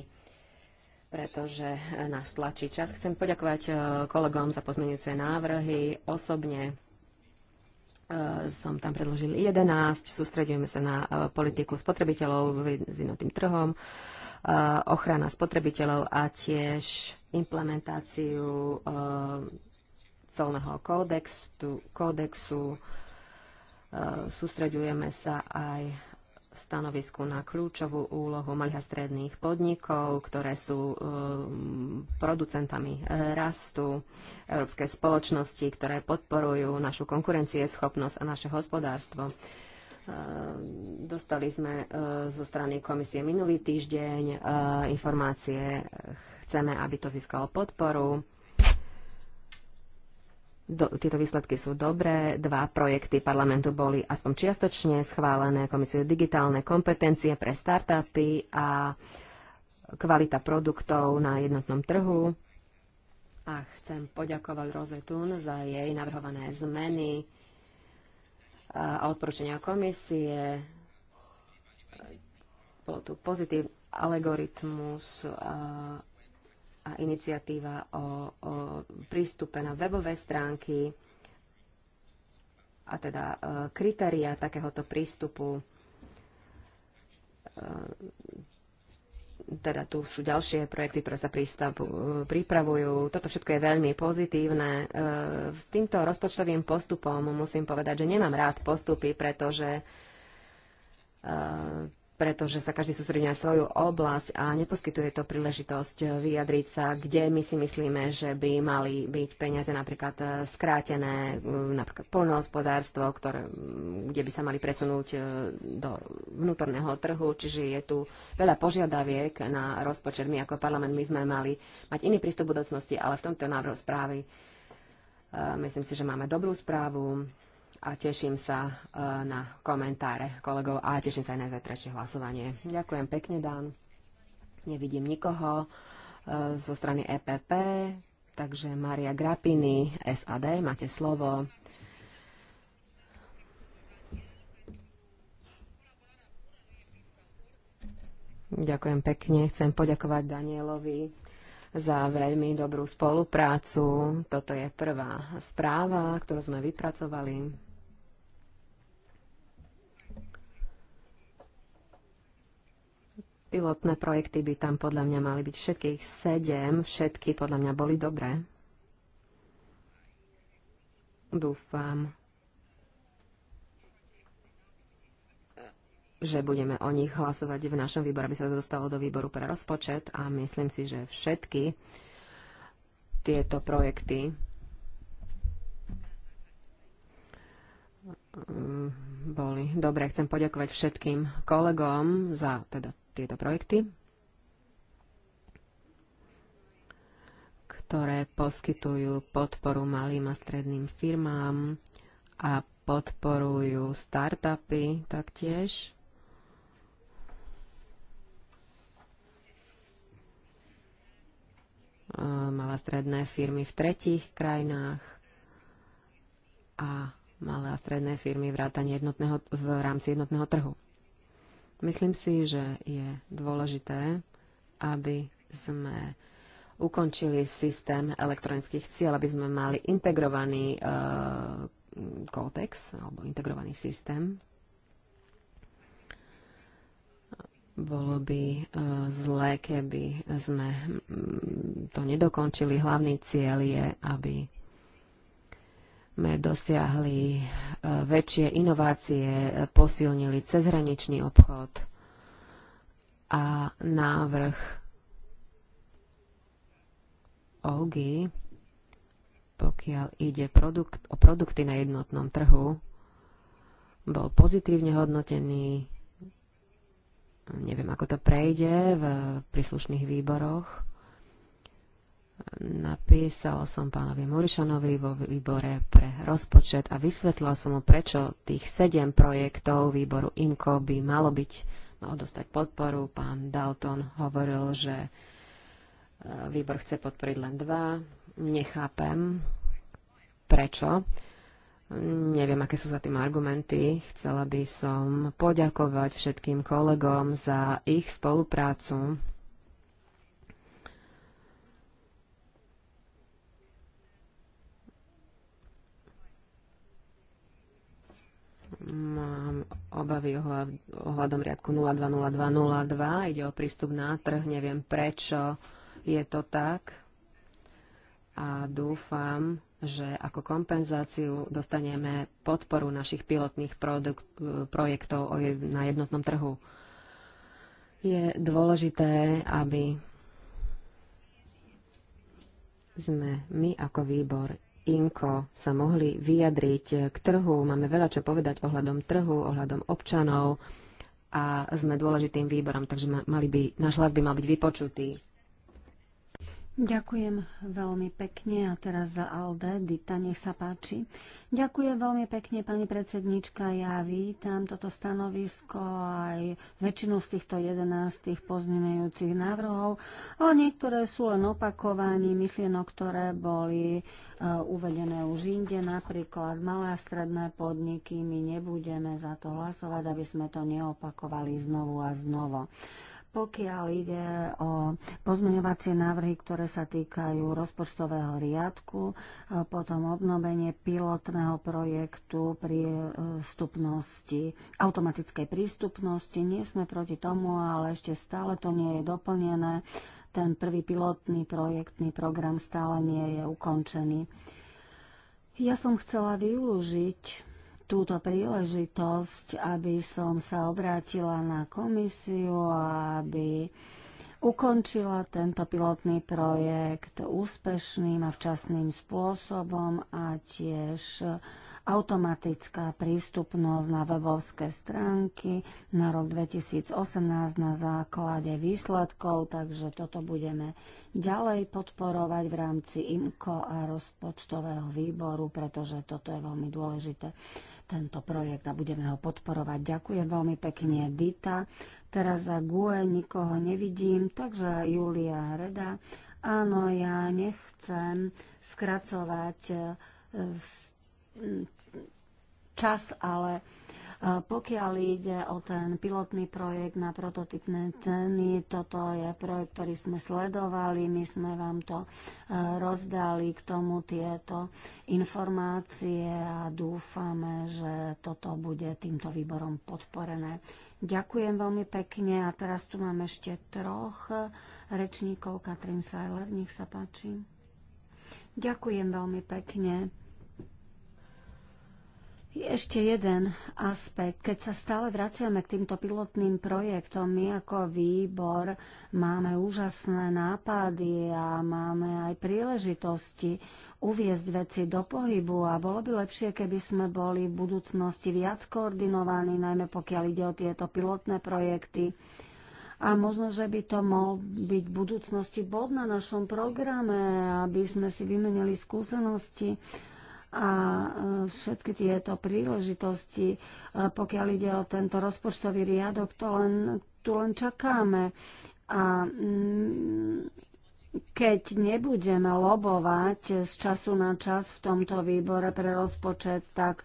pretože nás tlačí čas. Chcem poďakovať e, kolegom za pozmeňujúce návrhy. Osobne e, som tam predložil 11, sústredujeme sa na politiku spotrebiteľov s jednotým trhom, ochrana spotrebiteľov a tiež implementáciu celného kódexu, kódexu. E, sústreďujeme sa aj v stanovisku na kľúčovú úlohu malých a stredných podnikov, ktoré sú e, producentami e, rastu, európske spoločnosti, ktoré podporujú našu konkurencieschopnosť a naše hospodárstvo. Dostali sme zo strany komisie minulý týždeň informácie. Chceme, aby to získalo podporu do, tieto výsledky sú dobré. Dva projekty parlamentu boli aspoň čiastočne schválené komisiu digitálne kompetencie pre startupy a kvalita produktov na jednotnom trhu. A chcem poďakovať Rozetun za jej navrhované zmeny a odporúčania komisie. Bolo tu pozitív algoritmus a a iniciatíva o, o prístupe na webové stránky a teda e, kritéria takéhoto prístupu. E, teda tu sú ďalšie projekty, ktoré sa prístavu, e, pripravujú. Toto všetko je veľmi pozitívne. E, s týmto rozpočtovým postupom musím povedať, že nemám rád postupy, pretože e, pretože sa každý sústredí na svoju oblasť a neposkytuje to príležitosť vyjadriť sa, kde my si myslíme, že by mali byť peniaze napríklad eh, skrátené, eh, napríklad polnohospodárstvo, ktoré, mm, kde by sa mali presunúť eh, do vnútorného trhu, čiže je tu veľa požiadaviek na rozpočet. My ako parlament my sme mali mať iný prístup budúcnosti, ale v tomto návrhu správy myslím si, že máme dobrú správu, a teším sa e, na komentáre kolegov a teším sa aj na zajtrajšie hlasovanie. Ďakujem pekne, Dan. Nevidím nikoho e, zo strany EPP, takže Maria Grapini, SAD, máte slovo. Ďakujem pekne. Chcem poďakovať Danielovi za veľmi dobrú spoluprácu. Toto je prvá správa, ktorú sme vypracovali. Pilotné projekty by tam podľa mňa mali byť všetkých sedem, všetky podľa mňa boli dobré. Dúfam, že budeme o nich hlasovať v našom výboru, aby sa to dostalo do výboru pre rozpočet a myslím si, že všetky tieto projekty mm, boli dobre. Chcem poďakovať všetkým kolegom za teda tieto projekty, ktoré poskytujú podporu malým a stredným firmám a podporujú startupy taktiež. malé a stredné firmy v tretích krajinách a malé a stredné firmy vrátane jednotného, v rámci jednotného trhu. Myslím si, že je dôležité, aby sme ukončili systém elektronických cieľ, aby sme mali integrovaný uh, kódex alebo integrovaný systém. Bolo by uh, zlé, keby sme mm, to nedokončili. Hlavný cieľ je, aby sme dosiahli e, väčšie inovácie, e, posilnili cezhraničný obchod a návrh OGI, pokiaľ ide produkt, o produkty na jednotnom trhu, bol pozitívne hodnotený. Neviem, ako to prejde v príslušných výboroch Napísal som pánovi Murišanovi vo výbore pre rozpočet a vysvetlila som mu, prečo tých sedem projektov výboru IMCO by malo byť, malo dostať podporu. Pán Dalton hovoril, že e, výbor chce podporiť len dva. Nechápem, prečo. Neviem, aké sú za tým argumenty. Chcela by som poďakovať všetkým kolegom za ich spoluprácu Mám obavy ohľadom riadku 020202. Ide o prístup na trh. Neviem, prečo je to tak. A dúfam, že ako kompenzáciu dostaneme podporu našich pilotných produkt, projektov na jednotnom trhu. Je dôležité, aby sme my ako výbor inko sa mohli vyjadriť k trhu. Máme veľa čo povedať ohľadom trhu, ohľadom občanov a sme dôležitým výborom, takže mali by, náš hlas by mal byť vypočutý. Ďakujem veľmi pekne a teraz za Alde. Dita, nech sa páči. Ďakujem veľmi pekne, pani predsednička. Ja vítam toto stanovisko aj väčšinu z týchto 11 pozmeňujúcich návrhov, ale niektoré sú len opakovaní myšlienok, ktoré boli e, uvedené už inde, napríklad malé a stredné podniky. My nebudeme za to hlasovať, aby sme to neopakovali znovu a znovu. Pokiaľ ide o pozmeňovacie návrhy, ktoré sa týkajú rozpočtového riadku, e, potom obnovenie pilotného projektu prístupnosti, automatickej prístupnosti, nie sme proti tomu, ale ešte stále to nie je doplnené. Ten prvý pilotný projektný program stále nie je ukončený. Ja som chcela využiť túto príležitosť, aby som sa obrátila na komisiu a aby ukončila tento pilotný projekt úspešným a včasným spôsobom a tiež automatická prístupnosť na webovské stránky na rok 2018 na základe výsledkov, takže toto budeme ďalej podporovať v rámci IMKO a rozpočtového výboru, pretože toto je veľmi dôležité tento projekt a budeme ho podporovať. Ďakujem veľmi pekne, Dita. Teraz za GUE nikoho nevidím, takže Julia Reda. Áno, ja nechcem skracovať eh, čas, ale pokiaľ ide o ten pilotný projekt na prototypné ceny, toto je projekt, ktorý sme sledovali, my sme vám to e, rozdali k tomu tieto informácie a dúfame, že toto bude týmto výborom podporené. Ďakujem veľmi pekne a teraz tu mám ešte troch rečníkov. Katrin Seiler, nech sa páči. Ďakujem veľmi pekne. Ešte jeden aspekt. Keď sa stále vraciame k týmto pilotným projektom, my ako výbor máme úžasné nápady a máme aj príležitosti uviezť veci do pohybu a bolo by lepšie, keby sme boli v budúcnosti viac koordinovaní, najmä pokiaľ ide o tieto pilotné projekty. A možno, že by to mohol byť v budúcnosti bod na našom programe, aby sme si vymenili skúsenosti a e, všetky tieto príležitosti, e, pokiaľ ide o tento rozpočtový riadok, to len, tu len čakáme. A mm, keď nebudeme lobovať z času na čas v tomto výbore pre rozpočet, tak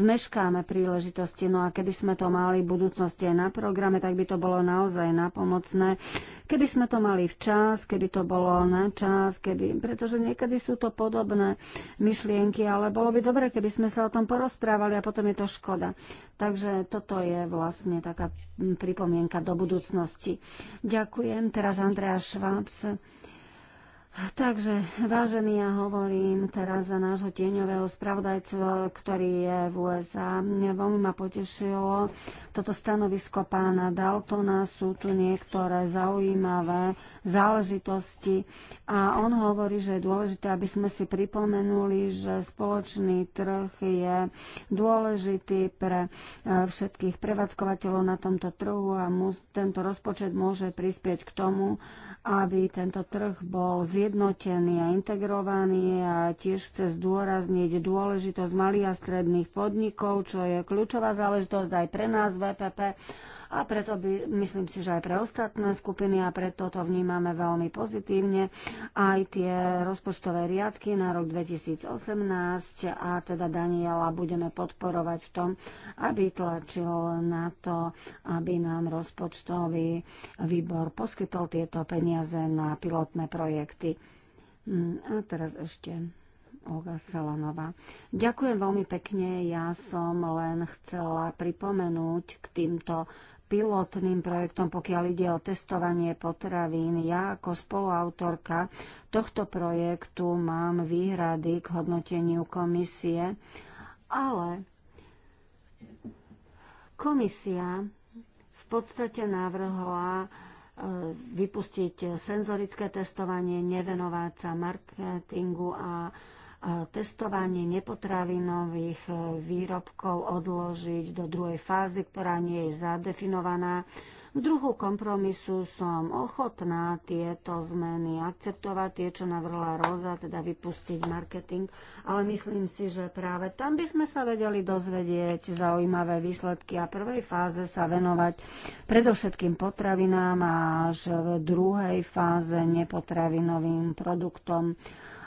zmeškáme príležitosti. No a keby sme to mali v budúcnosti aj na programe, tak by to bolo naozaj napomocné. Keby sme to mali včas, keby to bolo na čas, keby, pretože niekedy sú to podobné myšlienky, ale bolo by dobre, keby sme sa o tom porozprávali a potom je to škoda. Takže toto je vlastne taká pripomienka do budúcnosti. Ďakujem. Teraz Andrea Švábs. Takže, vážený, ja hovorím teraz za nášho tieňového spravodajcu, ktorý je v USA. Veľmi ma potešilo toto stanovisko pána Daltona. Sú tu niektoré zaujímavé záležitosti a on hovorí, že je dôležité, aby sme si pripomenuli, že spoločný trh je dôležitý pre e, všetkých prevádzkovateľov na tomto trhu a tento rozpočet môže prispieť k tomu, aby tento trh bol zjednodušený zjednotený a integrovaný a tiež chce zdôrazniť dôležitosť malých a stredných podnikov, čo je kľúčová záležitosť aj pre nás VPP e a preto by, myslím si, že aj pre ostatné skupiny a preto to vnímame veľmi pozitívne. Aj tie rozpočtové riadky na rok 2018 a teda Daniela budeme podporovať v tom, aby tlačil na to, aby nám rozpočtový výbor poskytol tieto peniaze na pilotné projekty. Mm, a teraz ešte Olga Selanová. Ďakujem veľmi pekne. Ja som len chcela pripomenúť k týmto pilotným projektom, pokiaľ ide o testovanie potravín. Ja ako spoluautorka tohto projektu mám výhrady k hodnoteniu komisie, ale komisia v podstate navrhla e, vypustiť senzorické testovanie, nevenovať sa marketingu a testovanie nepotravinových e, výrobkov odložiť do druhej fázy, ktorá nie je zadefinovaná. V druhu kompromisu som ochotná tieto zmeny akceptovať, tie, čo navrhla Roza, teda vypustiť marketing, ale myslím si, že práve tam by sme sa vedeli dozvedieť zaujímavé výsledky a prvej fáze sa venovať predovšetkým potravinám a až v druhej fáze nepotravinovým produktom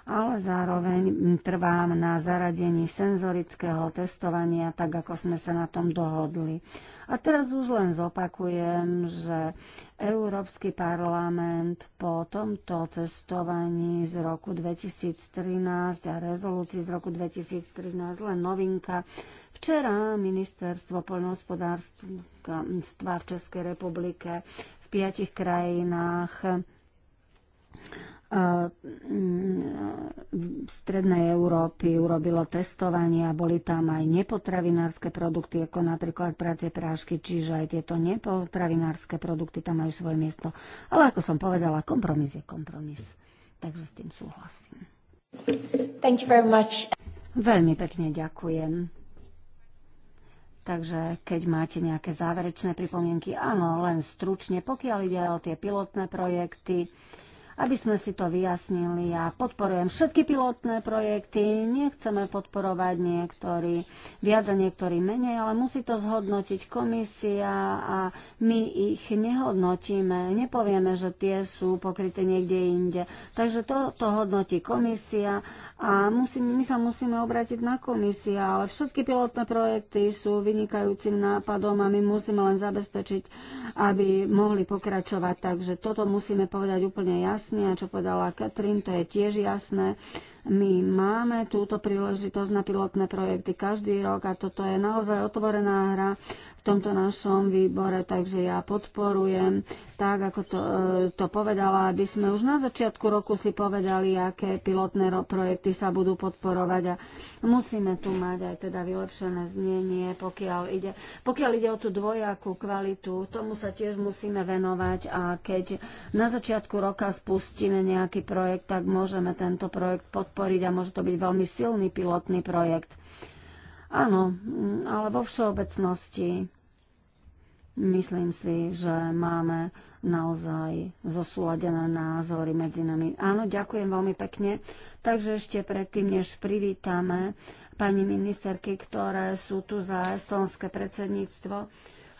ale zároveň trvám na zaradení senzorického testovania, tak ako sme sa na tom dohodli. A teraz už len zopakujem, že Európsky parlament po tomto cestovaní z roku 2013 a rezolúcii z roku 2013 len novinka. Včera ministerstvo poľnohospodárstva v Českej republike v piatich krajinách v strednej Európy urobilo testovanie a boli tam aj nepotravinárske produkty, ako napríklad prácie prášky, čiže aj tieto nepotravinárske produkty tam majú svoje miesto. Ale ako som povedala, kompromis je kompromis. Takže s tým súhlasím. Thank you very much. Veľmi pekne ďakujem. Takže keď máte nejaké záverečné pripomienky, áno, len stručne, pokiaľ ide o tie pilotné projekty, aby sme si to vyjasnili. Ja podporujem všetky pilotné projekty, nechceme podporovať niektorí viac a niektorí menej, ale musí to zhodnotiť komisia a my ich nehodnotíme, nepovieme, že tie sú pokryté niekde inde. Takže to, to hodnotí komisia a musí, my sa musíme obrátiť na komisia, ale všetky pilotné projekty sú vynikajúcim nápadom a my musíme len zabezpečiť, aby mohli pokračovať. Takže toto musíme povedať úplne jasne jasný a čo povedala Katrin, to je tiež jasné. My máme túto príležitosť na pilotné projekty každý rok a toto je naozaj otvorená hra tomto našom výbore, takže ja podporujem tak, ako to, e, to povedala, aby sme už na začiatku roku si povedali, aké pilotné projekty sa budú podporovať a musíme tu mať aj teda vylepšené znenie, pokiaľ ide, pokiaľ ide o tú dvojakú kvalitu, tomu sa tiež musíme venovať a keď na začiatku roka spustíme nejaký projekt, tak môžeme tento projekt podporiť a môže to byť veľmi silný pilotný projekt. Áno, ale vo všeobecnosti Myslím si, že máme naozaj zosúladené názory medzi nami. Áno, ďakujem veľmi pekne. Takže ešte predtým, než privítame pani ministerky, ktoré sú tu za estonské predsedníctvo,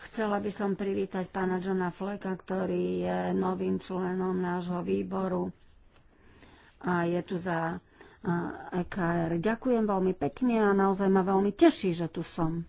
chcela by som privítať pána Johna Fleka, ktorý je novým členom nášho výboru a je tu za EKR. Eh, e ďakujem veľmi pekne a naozaj ma veľmi teší, že tu som.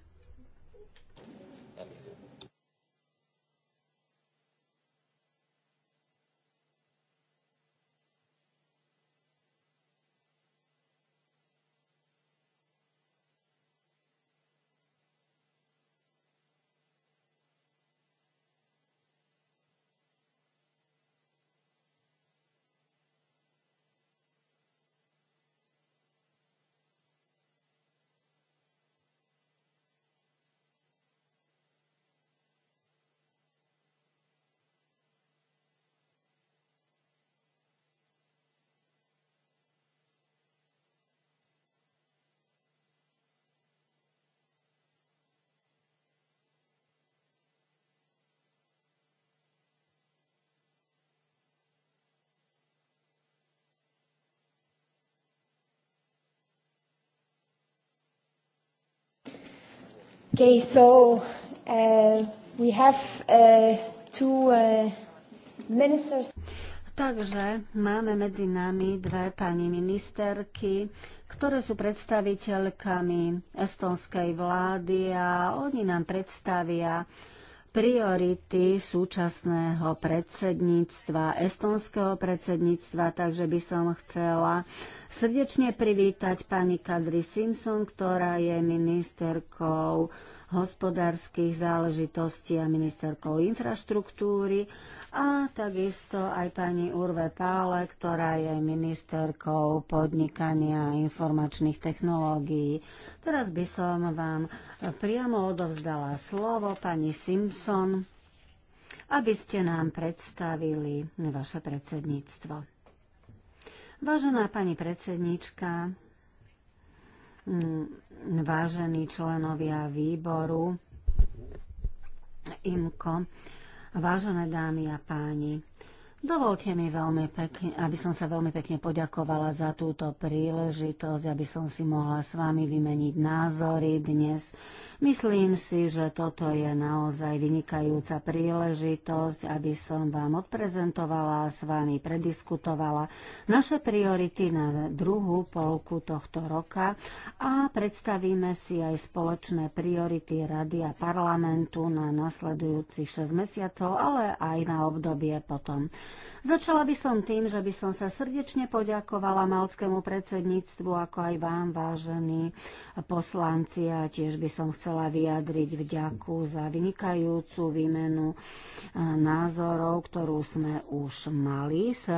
Okay, so uh, we have uh, two uh, ministers. Takže máme medzi nami dve pani ministerky, ktoré sú predstaviteľkami estonskej vlády a oni nám predstavia priority súčasného predsedníctva, estonského predsedníctva, takže by som chcela srdečne privítať pani Kadri Simpson, ktorá je ministerkou hospodárskych záležitostí a ministerkou infraštruktúry a takisto aj pani Urve Pále, ktorá je ministerkou podnikania a informačných technológií. Teraz by som vám priamo odovzdala slovo pani Simpson, aby ste nám predstavili vaše predsedníctvo. Vážená pani predsednička, Mm, vážení členovia výboru IMKO, vážené dámy a páni, Dovolte mi veľmi pekne, aby som sa veľmi pekne poďakovala za túto príležitosť, aby som si mohla s vami vymeniť názory dnes. Myslím si, že toto je naozaj vynikajúca príležitosť, aby som vám odprezentovala a s vami prediskutovala naše priority na druhú polku tohto roka a predstavíme si aj spoločné priority Rady a parlamentu na nasledujúcich 6 mesiacov, ale aj na obdobie potom. Začala by som tým, že by som sa srdečne poďakovala malskému predsedníctvu, ako aj vám, vážení poslanci, a tiež by som chcela vyjadriť vďaku za vynikajúcu výmenu názorov, ktorú sme už mali s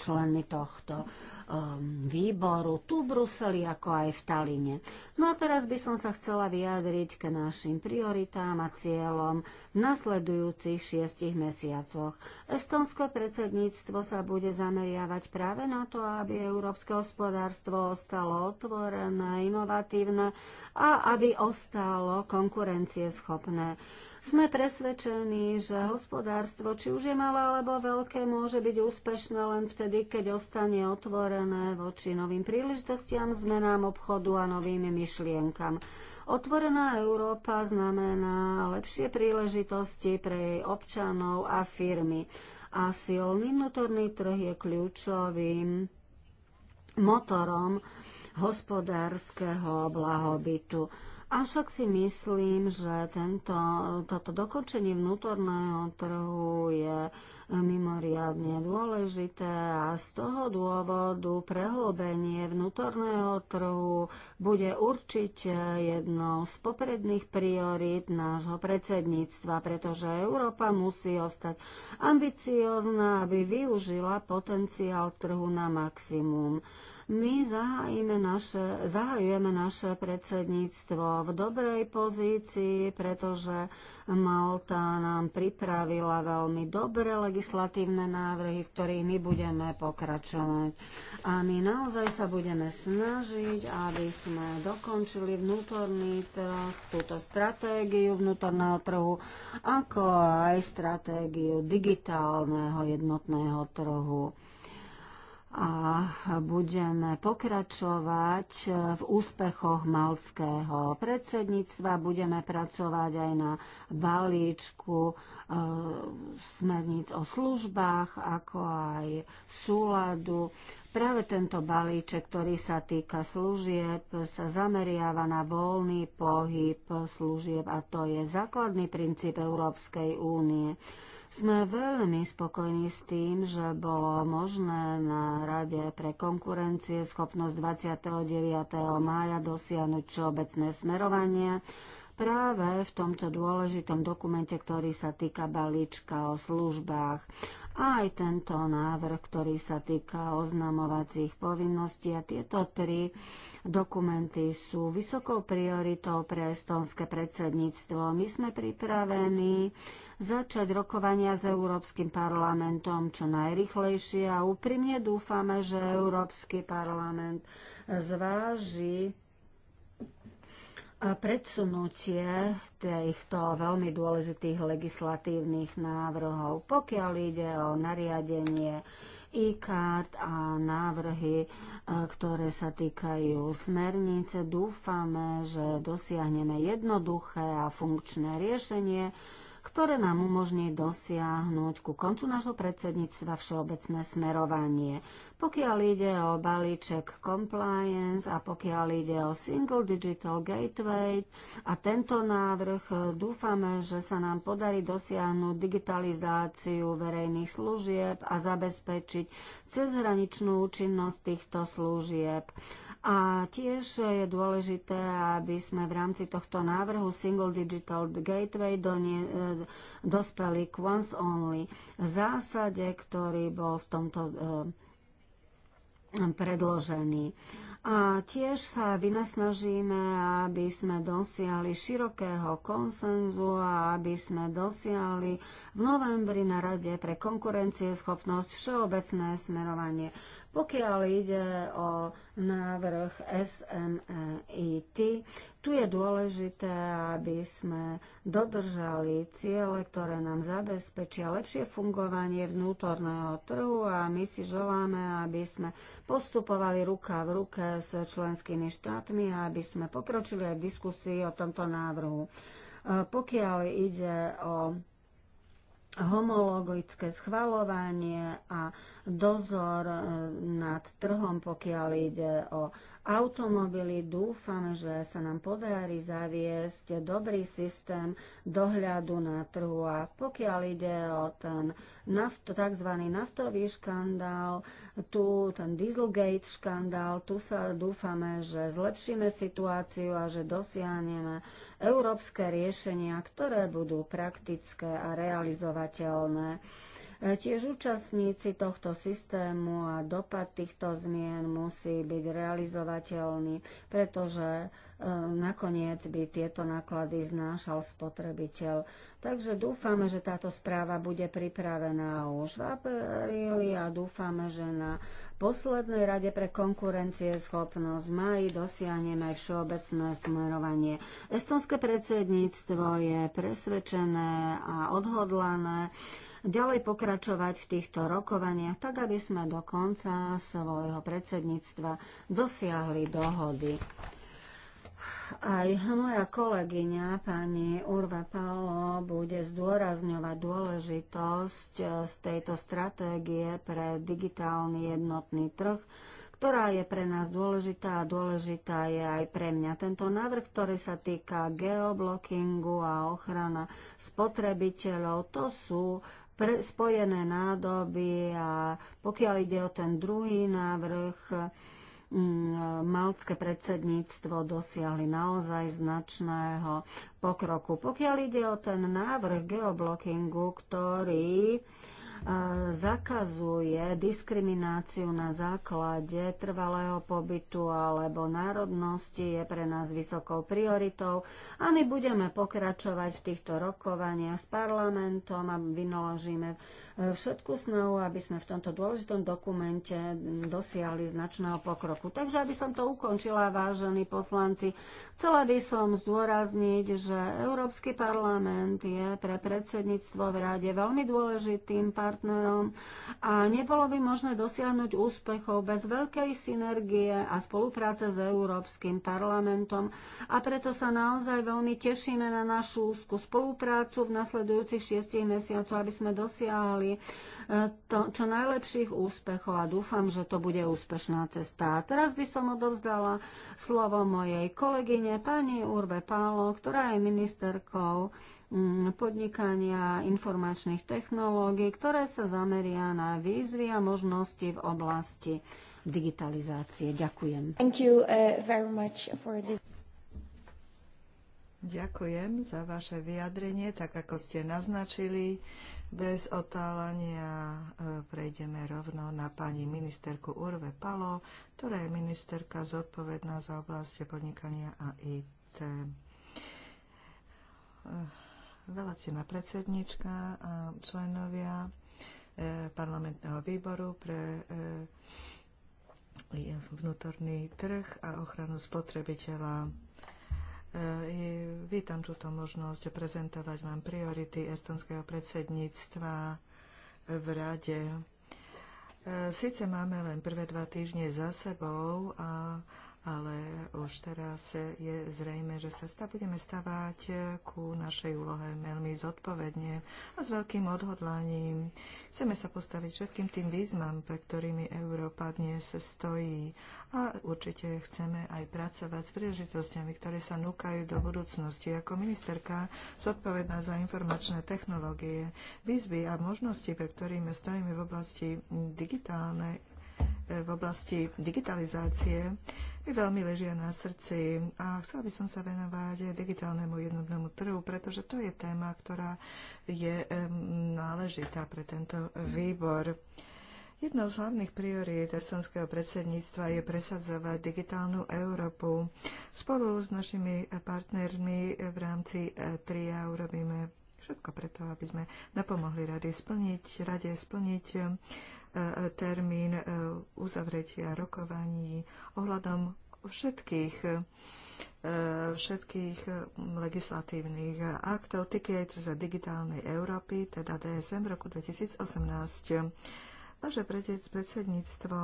členmi tohto um, výboru tu v Bruseli, ako aj v Taline. No a teraz by som sa chcela vyjadriť k našim prioritám a cieľom v nasledujúcich šiestich mesiacoch. Estonské predsedníctvo sa bude zameriavať práve na to, aby európske hospodárstvo ostalo otvorené, inovatívne a aby ostalo konkurencieschopné. schopné. Sme presvedčení, že hospodárstvo, či už je malé alebo veľké, môže byť úspešné len vtedy, keď ostane otvorené voči novým príležitostiam, zmenám obchodu a novým myšlienkam. Otvorená Európa znamená lepšie príležitosti pre jej občanov a firmy. A silný vnútorný trh je kľúčovým motorom hospodárskeho blahobytu. Avšak si myslím, že tento, toto dokončenie vnútorného trhu je mimoriadne dôležité a z toho dôvodu prehlbenie vnútorného trhu bude určite jednou z popredných priorít nášho predsedníctva, pretože Európa musí ostať ambiciozná, aby využila potenciál trhu na maximum. My zahájime naše, zahajujeme naše predsedníctvo v dobrej pozícii, pretože Malta nám pripravila veľmi dobré legislatívne návrhy, v ktorých my budeme pokračovať. A my naozaj sa budeme snažiť, aby sme dokončili vnútorný trh, túto stratégiu vnútorného trhu, ako aj stratégiu digitálneho jednotného trhu a budeme pokračovať e, v úspechoch malckého predsedníctva. Budeme pracovať aj na balíčku e, smerníc o službách, ako aj súladu. Práve tento balíček, ktorý sa týka služieb, sa zameriava na voľný pohyb služieb a to je základný princíp Európskej únie. Sme veľmi spokojní s tým, že bolo možné na Rade pre konkurencie schopnosť 29. mája dosiahnuť všeobecné smerovania práve v tomto dôležitom dokumente, ktorý sa týka balíčka o službách. A aj tento návrh, ktorý sa týka oznamovacích povinností a tieto tri dokumenty sú vysokou prioritou pre estonské predsedníctvo. My sme pripravení začať rokovania s Európskym parlamentom čo najrychlejšie a úprimne dúfame, že Európsky parlament zváži predsunutie týchto veľmi dôležitých legislatívnych návrhov, pokiaľ ide o nariadenie e-card a návrhy, e, ktoré sa týkajú smernice. Dúfame, že dosiahneme jednoduché a funkčné riešenie, ktoré nám umožní dosiahnuť ku koncu nášho predsedníctva všeobecné smerovanie. Pokiaľ ide o balíček compliance a pokiaľ ide o single digital gateway a tento návrh, dúfame, že sa nám podarí dosiahnuť digitalizáciu verejných služieb a zabezpečiť cezhraničnú účinnosť týchto služieb. A tiež je dôležité, aby sme v rámci tohto návrhu Single Digital Gateway donie, e, dospeli k once only zásade, ktorý bol v tomto e, predložený. A tiež sa vynasnažíme, aby sme dosiahli širokého konsenzu a aby sme dosiahli v novembri na Rade pre konkurencieschopnosť všeobecné smerovanie pokiaľ ide o návrh SMEIT, tu je dôležité, aby sme dodržali ciele, ktoré nám zabezpečia lepšie fungovanie vnútorného trhu a my si želáme, aby sme postupovali ruka v ruke s členskými štátmi a aby sme pokročili aj v diskusii o tomto návrhu. E, pokiaľ ide o homologické schvalovanie a dozor eh, nad trhom, pokiaľ ide o automobily. Dúfam, že sa nám podarí zaviesť dobrý systém dohľadu na trhu a pokiaľ ide o ten naft, tzv. naftový škandál, tu ten Dieselgate škandál, tu sa dúfame, že zlepšíme situáciu a že dosiahneme európske riešenia, ktoré budú praktické a realizovateľné. Tiež účastníci tohto systému a dopad týchto zmien musí byť realizovateľný, pretože e, nakoniec by tieto náklady znášal spotrebiteľ. Takže dúfame, že táto správa bude pripravená už v apríli a dúfame, že na poslednej rade pre konkurencie schopnosť mají maji dosiahneme všeobecné smerovanie. Estonské predsedníctvo je presvedčené a odhodlané ďalej pokračovať v týchto rokovaniach, tak aby sme do konca svojho predsedníctva dosiahli dohody. Aj moja kolegyňa pani Urva Paolo bude zdôrazňovať dôležitosť e, z tejto stratégie pre digitálny jednotný trh, ktorá je pre nás dôležitá a dôležitá je aj pre mňa. Tento návrh, ktorý sa týka geoblockingu a ochrana spotrebiteľov, to sú pre, spojené nádoby a pokiaľ ide o ten druhý návrh, mm, malcké predsedníctvo dosiahli naozaj značného pokroku. Pokiaľ ide o ten návrh geoblockingu, ktorý zakazuje diskrimináciu na základe trvalého pobytu alebo národnosti je pre nás vysokou prioritou a my budeme pokračovať v týchto rokovaniach s parlamentom a vynaložíme všetku snahu, aby sme v tomto dôležitom dokumente dosiahli značného pokroku. Takže aby som to ukončila, vážení poslanci, chcela by som zdôrazniť, že Európsky parlament je pre predsedníctvo v rade veľmi dôležitým partnerom a nebolo by možné dosiahnuť úspechov bez veľkej synergie a spolupráce s Európskym parlamentom a preto sa naozaj veľmi tešíme na našu úzku spoluprácu v nasledujúcich šiestich mesiacoch, aby sme dosiahli to, čo najlepších úspechov a dúfam, že to bude úspešná cesta. A teraz by som odovzdala slovo mojej kolegyne, pani Urbe Pálo, ktorá je ministerkou mm, podnikania informačných technológií, ktoré sa zameria na výzvy a možnosti v oblasti digitalizácie. Ďakujem. Thank you, uh, very much for this. Ďakujem za vaše vyjadrenie, tak ako ste naznačili. Bez otálania e, prejdeme rovno na pani ministerku Urve Palo, ktorá je ministerka zodpovedná za oblasti podnikania a IT. E, Veľacená predsednička a členovia e, parlamentného výboru pre vnútorný trh a ochranu spotrebiteľa E, vítam túto možnosť prezentovať vám priority estonského predsedníctva v Rade. E, Sice máme len prvé dva týždne za sebou a ale už teraz je zrejme, že sa stá, budeme stavať eh, ku našej úlohe veľmi zodpovedne a s veľkým odhodlaním. Chceme sa postaviť všetkým tým výzvam, pre ktorými Európa dnes stojí a určite chceme aj pracovať s príležitostiami, ktoré sa núkajú do budúcnosti. Ako ministerka zodpovedná za informačné technológie, výzvy a možnosti, pre ktorými stojíme v oblasti digitálnej E, v oblasti digitalizácie mi veľmi ležia na srdci a chcela by som sa venovať digitálnemu jednotnému trhu, pretože to je téma, ktorá je e, náležitá pre tento výbor. Jednou z hlavných priorít estonského predsedníctva je presadzovať digitálnu Európu. Spolu s našimi partnermi v rámci e, TRIA urobíme všetko preto, aby sme napomohli rade splniť, rade splniť E, termín e, uzavretia rokovaní ohľadom všetkých e, všetkých legislatívnych aktov týkajúce sa digitálnej Európy, teda DSM v roku 2018. Naše predsedníctvo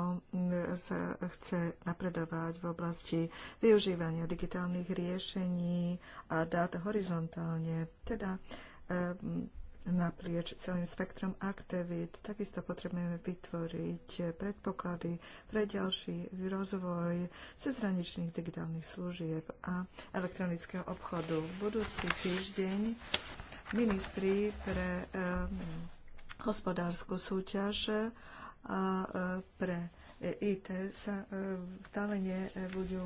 sa chce napredovať v oblasti využívania digitálnych riešení a dát horizontálne, teda naprieč celým spektrom aktivít. Takisto potrebujeme vytvoriť predpoklady pre ďalší rozvoj cezhraničných digitálnych služieb a elektronického obchodu. V budúci týždeň ministri pre eh, hospodárskú súťaž a eh, pre eh, IT sa v Talene budú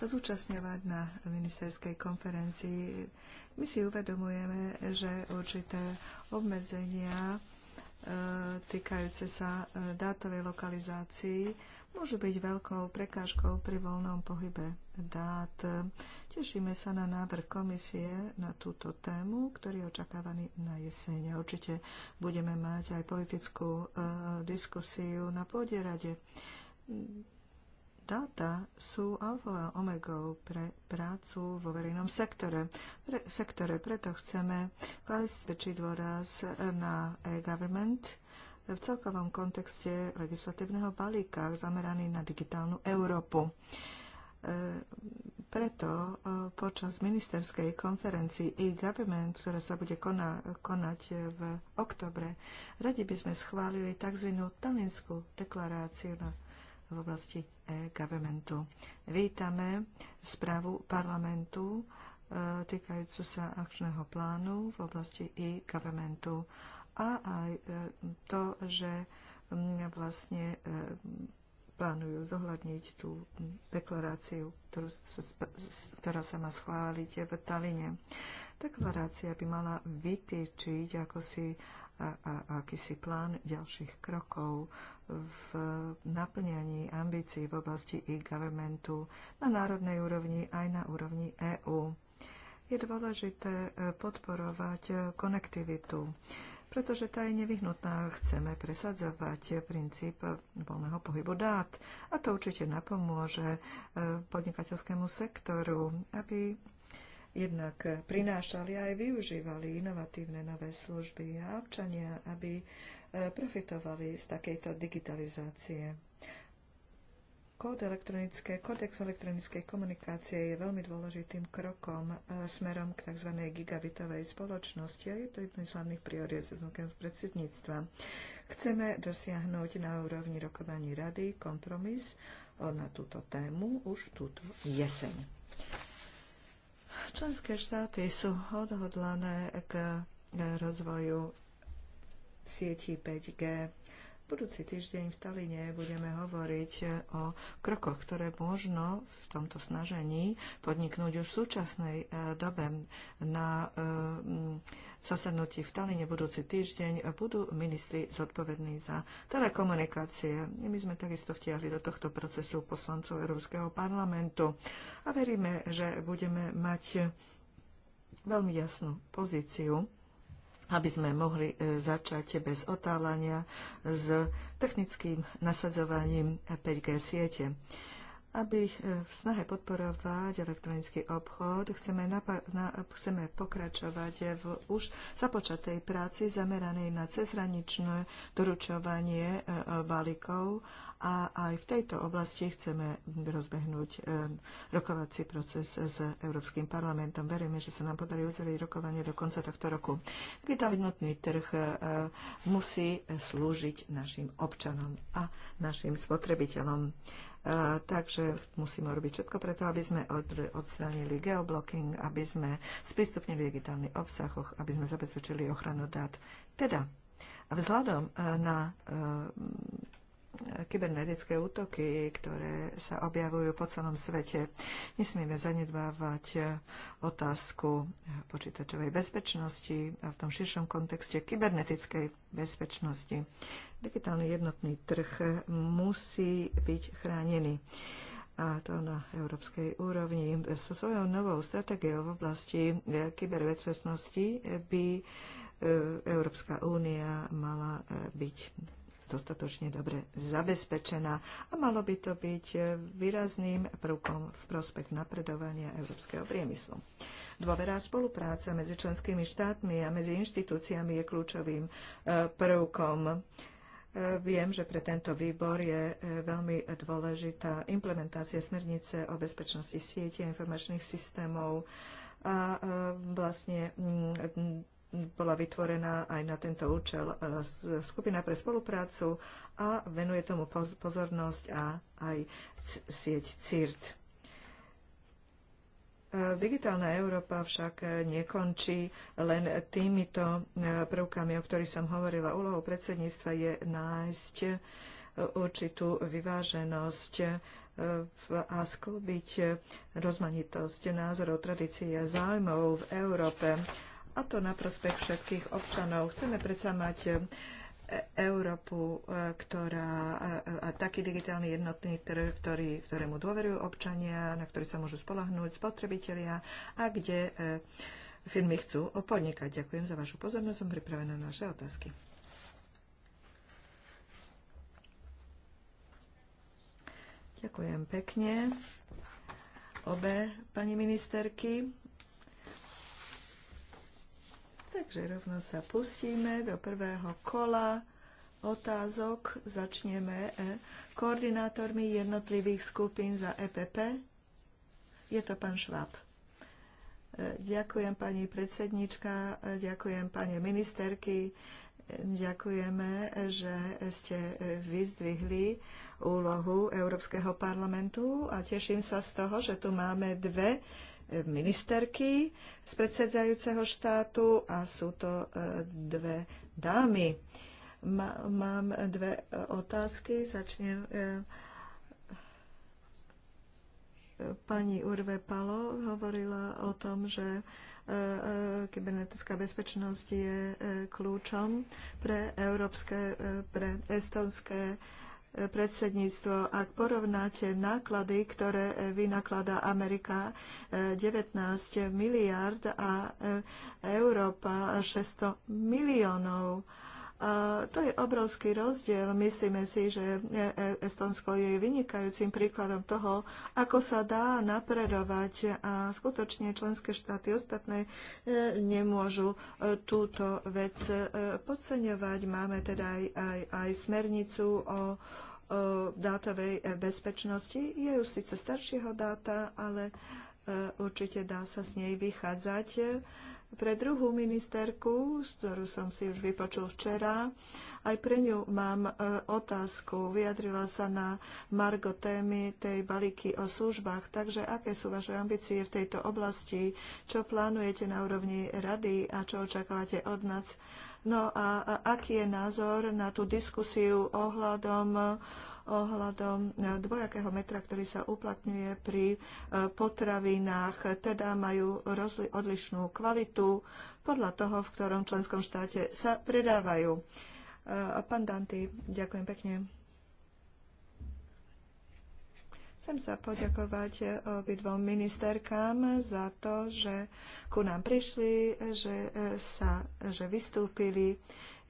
sa zúčastňovať na ministerskej konferencii. My si uvedomujeme, že určité obmedzenia e, týkajúce sa e, dátovej lokalizácii môžu byť veľkou prekážkou pri voľnom pohybe dát. Tešíme sa na návrh komisie na túto tému, ktorý je očakávaný na jeseň. Určite budeme mať aj politickú e, diskusiu na pôde rade dáta sú alfa a omegou pre prácu vo verejnom sektore. Pre, sektore preto chceme klásť väčší dôraz na e-government v celkovom kontexte legislatívneho balíka zameraný na digitálnu Európu. E, preto e, počas ministerskej konferencii e-government, ktorá sa bude kona, konať v oktobre, radi by sme schválili tzv. talinskú deklaráciu na v oblasti e-governmentu. Vítame správu parlamentu e, týkajúcu sa akčného plánu v oblasti e-governmentu a aj e, to, že vlastne e, plánujú zohľadniť tú deklaráciu, ktorú, ktorá sa má schváliť v Taline. Deklarácia by mala vytýčiť a, a, akýsi plán ďalších krokov v naplňaní ambícií v oblasti e-governmentu na národnej úrovni aj na úrovni EÚ. Je dôležité e, podporovať e, konektivitu, pretože tá je nevyhnutná. Chceme presadzovať princíp e, voľného pohybu dát a to určite napomôže podnikateľskému sektoru, aby jednak prinášali a aj využívali inovatívne nové služby a občania, aby E, profitovali z takejto digitalizácie. Kód elektronické, kódex elektronickej komunikácie je veľmi dôležitým krokom e, smerom k tzv. gigabitovej spoločnosti a je to jedným z hlavných priorít predsedníctva. Chceme dosiahnuť na úrovni rokovaní rady kompromis na túto tému už túto jeseň. Členské štáty sú odhodlané k rozvoju sieti 5G. Budúci týždeň v Taline budeme hovoriť o krokoch, ktoré možno v tomto snažení podniknúť už v súčasnej e, dobe. Na e, zasadnutí v Taline budúci týždeň budú ministri zodpovední za telekomunikácie. My sme takisto vtiahli do tohto procesu poslancov Európskeho parlamentu a veríme, že budeme mať veľmi jasnú pozíciu aby sme mohli e, začať bez otáľania s technickým nasadzovaním 5G siete aby e, v snahe podporovať elektronický obchod chceme, napa- na, chceme pokračovať v už započatej práci zameranej na cezhraničné doručovanie e, balíkov a aj v tejto oblasti chceme rozbehnúť e, rokovací proces s Európskym parlamentom. Veríme, že sa nám podarí uzrieť rokovanie do konca tohto roku. Digitálny jednotný trh musí slúžiť našim občanom a našim spotrebiteľom. A, takže musíme robiť všetko preto, aby sme od, odstránili geoblocking, aby sme sprístupnili digitálny obsah, aby sme zabezpečili ochranu dát. Teda, vzhľadom e, na e, kybernetické útoky, ktoré sa objavujú po celom svete. Nesmieme zanedbávať e, otázku počítačovej bezpečnosti a v tom širšom kontexte kybernetickej bezpečnosti digitálny jednotný trh musí byť chránený a to na európskej úrovni. So svojou novou stratégiou v oblasti eh, kyberbezpečnosti by eh, Európska únia mala eh, byť dostatočne dobre zabezpečená a malo by to byť výrazným prvkom v prospech napredovania európskeho priemyslu. Dôvera a spolupráca medzi členskými štátmi a medzi inštitúciami je kľúčovým prvkom Viem, že pre tento výbor je e, veľmi dôležitá implementácia smernice o bezpečnosti siete a informačných systémov a e, vlastne bola vytvorená aj na tento účel e, skupina pre spoluprácu a venuje tomu pozornosť a aj sieť CIRT. Digitálna Európa však nekončí len týmito e, prvkami, o ktorých som hovorila. Úlohou predsedníctva je nájsť e, určitú vyváženosť e, a sklbiť rozmanitosť názorov, tradícií a záujmov v Európe. A to na prospech všetkých občanov. Chceme predsa mať E- Európu, e, ktorá, e, a taký digitálny jednotný trh, ktorý, ktorému dôverujú občania, na ktorý sa môžu spolahnúť spotrebitelia a kde firmy chcú podnikať. Ďakujem za vašu pozornosť, som pripravená na vaše otázky. Ďakujem pekne obe pani ministerky. Takže rovno sa pustíme do prvého kola otázok. Začneme e, koordinátormi jednotlivých skupín za EPP. Je to pán Šváb. E, ďakujem pani predsednička, e, ďakujem pani ministerky, ďakujeme, že ste vyzdvihli úlohu Európskeho parlamentu a teším sa z toho, že tu máme dve ministerky z predsedajúceho štátu a sú to e, dve dámy. Mám dve e, otázky. Začnem e, pani Urve Palo hovorila o tom, že kybernetická bezpečnosť je kľúčom pre európske, pre estonské predsedníctvo, ak porovnáte náklady, ktoré e, vynakladá Amerika 19 e, miliard a e, Európa 600 miliónov, to je obrovský rozdiel. Myslíme si, že e- e- Estonsko je vynikajúcim príkladom toho, ako sa dá napredovať a skutočne členské štáty ostatné e, nemôžu túto vec podceňovať. Máme teda aj, aj, aj smernicu o dátovej bezpečnosti. Je už síce staršieho dáta, ale určite dá sa s nej vychádzať pre druhú ministerku, ktorú som si už vypočul včera, aj pre ňu mám e, otázku. Vyjadrila sa na Margo témy tej balíky o službách. Takže aké sú vaše ambície v tejto oblasti? Čo plánujete na úrovni rady a čo očakávate od nás? No a aký je názor na tú diskusiu ohľadom ohľadom e, dvojakého metra, ktorý sa uplatňuje pri e, potravinách. Teda majú rozli- odlišnú kvalitu podľa toho, v ktorom členskom štáte sa predávajú. E, pán Danty, ďakujem pekne. Chcem sa poďakovať obidvom ministerkám za to, že ku nám prišli, že, sa, že vystúpili.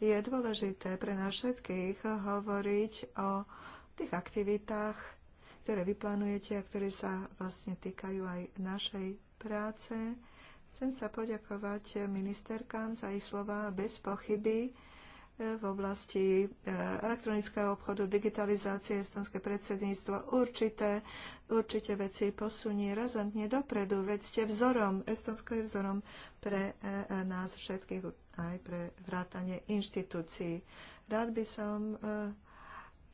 Je dôležité pre nás všetkých hovoriť o tých aktivitách, ktoré vyplánujete a ktoré sa vlastne týkajú aj našej práce. Chcem sa poďakovať ministerkám za ich slova bez pochyby e, v oblasti e, elektronického obchodu, digitalizácie, estonské predsedníctvo určité, určite veci posunie razantne dopredu, veď ste vzorom, Estonsko je vzorom pre e, nás všetkých, aj pre vrátanie inštitúcií. Rád by som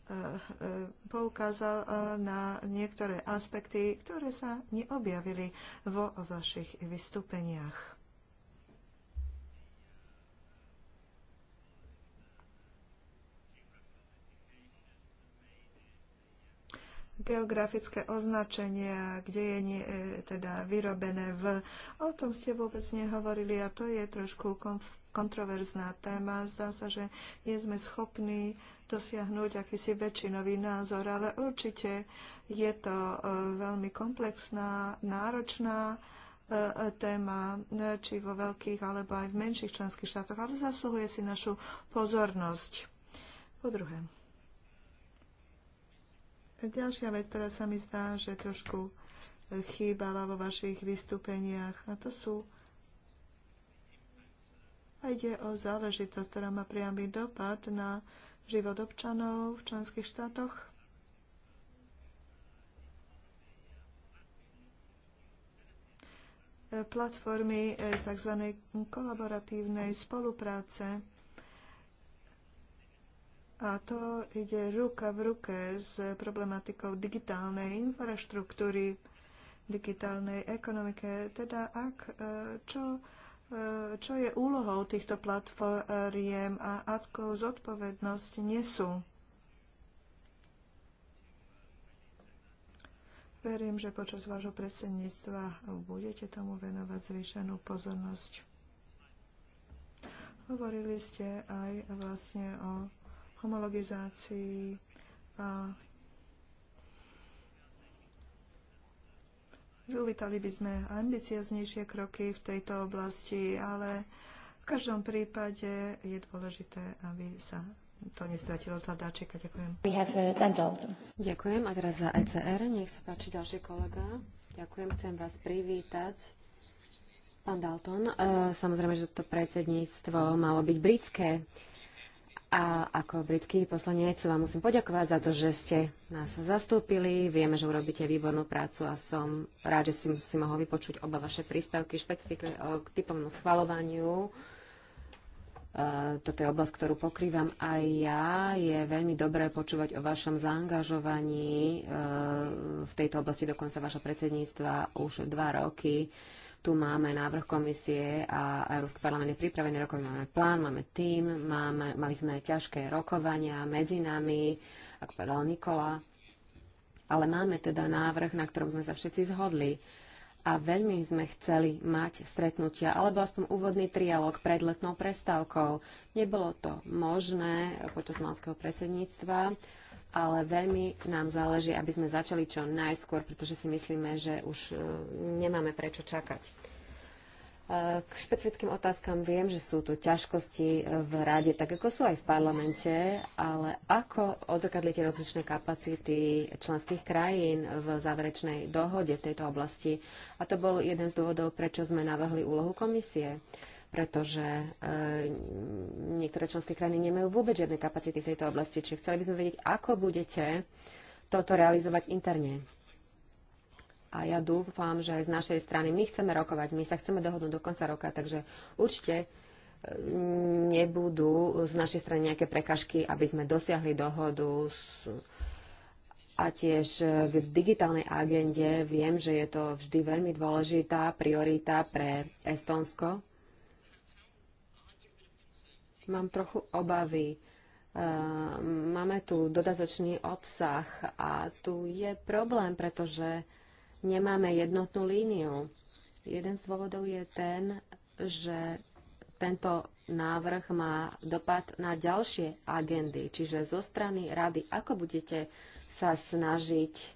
Eh, poukázal eh, na niektoré aspekty, ktoré sa neobjavili vo vašich vystúpeniach. geografické označenia, kde je nie, eh, teda vyrobené v. O tom ste vôbec nehovorili a to je trošku konf- kontroverzná téma. Zdá sa, že nie sme schopní dosiahnuť akýsi väčšinový názor, ale určite je to e, veľmi komplexná, náročná e, e, téma, či vo veľkých alebo aj v menších členských štátoch, ale zasluhuje si našu pozornosť. Po druhé, ďalšia vec, ktorá sa mi zdá, že trošku chýbala vo vašich vystúpeniach, a to sú a ide o záležitosť, ktorá má priamy dopad na život občanov v členských štátoch. platformy eh, tzv. kolaboratívnej spolupráce. A to ide ruka v ruke s problematikou digitálnej infraštruktúry, digitálnej ekonomike. Teda ak eh, čo E, čo je úlohou týchto platformiem a akú zodpovednosť nesú. Verím, že počas vášho predsedníctva budete tomu venovať zvýšenú pozornosť. Hovorili ste aj vlastne o homologizácii a Uvítali by sme ambicioznejšie kroky v tejto oblasti, ale v každom prípade je dôležité, aby sa to nestratilo z hľadáčika. Ďakujem. Uh, Ďakujem. A teraz za ECR. Nech sa páči ďalší kolega. Ďakujem. Chcem vás privítať. Pán Dalton, uh, samozrejme, že toto predsedníctvo malo byť britské. A ako britský poslanec vám musím poďakovať za to, že ste nás zastúpili. Vieme, že urobíte výbornú prácu a som rád, že si, si mohol vypočuť oba vaše príspevky, špecifikne eh, k typovému schvalovaniu. Eh, toto je oblasť, ktorú pokrývam aj ja. Je veľmi dobré počúvať o vašom zaangažovaní eh, v tejto oblasti, dokonca vaša predsedníctva už dva roky. Tu máme návrh komisie a Európsky parlament je pripravený, rokov máme plán, máme tým, máme, mali sme ťažké rokovania medzi nami, ako povedal Nikola. Ale máme teda návrh, na ktorom sme sa všetci zhodli a veľmi sme chceli mať stretnutia, alebo aspoň úvodný trialog pred letnou prestávkou. Nebolo to možné počas malského predsedníctva ale veľmi nám záleží, aby sme začali čo najskôr, pretože si myslíme, že už e, nemáme prečo čakať. E, k špecifickým otázkam viem, že sú tu ťažkosti e, v rade, tak ako sú aj v parlamente, ale ako odzrkadlíte rozličné kapacity členských krajín v záverečnej dohode v tejto oblasti? A to bol jeden z dôvodov, prečo sme navrhli úlohu komisie pretože e, niektoré členské krajiny nemajú vôbec žiadne kapacity v tejto oblasti. Čiže chceli by sme vedieť, ako budete toto realizovať interne. A ja dúfam, že aj z našej strany my chceme rokovať, my sa chceme dohodnúť do konca roka, takže určite e, nebudú z našej strany nejaké prekažky, aby sme dosiahli dohodu s, a tiež e, k digitálnej agende viem, že je to vždy veľmi dôležitá priorita pre Estonsko mám trochu obavy. Ehm, máme tu dodatočný obsah a tu je problém, pretože nemáme jednotnú líniu. Jeden z dôvodov je ten, že tento návrh má dopad na ďalšie agendy. Čiže zo strany rady, ako budete sa snažiť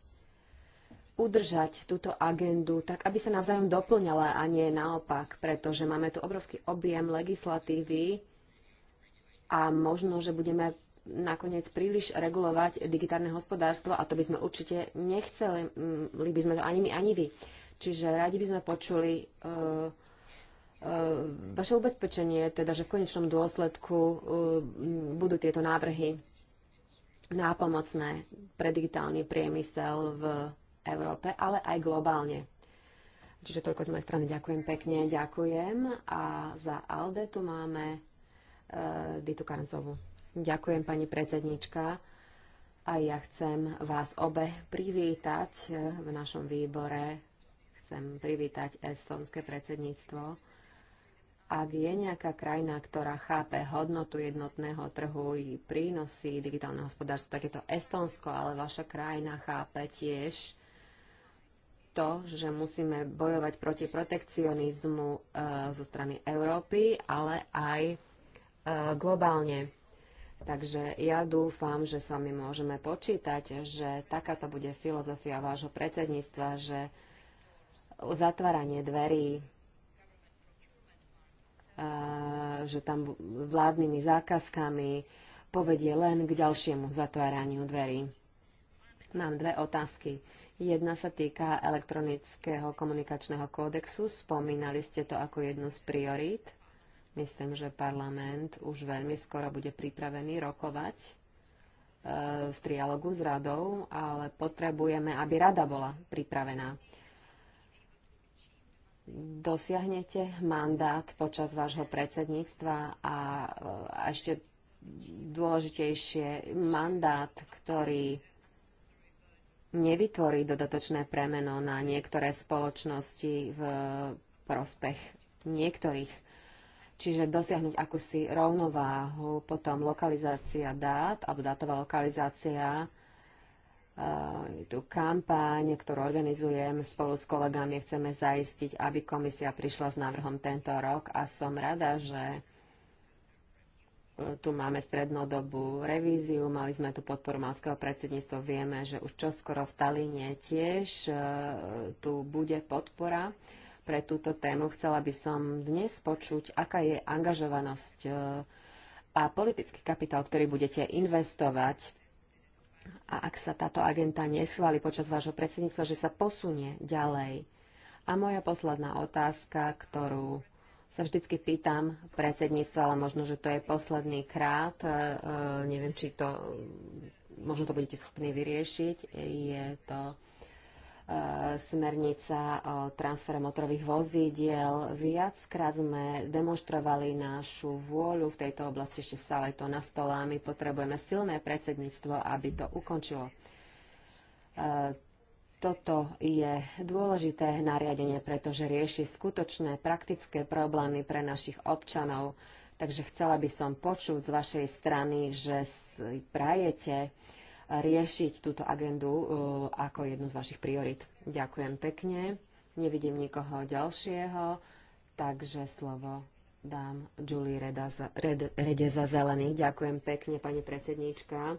udržať túto agendu, tak aby sa navzájom doplňala a nie naopak, pretože máme tu obrovský objem legislatívy, a možno, že budeme nakoniec príliš regulovať digitálne hospodárstvo a to by sme určite nechceli, mm, li by sme to ani my, ani vy. Čiže radi by sme počuli uh, uh, vaše ubezpečenie, teda, že v konečnom dôsledku uh, budú tieto návrhy nápomocné pre digitálny priemysel v Európe, ale aj globálne. Čiže toľko z mojej strany. Ďakujem pekne, ďakujem. A za ALDE tu máme Ditu Karnzovu. Ďakujem, pani predsednička. A ja chcem vás obe privítať e, v našom výbore. Chcem privítať estonské predsedníctvo. Ak je nejaká krajina, ktorá chápe hodnotu jednotného trhu i prínosy digitálneho hospodárstva, tak je to Estonsko, ale vaša krajina chápe tiež to, že musíme bojovať proti protekcionizmu e, zo strany Európy, ale aj globálne. Takže ja dúfam, že sa my môžeme počítať, že takáto bude filozofia vášho predsedníctva, že zatváranie dverí, že tam vládnymi zákazkami povedie len k ďalšiemu zatváraniu dverí. Mám dve otázky. Jedna sa týka elektronického komunikačného kódexu. Spomínali ste to ako jednu z priorít Myslím, že parlament už veľmi skoro bude pripravený rokovať e, v trialogu s radou, ale potrebujeme, aby rada bola pripravená. Dosiahnete mandát počas vášho predsedníctva a, e, a ešte dôležitejšie mandát, ktorý nevytvorí dodatočné premeno na niektoré spoločnosti v prospech niektorých Čiže dosiahnuť akúsi rovnováhu, potom lokalizácia dát, alebo dátová lokalizácia, tú eh, tu kampáň, ktorú organizujem spolu s kolegami. Chceme zaistiť, aby komisia prišla s návrhom tento rok a som rada, že eh, tu máme strednodobú revíziu, mali sme tu podporu malského predsedníctva, vieme, že už čoskoro v Talíne tiež eh, tu bude podpora pre túto tému. Chcela by som dnes počuť, aká je angažovanosť e, a politický kapitál, ktorý budete investovať a ak sa táto agenta neschváli počas vášho predsedníctva, že sa posunie ďalej. A moja posledná otázka, ktorú sa vždycky pýtam predsedníctva, ale možno, že to je posledný krát, e, e, neviem, či to, možno to budete schopní vyriešiť, je to E, smernica o transfere motorových vozidiel. Viackrát sme demonstrovali našu vôľu v tejto oblasti, ešte stále to na stole a my potrebujeme silné predsedníctvo, aby to ukončilo. E, toto je dôležité nariadenie, pretože rieši skutočné praktické problémy pre našich občanov. Takže chcela by som počuť z vašej strany, že prajete riešiť túto agendu e, ako jednu z vašich priorit. Ďakujem pekne. Nevidím nikoho ďalšieho, takže slovo dám Julie Reda za, Red, Rede za zelených. Ďakujem pekne, pani predsedníčka.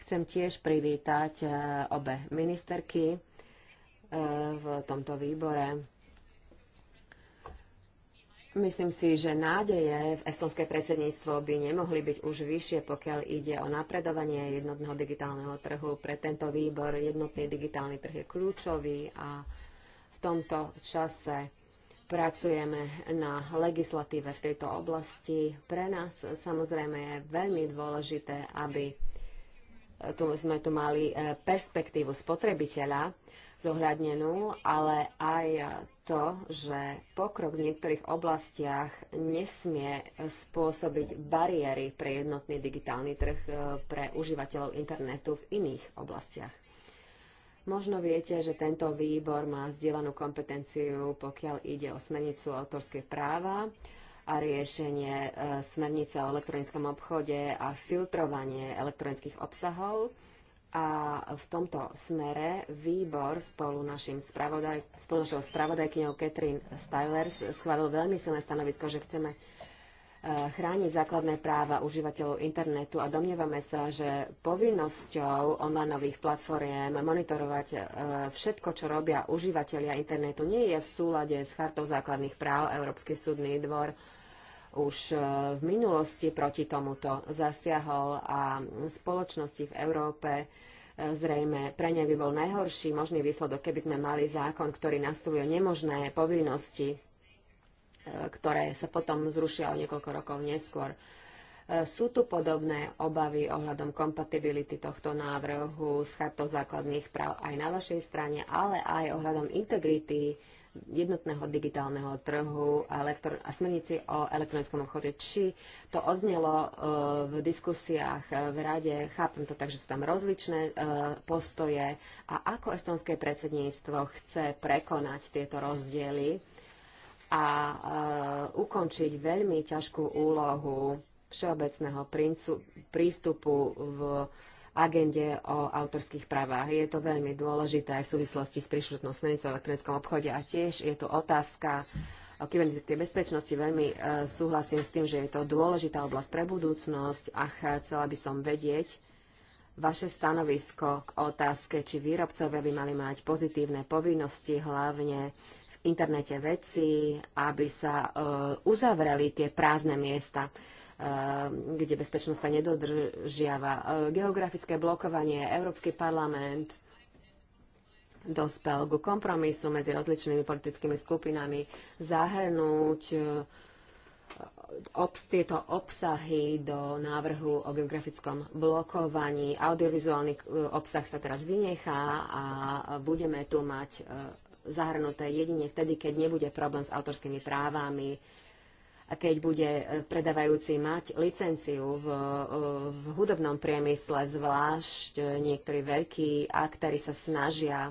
Chcem tiež privítať e, obe ministerky e, v tomto výbore. Myslím si, že nádeje v estonské predsedníctvo by nemohli byť už vyššie, pokiaľ ide o napredovanie jednotného digitálneho trhu. Pre tento výbor jednotný digitálny trh je kľúčový a v tomto čase pracujeme na legislatíve v tejto oblasti. Pre nás samozrejme je veľmi dôležité, aby tu sme tu mali e, perspektívu spotrebiteľa, zohľadnenú, ale aj to, že pokrok v niektorých oblastiach nesmie spôsobiť bariéry pre jednotný digitálny trh e, pre užívateľov internetu v iných oblastiach. Možno viete, že tento výbor má zdieľanú kompetenciu, pokiaľ ide o smernicu autorskej práva a riešenie e, smernice o elektronickom obchode a filtrovanie elektronických obsahov. A v tomto smere výbor spolu, našim spravodaj, spolu našou spravodajkyňou Katrin Stylers schválil veľmi silné stanovisko, že chceme e, chrániť základné práva užívateľov internetu a domnievame sa, že povinnosťou onlineových platformiem monitorovať e, všetko, čo robia užívateľia internetu, nie je v súlade s Chartou základných práv Európsky súdny dvor už e, v minulosti proti tomuto zasiahol a spoločnosti v Európe e, zrejme pre ne by bol najhorší možný výsledok, keby sme mali zákon, ktorý nastavuje nemožné povinnosti, e, ktoré sa potom zrušia o niekoľko rokov neskôr. Sú tu podobné obavy ohľadom kompatibility tohto návrhu s chartou základných práv aj na vašej strane, ale aj ohľadom integrity jednotného digitálneho trhu a, elektro- a smernici o elektronickom obchode. Či to odznelo e, v diskusiách e, v rade, chápem to tak, že sú tam rozličné e, postoje a ako estonské predsedníctvo chce prekonať tieto rozdiely a ukončiť veľmi ťažkú úlohu všeobecného princu- prístupu v agende o autorských právach. Je to veľmi dôležité v súvislosti s príšrutnou smernicou v elektronickom obchode a tiež je tu otázka o kybernetickej bezpečnosti. Veľmi e, súhlasím s tým, že je to dôležitá oblasť pre budúcnosť a chcela by som vedieť vaše stanovisko k otázke, či výrobcovia by mali mať pozitívne povinnosti, hlavne v internete veci, aby sa e, uzavreli tie prázdne miesta Eh, kde bezpečnosť sa nedodržiava. Eh, geografické blokovanie, Európsky parlament dospel ku kompromisu medzi rozličnými politickými skupinami zahrnúť eh, obs, tieto obsahy do návrhu o geografickom blokovaní. Audiovizuálny obsah sa teraz vynechá a budeme tu mať zahrnuté jedine vtedy, keď nebude problém s autorskými právami a keď bude e, predávajúci mať licenciu v, e, v hudobnom priemysle, zvlášť e, niektorí veľkí aktéry sa snažia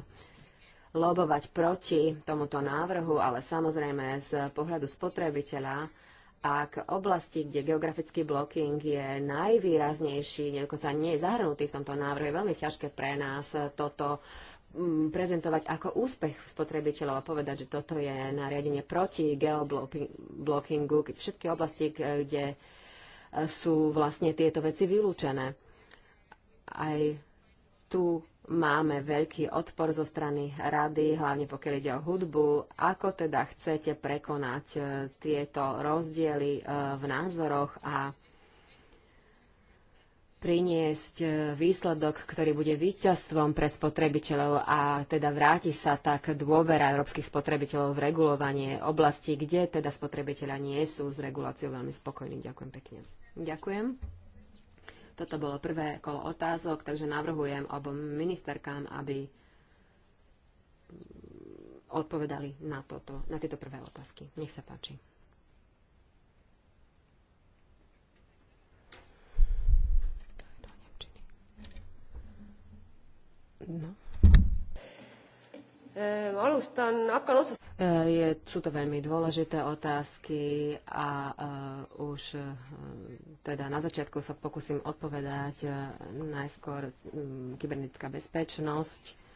lobovať proti tomuto návrhu, ale samozrejme z pohľadu spotrebiteľa, ak oblasti, kde geografický blocking je najvýraznejší, dokonca nie je zahrnutý v tomto návrhu, je veľmi ťažké pre nás toto prezentovať ako úspech spotrebiteľov a povedať, že toto je nariadenie proti geoblockingu, všetky oblasti, kde e, sú vlastne tieto veci vylúčené. Aj tu máme veľký odpor zo strany rady, hlavne pokiaľ ide o hudbu. Ako teda chcete prekonať e, tieto rozdiely e, v názoroch a priniesť e, výsledok, ktorý bude víťazstvom pre spotrebiteľov a teda vráti sa tak dôvera európskych spotrebiteľov v regulovanie oblasti, kde teda spotrebiteľa nie sú s reguláciou veľmi spokojní. Ďakujem pekne. Ďakujem. Toto bolo prvé kolo otázok, takže navrhujem obom ministerkám, aby odpovedali na, toto, na tieto prvé otázky. Nech sa páči. No. Je, sú to veľmi dôležité otázky a uh, už uh, teda na začiatku sa pokúsim odpovedať uh, najskôr um, kybernetická bezpečnosť.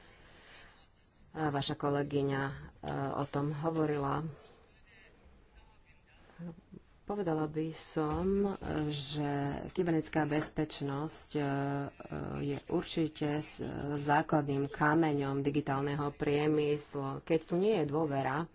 Vaša kolegyňa o tom hovorila. Povedala by som, že kybernetická bezpečnosť e, e, je určite e, základným kameňom digitálneho priemyslu. Keď tu nie je dôvera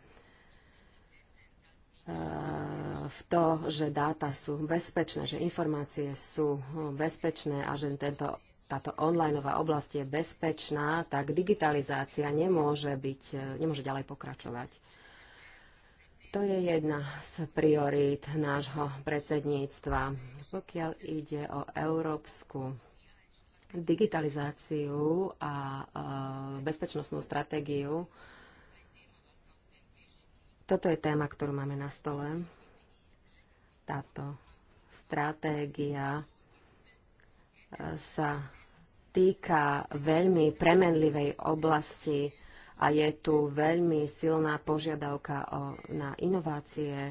v to, že dáta sú bezpečné, že informácie sú bezpečné a že tento, táto onlineová oblasť je bezpečná, tak digitalizácia nemôže, byť, nemôže ďalej pokračovať. To je jedna z priorít nášho predsedníctva. Pokiaľ ide o európsku digitalizáciu a e, bezpečnostnú stratégiu, toto je téma, ktorú máme na stole. Táto stratégia e, sa týka veľmi premenlivej oblasti a je tu veľmi silná požiadavka o, na inovácie.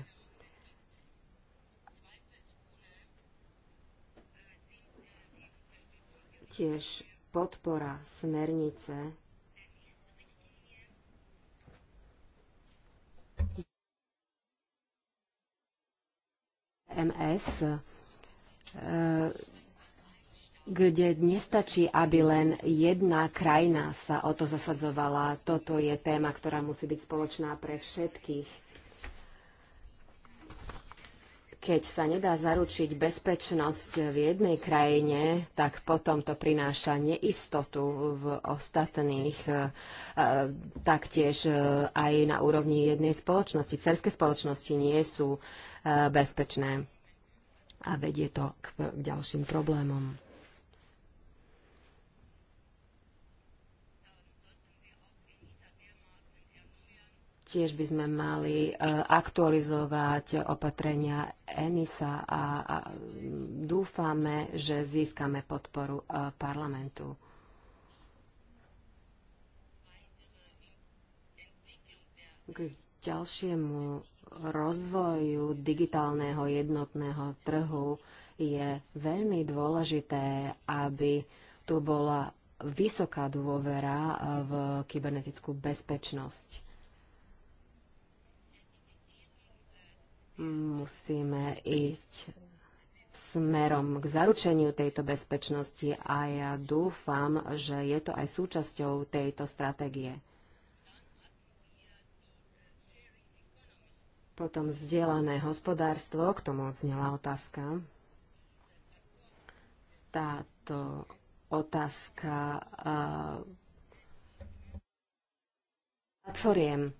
Tiež podpora smernice MS. E, kde nestačí, aby len jedna krajina sa o to zasadzovala. Toto je téma, ktorá musí byť spoločná pre všetkých. Keď sa nedá zaručiť bezpečnosť v jednej krajine, tak potom to prináša neistotu v ostatných, e, taktiež e, aj na úrovni jednej spoločnosti. Cerské spoločnosti nie sú e, bezpečné a vedie to k ďalším problémom. Tiež by sme mali e, aktualizovať opatrenia ENISA a, a mm, dúfame, že získame podporu e, parlamentu. K ďalšiemu rozvoju digitálneho jednotného trhu je veľmi dôležité, aby tu bola vysoká dôvera e, v kybernetickú bezpečnosť. Musíme ísť smerom k zaručeniu tejto bezpečnosti a ja dúfam, že je to aj súčasťou tejto stratégie. Potom vzdielané hospodárstvo, k tomu odznela otázka. Táto otázka platformiem,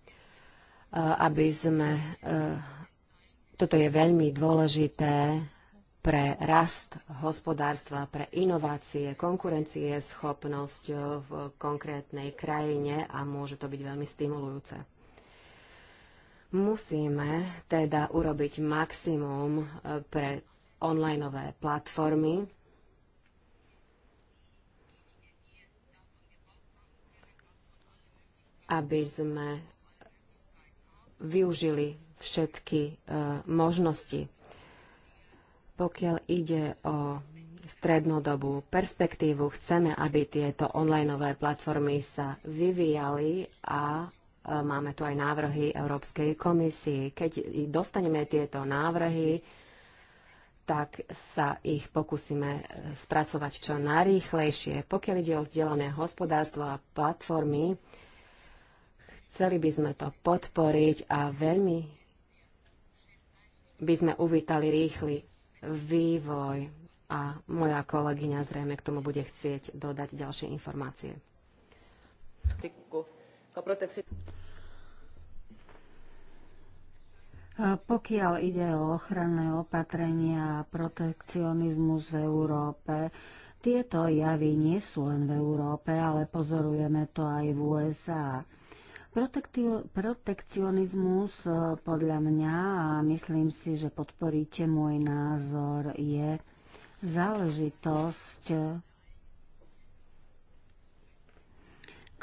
aby sme toto je veľmi dôležité pre rast hospodárstva, pre inovácie, konkurencie, schopnosť v konkrétnej krajine a môže to byť veľmi stimulujúce. Musíme teda urobiť maximum eh, pre onlineové platformy, aby sme využili všetky e, možnosti. Pokiaľ ide o strednodobú perspektívu, chceme, aby tieto onlineové platformy sa vyvíjali a e, máme tu aj návrhy Európskej komisii. Keď dostaneme tieto návrhy, tak sa ich pokúsime e, spracovať čo najrýchlejšie. Pokiaľ ide o vzdelané hospodárstvo a platformy, chceli by sme to podporiť a veľmi by sme uvítali rýchly vývoj a moja kolegyňa zrejme k tomu bude chcieť dodať ďalšie informácie. Pokiaľ ide o ochranné opatrenia a protekcionizmus v Európe, tieto javy nie sú len v Európe, ale pozorujeme to aj v USA. Protekcionizmus e, podľa mňa, a myslím si, že podporíte môj názor, je záležitosť, e,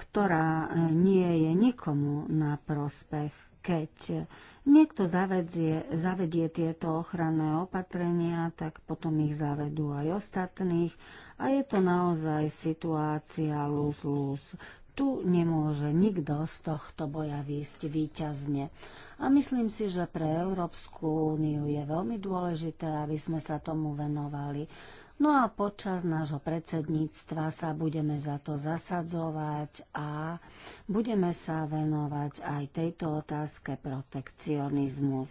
ktorá e, nie je nikomu na prospech, keď niekto zavedie, zavedie tieto ochranné opatrenia, tak potom ich zavedú aj ostatných a je to naozaj situácia lus-lus tu nemôže nikto z tohto boja výjsť výťazne. A myslím si, že pre Európsku úniu je veľmi dôležité, aby sme sa tomu venovali. No a počas nášho predsedníctva sa budeme za to zasadzovať a budeme sa venovať aj tejto otázke protekcionizmu.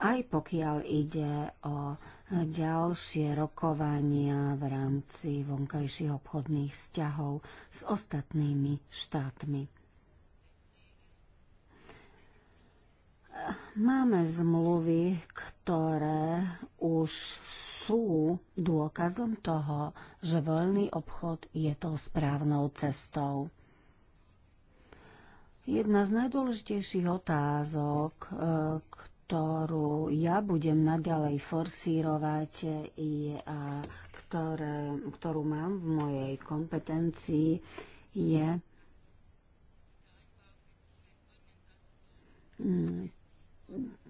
Aj pokiaľ ide o ďalšie rokovania v rámci vonkajších obchodných vzťahov s ostatnými štátmi. Máme zmluvy, ktoré už sú dôkazom toho, že voľný obchod je tou správnou cestou. Jedna z najdôležitejších otázok, eh, ktorú ja budem naďalej forsírovať a ktoré, ktorú mám v mojej kompetencii, je mm,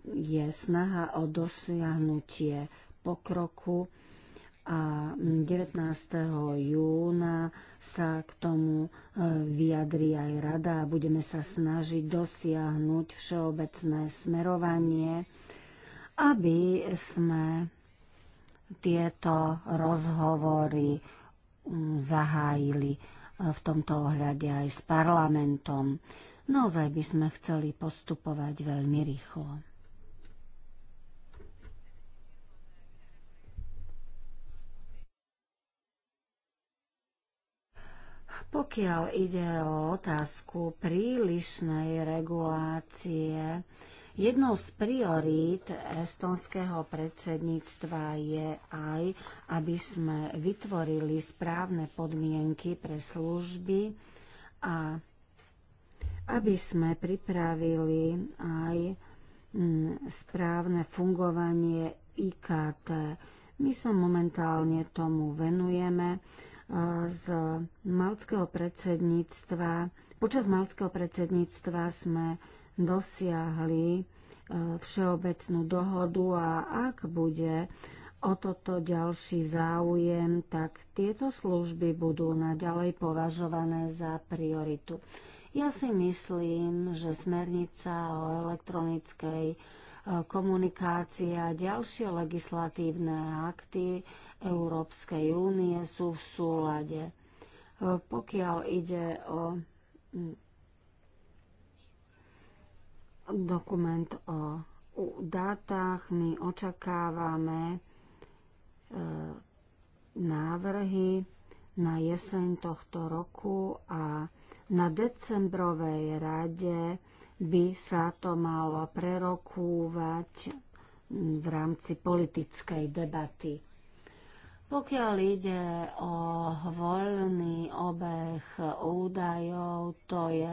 je snaha o dosiahnutie pokroku a 19. Mm, júna sa k tomu e, vyjadrí aj rada a budeme sa snažiť dosiahnuť všeobecné smerovanie, aby sme tieto rozhovory mm, zahájili e, v tomto ohľade aj s parlamentom. Naozaj by sme chceli postupovať veľmi rýchlo. Pokiaľ ide o otázku prílišnej regulácie, Jednou z priorít estonského predsedníctva je aj, aby sme vytvorili správne podmienky pre služby a aby sme pripravili aj mm, správne fungovanie IKT. My sa momentálne tomu venujeme z malckého predsedníctva, počas malckého predsedníctva sme dosiahli e, všeobecnú dohodu a ak bude o toto ďalší záujem, tak tieto služby budú naďalej považované za prioritu. Ja si myslím, že smernica o elektronickej komunikácia. Ďalšie legislatívne akty Európskej únie sú v súlade. E, pokiaľ ide o dokument o dátach, my očakávame e, návrhy na jeseň tohto roku a na decembrovej rade by sa to malo prerokúvať v rámci politickej debaty. Pokiaľ ide o voľný obeh údajov, to je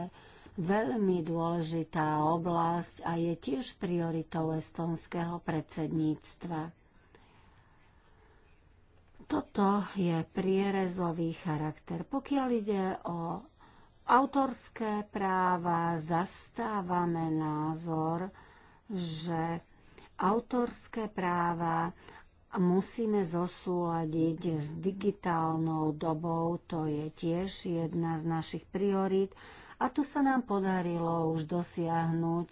veľmi dôležitá oblasť a je tiež prioritou estonského predsedníctva. Toto je prierezový charakter. Pokiaľ ide o autorské práva zastávame názor, že autorské práva musíme zosúľadiť s digitálnou dobou, to je tiež jedna z našich priorít. A tu sa nám podarilo už dosiahnuť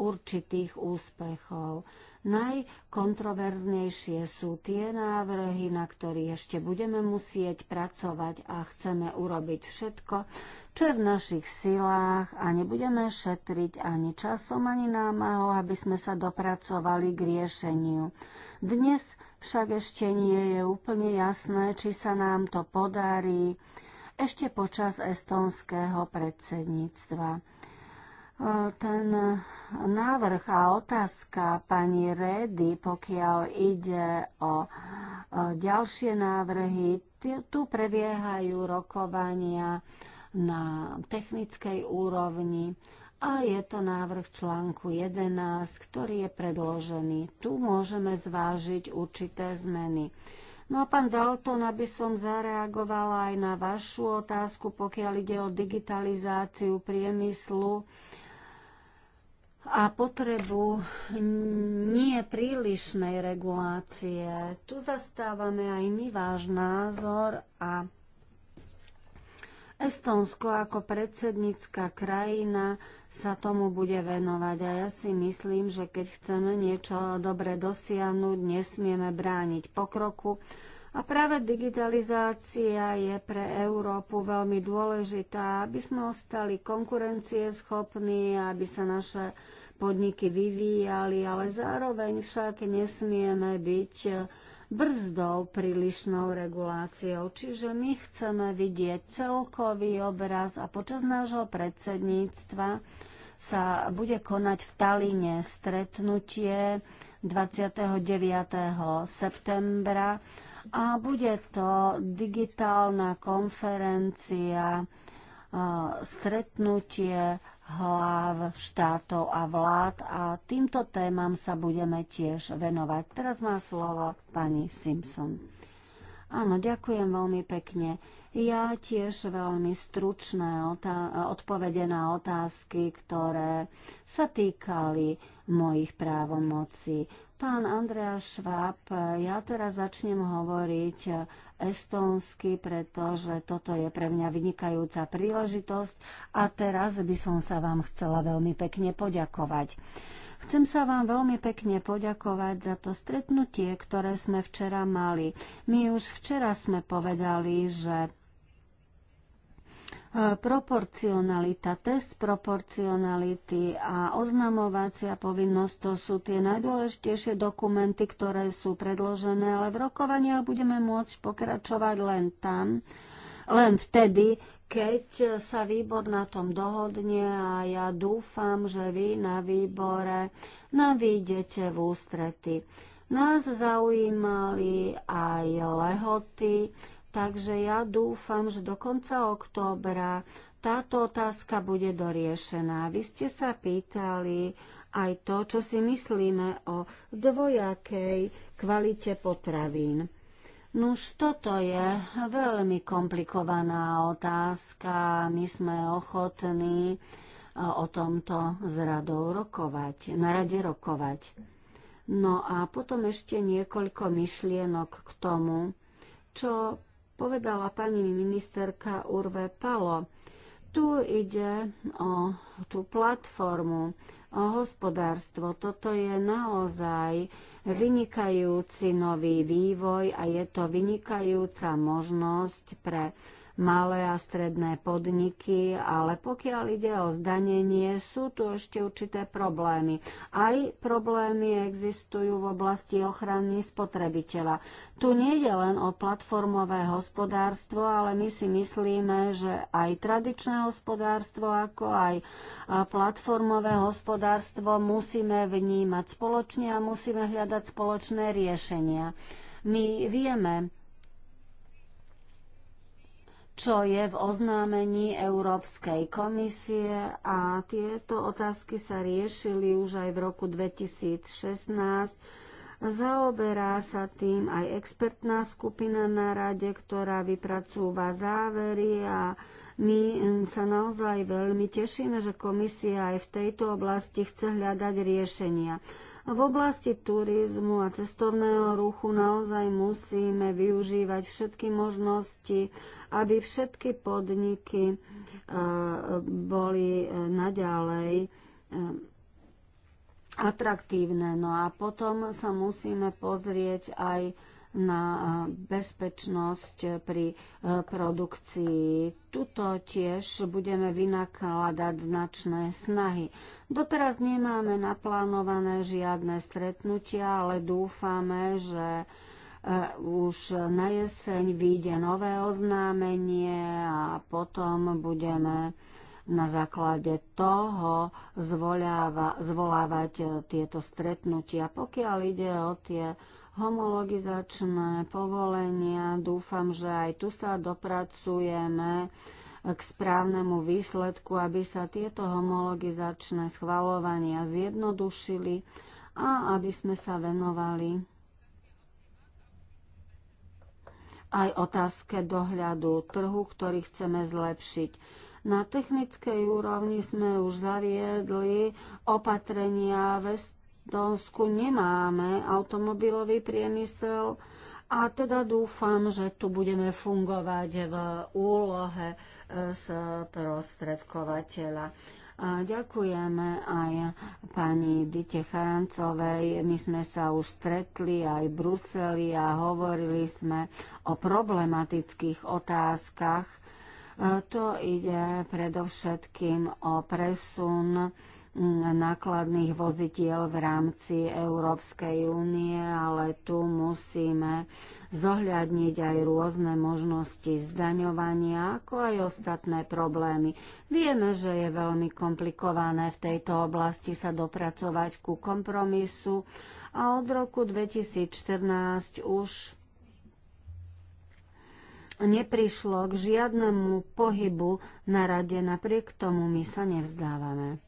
určitých úspechov. Najkontroverznejšie sú tie návrhy, na ktorých ešte budeme musieť pracovať a chceme urobiť všetko, čo je v našich silách a nebudeme šetriť ani časom, ani námahou, aby sme sa dopracovali k riešeniu. Dnes však ešte nie je úplne jasné, či sa nám to podarí ešte počas estonského predsedníctva ten návrh a otázka pani Redy, pokiaľ ide o ďalšie návrhy, tu prebiehajú rokovania na technickej úrovni a je to návrh článku 11, ktorý je predložený. Tu môžeme zvážiť určité zmeny. No a pán Dalton, aby som zareagovala aj na vašu otázku, pokiaľ ide o digitalizáciu priemyslu. Uh, a potrebu nie prílišnej regulácie. Tu zastávame aj my váš názor a Estonsko ako predsednícka krajina sa tomu bude venovať a ja si myslím, že keď chceme niečo dobre dosiahnuť, nesmieme brániť pokroku, a práve digitalizácia je pre Európu veľmi dôležitá, aby sme ostali konkurencieschopní, aby sa naše podniky vyvíjali, ale zároveň však nesmieme byť brzdou prílišnou reguláciou. Čiže my chceme vidieť celkový obraz a počas nášho predsedníctva sa bude konať v Taline stretnutie 29. septembra a bude to digitálna konferencia, stretnutie hlav štátov a vlád a týmto témam sa budeme tiež venovať. Teraz má slovo pani Simpson. Áno, ďakujem veľmi pekne. Ja tiež veľmi stručné odpovede na otázky, ktoré sa týkali mojich právomocí. Pán Andreas Šváb, ja teraz začnem hovoriť estonsky, pretože toto je pre mňa vynikajúca príležitosť a teraz by som sa vám chcela veľmi pekne poďakovať. Chcem sa vám veľmi pekne poďakovať za to stretnutie, ktoré sme včera mali. My už včera sme povedali, že Proporcionalita, test proporcionality a oznamovacia povinnosť to sú tie najdôležitejšie dokumenty, ktoré sú predložené, ale v rokovaniach budeme môcť pokračovať len tam, len vtedy, keď sa výbor na tom dohodne a ja dúfam, že vy na výbore nám v ústrety. Nás zaujímali aj lehoty, Takže ja dúfam, že do konca októbra táto otázka bude doriešená. Vy ste sa pýtali aj to, čo si myslíme o dvojakej kvalite potravín. Nuž toto je veľmi komplikovaná otázka. My sme ochotní e, o tomto s radou rokovať, na rade rokovať. No a potom ešte niekoľko myšlienok k tomu, čo povedala pani ministerka Urve Palo. Tu ide o tú platformu, o hospodárstvo. Toto je naozaj vynikajúci nový vývoj a je to vynikajúca možnosť pre malé a stredné podniky, ale pokiaľ ide o zdanenie, sú tu ešte určité problémy. Aj problémy existujú v oblasti ochrany spotrebiteľa. Tu nie je len o platformové hospodárstvo, ale my si myslíme, že aj tradičné hospodárstvo, ako aj e, platformové hospodárstvo musíme vnímať spoločne a musíme hľadať spoločné riešenia. My vieme, čo je v oznámení Európskej komisie a tieto otázky sa riešili už aj v roku 2016. Zaoberá sa tým aj expertná skupina na rade, ktorá vypracúva závery a my sa naozaj veľmi tešíme, že komisia aj v tejto oblasti chce hľadať riešenia. V oblasti turizmu a cestovného ruchu naozaj musíme využívať všetky možnosti, aby všetky podniky e, boli e, naďalej e, atraktívne. No a potom sa musíme pozrieť aj na eh, bezpečnosť eh, pri eh, produkcii. Tuto tiež budeme vynakladať značné snahy. Doteraz nemáme naplánované žiadne stretnutia, ale dúfame, že už na jeseň vyjde nové oznámenie a potom budeme na základe toho zvoláva, zvolávať tieto stretnutia. Pokiaľ ide o tie homologizačné povolenia. Dúfam, že aj tu sa dopracujeme k správnemu výsledku, aby sa tieto homologizačné schvalovania zjednodušili a aby sme sa venovali aj otázke dohľadu trhu, ktorý chceme zlepšiť. Na technickej úrovni sme už zaviedli opatrenia Dánsku nemáme automobilový priemysel a teda dúfam, že tu budeme fungovať v úlohe e, sprostredkovateľa. E, ďakujeme aj pani Dite Charancovej. My sme sa už stretli aj v Bruseli a hovorili sme o problematických otázkach. E, to ide predovšetkým o presun nákladných vozidiel v rámci Európskej únie, ale tu musíme zohľadniť aj rôzne možnosti zdaňovania, ako aj ostatné problémy. Vieme, že je veľmi komplikované v tejto oblasti sa dopracovať ku kompromisu a od roku 2014 už neprišlo k žiadnemu pohybu na rade, napriek tomu my sa nevzdávame.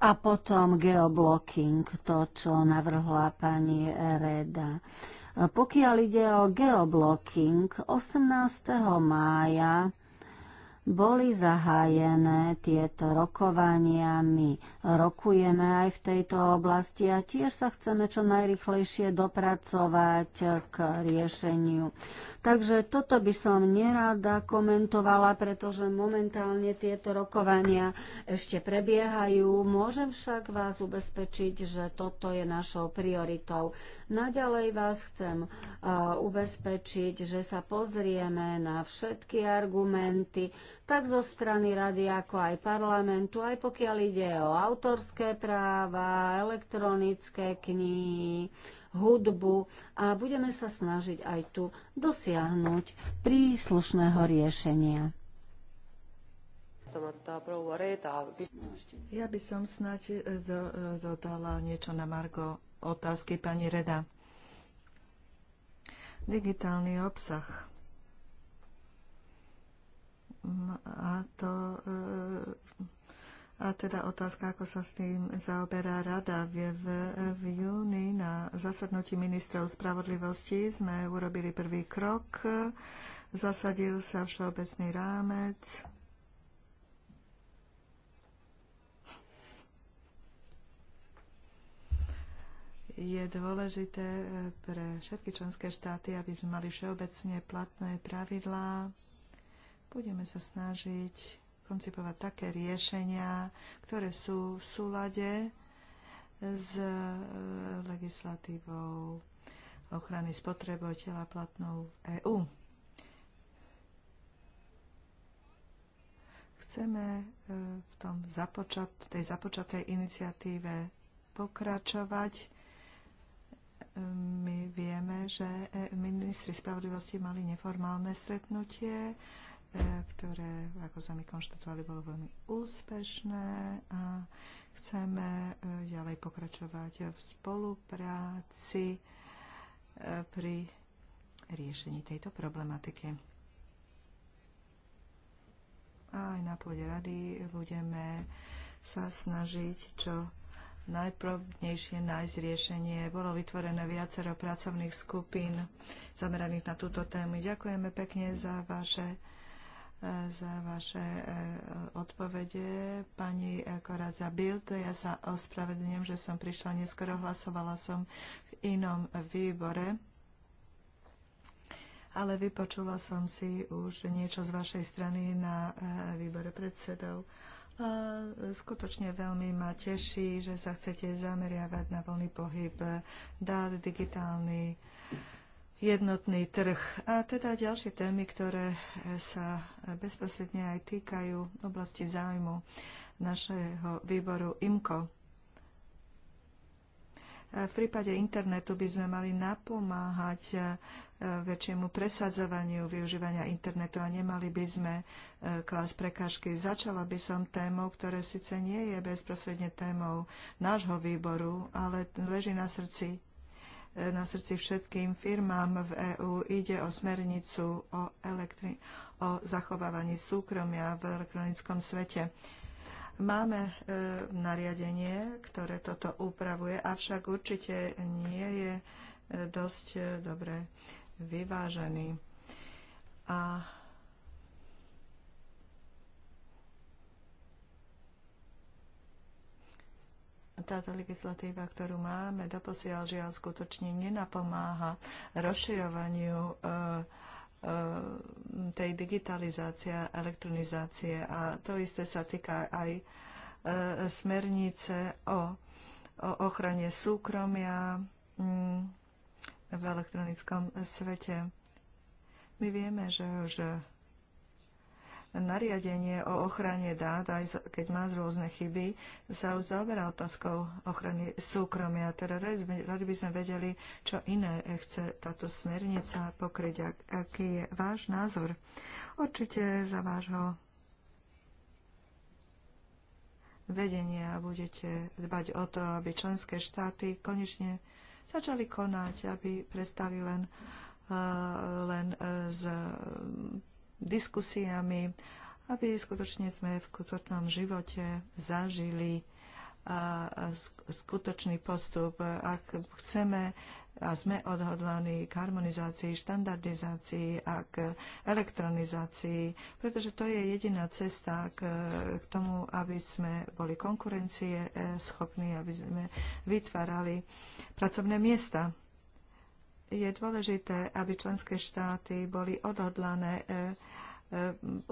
A potom geoblocking, to, čo navrhla pani Reda. Pokiaľ ide o geoblocking, 18. mája boli zahájené tieto rokovania. My rokujeme aj v tejto oblasti a tiež sa chceme čo najrychlejšie dopracovať k riešeniu. Takže toto by som nerada komentovala, pretože momentálne tieto rokovania ešte prebiehajú. Môžem však vás ubezpečiť, že toto je našou prioritou. Naďalej vás chcem uh, ubezpečiť, že sa pozrieme na všetky argumenty, tak zo strany rady ako aj parlamentu, aj pokiaľ ide o autorské práva, elektronické knihy, hudbu a budeme sa snažiť aj tu dosiahnuť príslušného riešenia. Ja by som snáď e, e, dodala niečo na Margo otázky pani Reda. Digitálny obsah Mm, a to e, a teda otázka, ako sa s tým zaoberá rada. V, v, v júni na zasadnutí ministrov spravodlivosti sme urobili prvý krok. Zasadil sa všeobecný rámec. Je dôležité e, pre všetky členské štáty, aby mali všeobecne platné pravidlá Budeme sa snažiť koncipovať také riešenia, ktoré sú v súlade s e, legislatívou ochrany spotrebiteľa platnou EÚ. Chceme e, v tom započat, tej započatej iniciatíve pokračovať. E, my vieme, že ministri spravodlivosti mali neformálne stretnutie E, ktoré, ako sme konštatovali, bolo veľmi úspešné a chceme e, ďalej pokračovať v spolupráci e, pri riešení tejto problematiky. A aj na pôde rady budeme sa snažiť čo najprobnejšie nájsť riešenie. Bolo vytvorené viacero pracovných skupín zameraných na túto tému. Ďakujeme pekne za vaše za vaše e, odpovede. Pani e, Koradza Bild, ja sa ospravedlňujem, že som prišla neskoro, hlasovala som v inom výbore, ale vypočula som si už niečo z vašej strany na e, výbore predsedov. A skutočne veľmi ma teší, že sa chcete zameriavať na voľný pohyb dát, digitálny jednotný trh. A teda ďalšie témy, ktoré sa bezprostredne aj týkajú oblasti záujmu našeho výboru IMCO. V prípade internetu by sme mali napomáhať e, väčšiemu presadzovaniu využívania internetu a nemali by sme e, klásť prekážky. Začala by som témou, ktoré síce nie je bezprostredne témou nášho výboru, ale leží na srdci na srdci všetkým firmám v EÚ. Ide o smernicu o, elektri- o zachovávaní súkromia v elektronickom svete. Máme e, nariadenie, ktoré toto upravuje, avšak určite nie je e, dosť e, dobre vyvážený. A táto legislatíva, ktorú máme, doposiaľ žiaľ skutočne nenapomáha rozširovaniu eh, eh, tej digitalizácie a elektronizácie. A to isté sa týka aj eh, smernice o, o ochrane súkromia hm, v elektronickom svete. My vieme, že už nariadenie o ochrane dát, aj keď má rôzne chyby, sa už zaoberá otázkou ochrany súkromia. Teda radi by sme vedeli, čo iné chce táto smernica pokryť, aký je váš názor. Určite za vášho vedenia budete dbať o to, aby členské štáty konečne začali konať, aby prestali len, eh, len eh, z diskusiami, aby skutočne sme v skutočnom živote zažili skutočný postup. Ak chceme a sme odhodlaní k harmonizácii, štandardizácii a k elektronizácii, pretože to je jediná cesta k, k tomu, aby sme boli konkurencie e, schopní, aby sme vytvárali pracovné miesta. Je dôležité, aby členské štáty boli odhodlané e, E,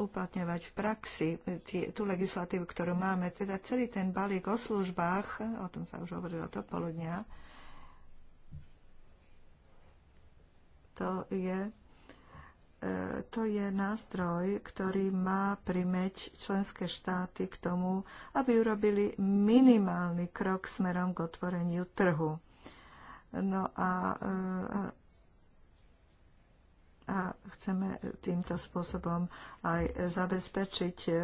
uplatňovať v praxi e, tú legislatívu, ktorú máme. Teda celý ten balík o službách, e, o tom sa už hovorilo to poludnia, to je, to je nástroj, ktorý má primeť členské štáty k tomu, aby urobili minimálny krok smerom k otvoreniu trhu. No a, a a chceme týmto spôsobom aj zabezpečiť e,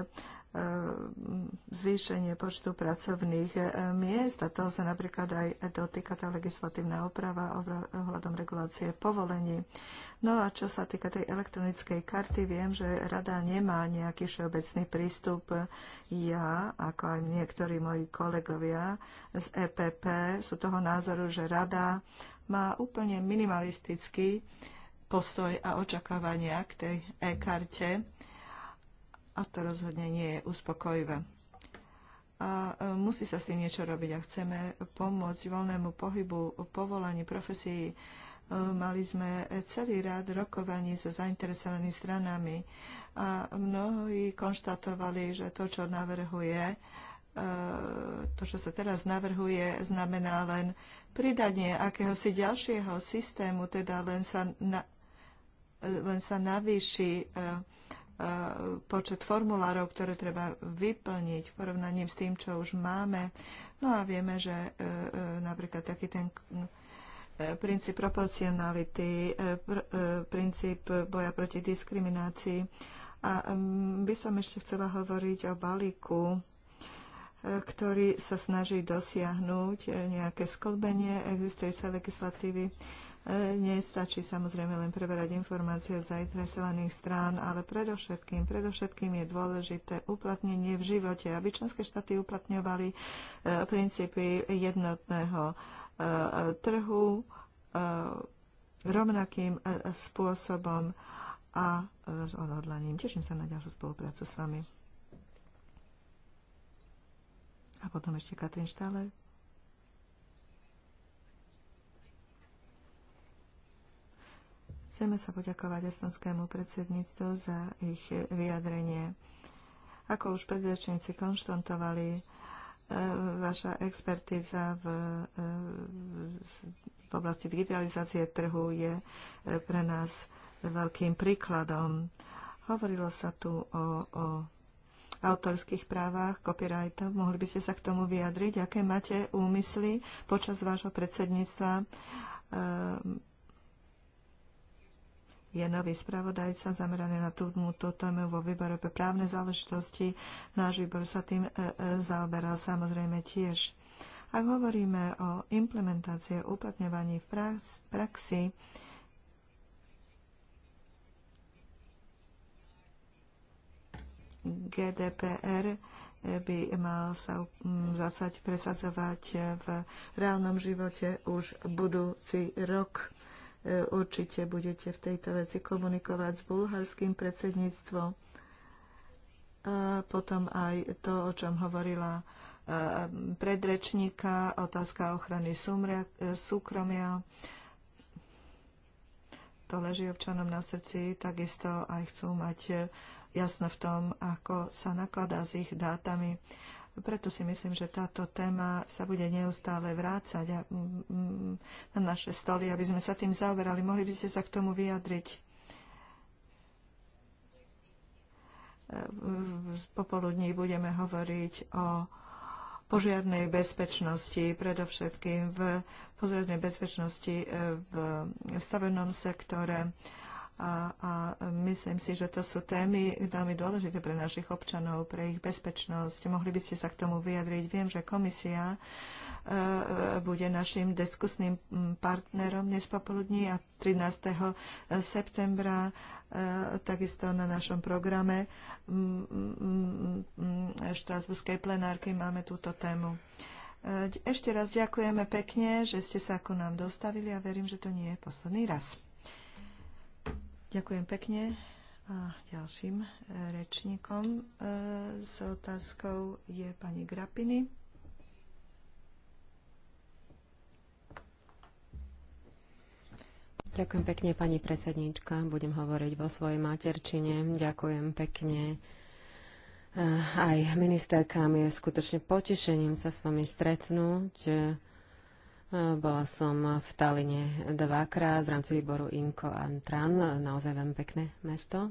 zvýšenie počtu pracovných e, miest a toho sa napríklad aj dotýka tá legislatívna oprava ohľadom regulácie povolení. No a čo sa týka tej elektronickej karty, viem, že rada nemá nejaký všeobecný prístup. Ja, ako aj niektorí moji kolegovia z EPP, sú toho názoru, že rada má úplne minimalistický postoj a očakávania k tej e-karte a to rozhodne nie je uspokojivé. A e, musí sa s tým niečo robiť a chceme pomôcť voľnému pohybu, povolaní, profesii. E, mali sme celý rád rokovaní so zainteresovanými stranami a mnohí konštatovali, že to, čo navrhuje, e, to, čo sa teraz navrhuje, znamená len pridanie akéhosi ďalšieho systému, teda len sa na, len sa navýši e, e, počet formulárov, ktoré treba vyplniť v porovnaní s tým, čo už máme. No a vieme, že e, napríklad taký ten princíp proporcionality, princíp boja proti diskriminácii. A by som ešte chcela hovoriť o balíku, ktorý sa snaží dosiahnuť nejaké sklbenie existujúcej legislatívy E, nestačí samozrejme len preberať informácie z zainteresovaných strán, ale predovšetkým, predovšetkým je dôležité uplatnenie v živote, aby členské štáty uplatňovali e, princípy jednotného e, trhu rovnakým spôsobom a s odhodlaním. Teším sa na ďalšiu spoluprácu s vami. A potom ešte Katrin Štáler. Chceme sa poďakovať estonskému predsedníctvu za ich vyjadrenie. Ako už predrečníci konštantovali, e, vaša expertíza v, e, v oblasti digitalizácie trhu je e, pre nás veľkým príkladom. Hovorilo sa tu o, o autorských právach, copyrightov. Mohli by ste sa k tomu vyjadriť? Aké máte úmysly počas vášho predsedníctva? je nový spravodajca zameraný na túto tému vo výbore pre právne záležitosti. Náš výbor sa tým e, e, zaoberal samozrejme tiež. Ak hovoríme o implementácii a uplatňovaní v praxi, GDPR e, by mal sa zasať presadzovať v reálnom živote už budúci rok Určite budete v tejto veci komunikovať s bulharským predsedníctvom. A potom aj to, o čom hovorila predrečníka, otázka ochrany e, súkromia. To leží občanom na srdci, takisto aj chcú mať e, jasno v tom, ako sa nakladá s ich dátami. Preto si myslím, že táto téma sa bude neustále vrácať a, mm, mm, na naše stoly, aby sme sa tým zaoberali. Mohli by ste sa k tomu vyjadriť? Popoludní budeme hovoriť o požiarnej bezpečnosti, predovšetkým v pozrednej bezpečnosti e, v, v stavebnom sektore a, a myslím si, že to sú témy veľmi dôležité pre našich občanov, pre ich bezpečnosť. Mohli by ste sa k tomu vyjadriť. Viem, že komisia e, e, bude našim diskusným partnerom dnes popoludní a 13. E, septembra takisto na našom programe Štrasburskej plenárky máme túto tému. Ešte raz ďakujeme pekne, že ste sa ku nám dostavili a verím, že to nie je posledný raz. Ďakujem pekne. A ďalším e, rečníkom e, s otázkou je pani Grapiny. Ďakujem pekne, pani predsedníčka. Budem hovoriť vo svojej materčine. Ďakujem pekne e, aj ministerkám. Je skutočne potešením sa s vami stretnúť. Bola som v Taline dvakrát v rámci výboru Inko a Tran, naozaj veľmi pekné mesto.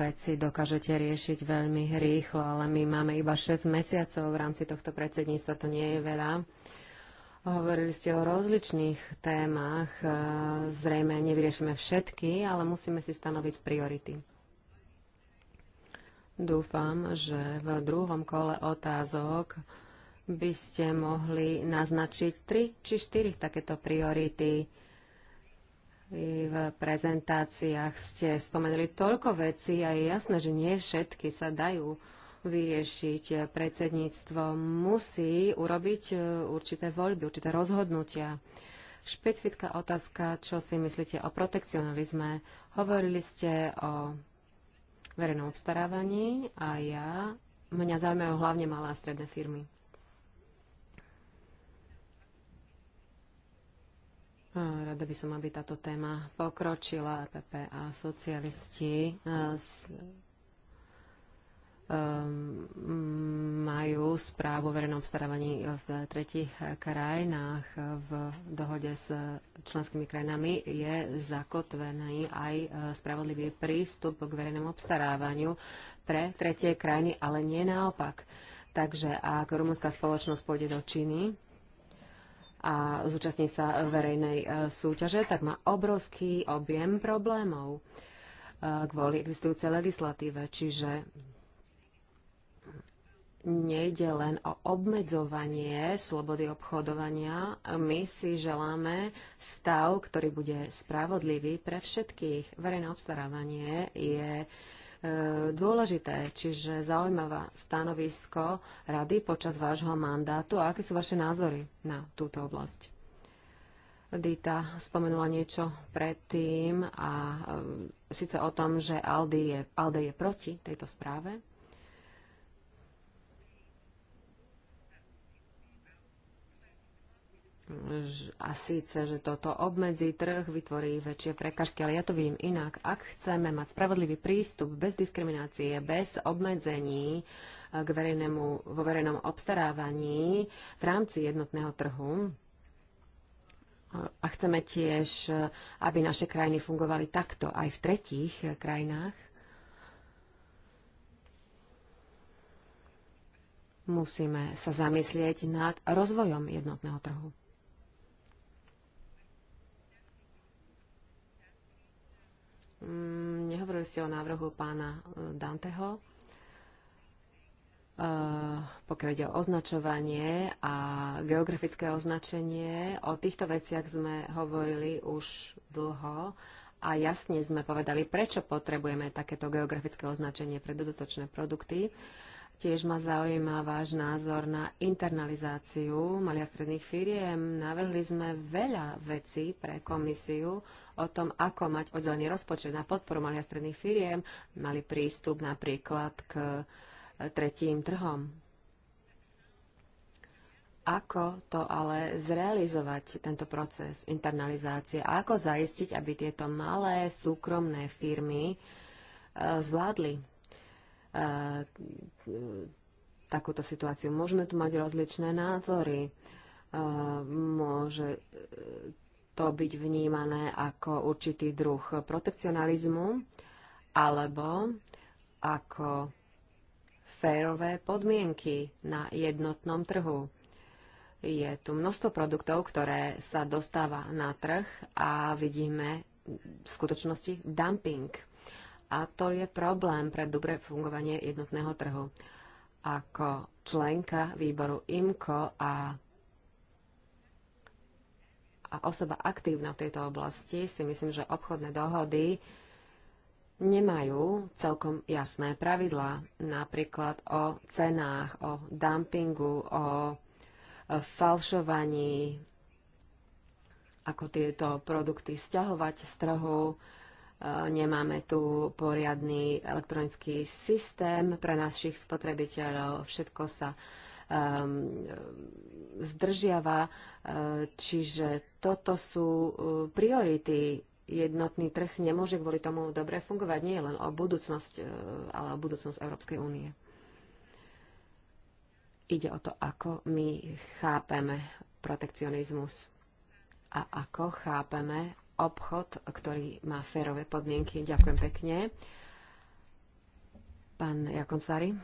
Veci dokážete riešiť veľmi rýchlo, ale my máme iba 6 mesiacov v rámci tohto predsedníctva, to nie je veľa. Hovorili ste o rozličných témach, zrejme nevyriešime všetky, ale musíme si stanoviť priority. Dúfam, že v druhom kole otázok by ste mohli naznačiť tri či štyri takéto priority. I v prezentáciách ste spomenuli toľko vecí a je jasné, že nie všetky sa dajú vyriešiť. Predsedníctvo musí urobiť e, určité voľby, určité rozhodnutia. Špecifická otázka, čo si myslíte o protekcionalizme. Hovorili ste o verejnom obstarávaní a ja, mňa zaujímajú hlavne malé a stredné firmy. Rada by som, aby táto téma pokročila. PP a socialisti eh, Ehm, majú správu o verejnom starávaní v tretich krajinách v dohode s členskými krajinami je zakotvený aj e, spravodlivý prístup k verejnému obstarávaniu pre tretie krajiny, ale nie naopak. Takže ak rumúnska spoločnosť pôjde do Číny, a zúčastní sa verejnej e, súťaže, tak má obrovský objem problémov e, kvôli existujúcej legislatíve. Čiže nejde len o obmedzovanie slobody obchodovania. My si želáme stav, ktorý bude spravodlivý pre všetkých. Verejné obstarávanie je e, dôležité, čiže zaujímavá stanovisko rady počas vášho mandátu a aké sú vaše názory na túto oblasť? Dita spomenula niečo predtým a e, síce o tom, že Aldi je, Aldi je proti tejto správe, a síce, že toto obmedzí trh, vytvorí väčšie prekažky, ale ja to vím inak. Ak chceme mať spravodlivý prístup bez diskriminácie, bez obmedzení e, k verejnému, vo verejnom obstarávaní v rámci jednotného trhu, e, a chceme tiež, e, aby naše krajiny fungovali takto aj v tretích krajinách, musíme sa zamyslieť nad rozvojom jednotného trhu. Mm, nehovorili ste o návrhu pána e, Danteho, e, pokiaľ ide o označovanie a geografické označenie. O týchto veciach sme hovorili už dlho a jasne sme povedali, prečo potrebujeme takéto geografické označenie pre dodatočné produkty. Tiež ma zaujíma váš názor na internalizáciu malých a stredných firiem. Navrhli sme veľa vecí pre komisiu, o tom, ako mať oddelený rozpočet na podporu malých a stredných firiem, mali prístup napríklad k e, tretím trhom. Ako to ale zrealizovať, tento proces internalizácie? A ako zaistiť, aby tieto malé súkromné firmy e, zvládli e, takúto situáciu? Môžeme tu mať rozličné názory. Môže to byť vnímané ako určitý druh protekcionalizmu alebo ako férové podmienky na jednotnom trhu. Je tu množstvo produktov, ktoré sa dostáva na trh a vidíme v skutočnosti dumping. A to je problém pre dobré fungovanie jednotného trhu. Ako členka výboru IMCO a a osoba aktívna v tejto oblasti, si myslím, že obchodné dohody nemajú celkom jasné pravidlá, napríklad o cenách, o dumpingu, o falšovaní, ako tieto produkty stiahovať z trhu. E, nemáme tu poriadny elektronický systém pre našich spotrebiteľov. Všetko sa uh, Ehm, zdržiava. E, čiže toto sú e, priority. Jednotný trh nemôže kvôli tomu dobre fungovať. Nie len o budúcnosť, e, ale o budúcnosť Európskej únie. Ide o to, ako my chápeme protekcionizmus a ako chápeme obchod, ktorý má férové podmienky. Ďakujem pekne. Pán Jakonsari.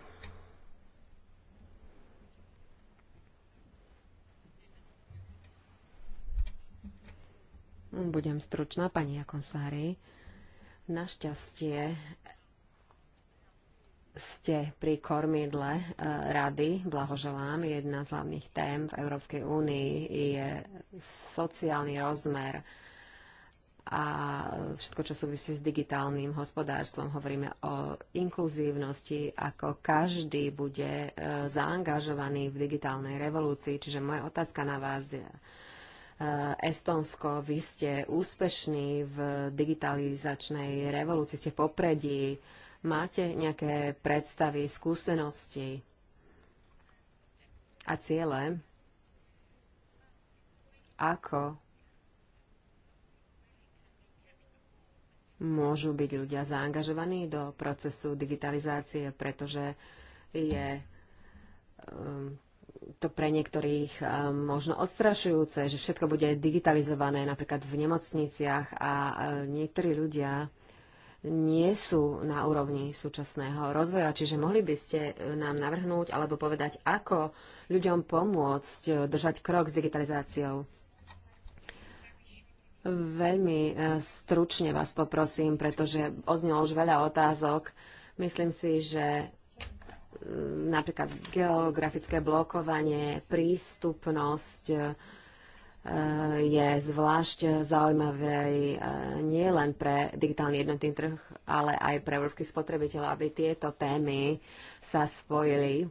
Budem stručná, pani Jakonsári. Našťastie ste pri kormidle e, rady, blahoželám. Jedna z hlavných tém v Európskej únii je sociálny rozmer a všetko, čo súvisí s digitálnym hospodárstvom. Hovoríme o inkluzívnosti, ako každý bude e, zaangažovaný v digitálnej revolúcii. Čiže moja otázka na vás je, Estonsko, vy ste úspešní v digitalizačnej revolúcii, ste popredí. Máte nejaké predstavy, skúsenosti a ciele? Ako môžu byť ľudia zaangažovaní do procesu digitalizácie, pretože je um, to pre niektorých eh, možno odstrašujúce, že všetko bude digitalizované napríklad v nemocniciach a eh, niektorí ľudia nie sú na úrovni súčasného rozvoja. Čiže mohli by ste eh, nám navrhnúť alebo povedať, ako ľuďom pomôcť držať krok s digitalizáciou? Veľmi stručne vás poprosím, pretože oznelo už veľa otázok. Myslím si, že E, napríklad geografické blokovanie, prístupnosť e, je zvlášť zaujímavé e, nie len pre digitálny jednotný trh, ale aj pre európsky spotrebiteľov, aby tieto témy sa spojili.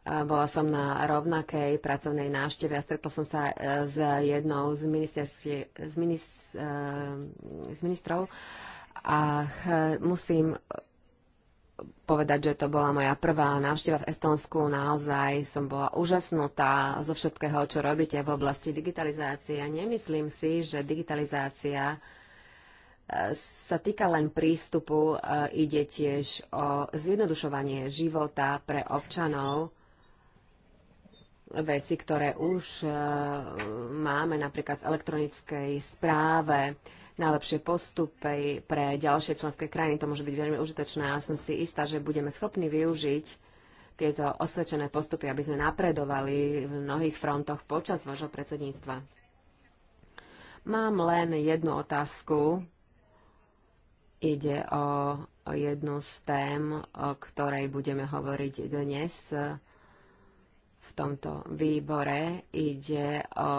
Bola som na rovnakej pracovnej návšteve a stretol som sa s jednou z, z, minis, z ministrov a musím povedať, že to bola moja prvá návšteva v Estonsku. Naozaj som bola úžasnutá zo všetkého, čo robíte v oblasti digitalizácie. Nemyslím si, že digitalizácia e, sa týka len prístupu, e, ide tiež o zjednodušovanie života pre občanov, veci, ktoré už e, máme napríklad v elektronickej správe, najlepšie postupy pre ďalšie členské krajiny. To môže byť veľmi užitočné a som si istá, že budeme schopní využiť tieto osvedčené postupy, aby sme napredovali v mnohých frontoch počas vášho predsedníctva. Mám len jednu otázku. Ide o, o jednu z tém, o ktorej budeme hovoriť dnes v tomto výbore. Ide o,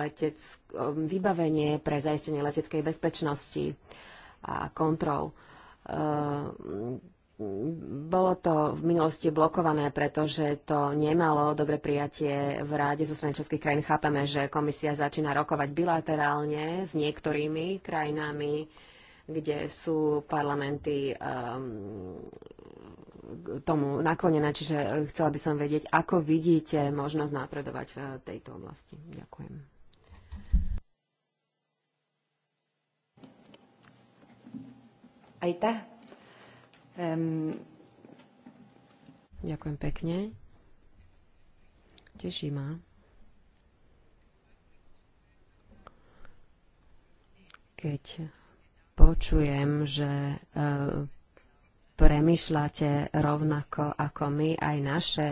letec, o vybavenie pre zaistenie leteckej bezpečnosti a kontrol. Ehm, bolo to v minulosti blokované, pretože to nemalo dobre prijatie v ráde zo strany českých krajín. Chápeme, že komisia začína rokovať bilaterálne s niektorými krajinami, kde sú parlamenty um, tomu naklonená, čiže e, chcela by som vedieť, ako vidíte možnosť napredovať v e, tejto oblasti. Ďakujem. Aitäh. Um... Ďakujem pekne. Teší ma. Keď počujem, že uh, premyšľate rovnako ako my, aj naše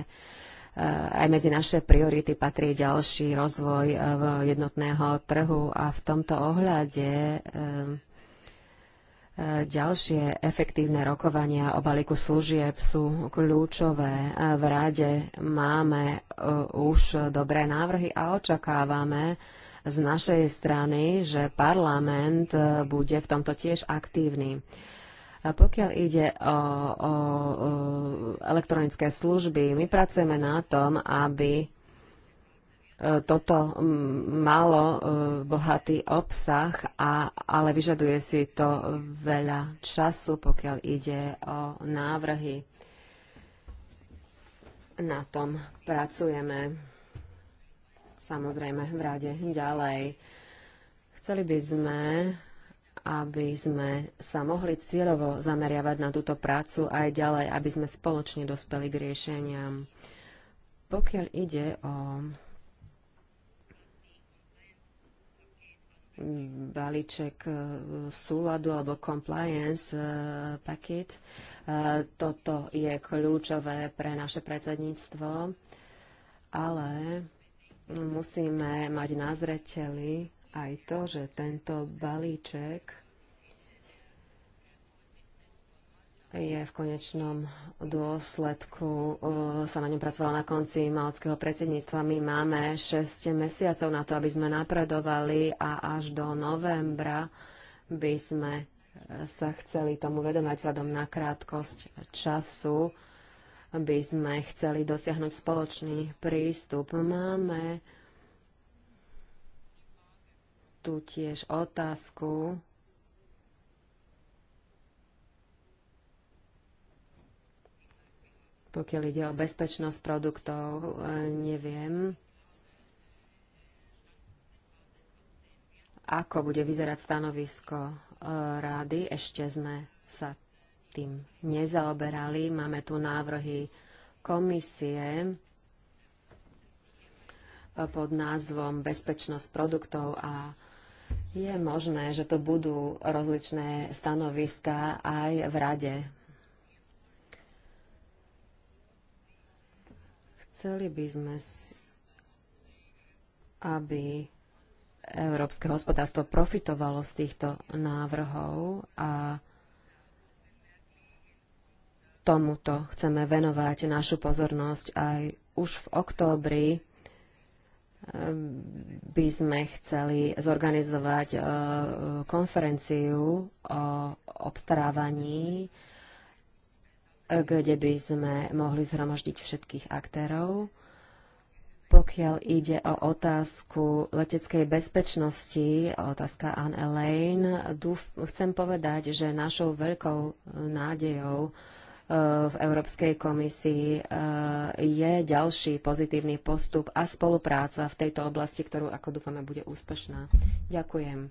eh, aj medzi naše priority patrí ďalší rozvoj eh, jednotného trhu a v tomto ohľade eh, ďalšie efektívne rokovania o balíku služieb sú kľúčové. V rade máme už dobré návrhy a očakávame z našej strany, že parlament bude v tomto tiež aktívny. A pokiaľ ide o, o elektronické služby, my pracujeme na tom, aby e, toto malo e, bohatý obsah, a, ale vyžaduje si to veľa času, pokiaľ ide o návrhy. Na tom pracujeme samozrejme v rade ďalej. Chceli by sme aby sme sa mohli cieľovo zameriavať na túto prácu aj ďalej, aby sme spoločne dospeli k riešeniam. Pokiaľ ide o balíček e, súladu alebo compliance e, paket, e, toto je kľúčové pre naše predsedníctvo, ale musíme mať na zreteli, aj to, že tento balíček je v konečnom dôsledku, e, sa na ňom pracovala na konci malckého predsedníctva. My máme 6 mesiacov na to, aby sme napredovali a až do novembra by sme e, sa chceli tomu vedomať vzhľadom na krátkosť času, by sme chceli dosiahnuť spoločný prístup. Máme tu tiež otázku pokiaľ ide o bezpečnosť produktov, e, neviem, ako bude vyzerať stanovisko e, rády. Ešte sme sa tým nezaoberali. Máme tu návrhy komisie e, pod názvom Bezpečnosť produktov a je možné, že to budú rozličné stanoviska aj v rade. Chceli by sme, aby európske hospodárstvo profitovalo z týchto návrhov a tomuto chceme venovať našu pozornosť aj už v októbri by sme chceli zorganizovať e, konferenciu o obstarávaní, kde by sme mohli zhromaždiť všetkých aktérov. Pokiaľ ide o otázku leteckej bezpečnosti, otázka Anne Elaine, chcem povedať, že našou veľkou nádejou v Európskej komisii e, je ďalší pozitívny postup a spolupráca v tejto oblasti, ktorú, ako dúfame, bude úspešná. Ďakujem.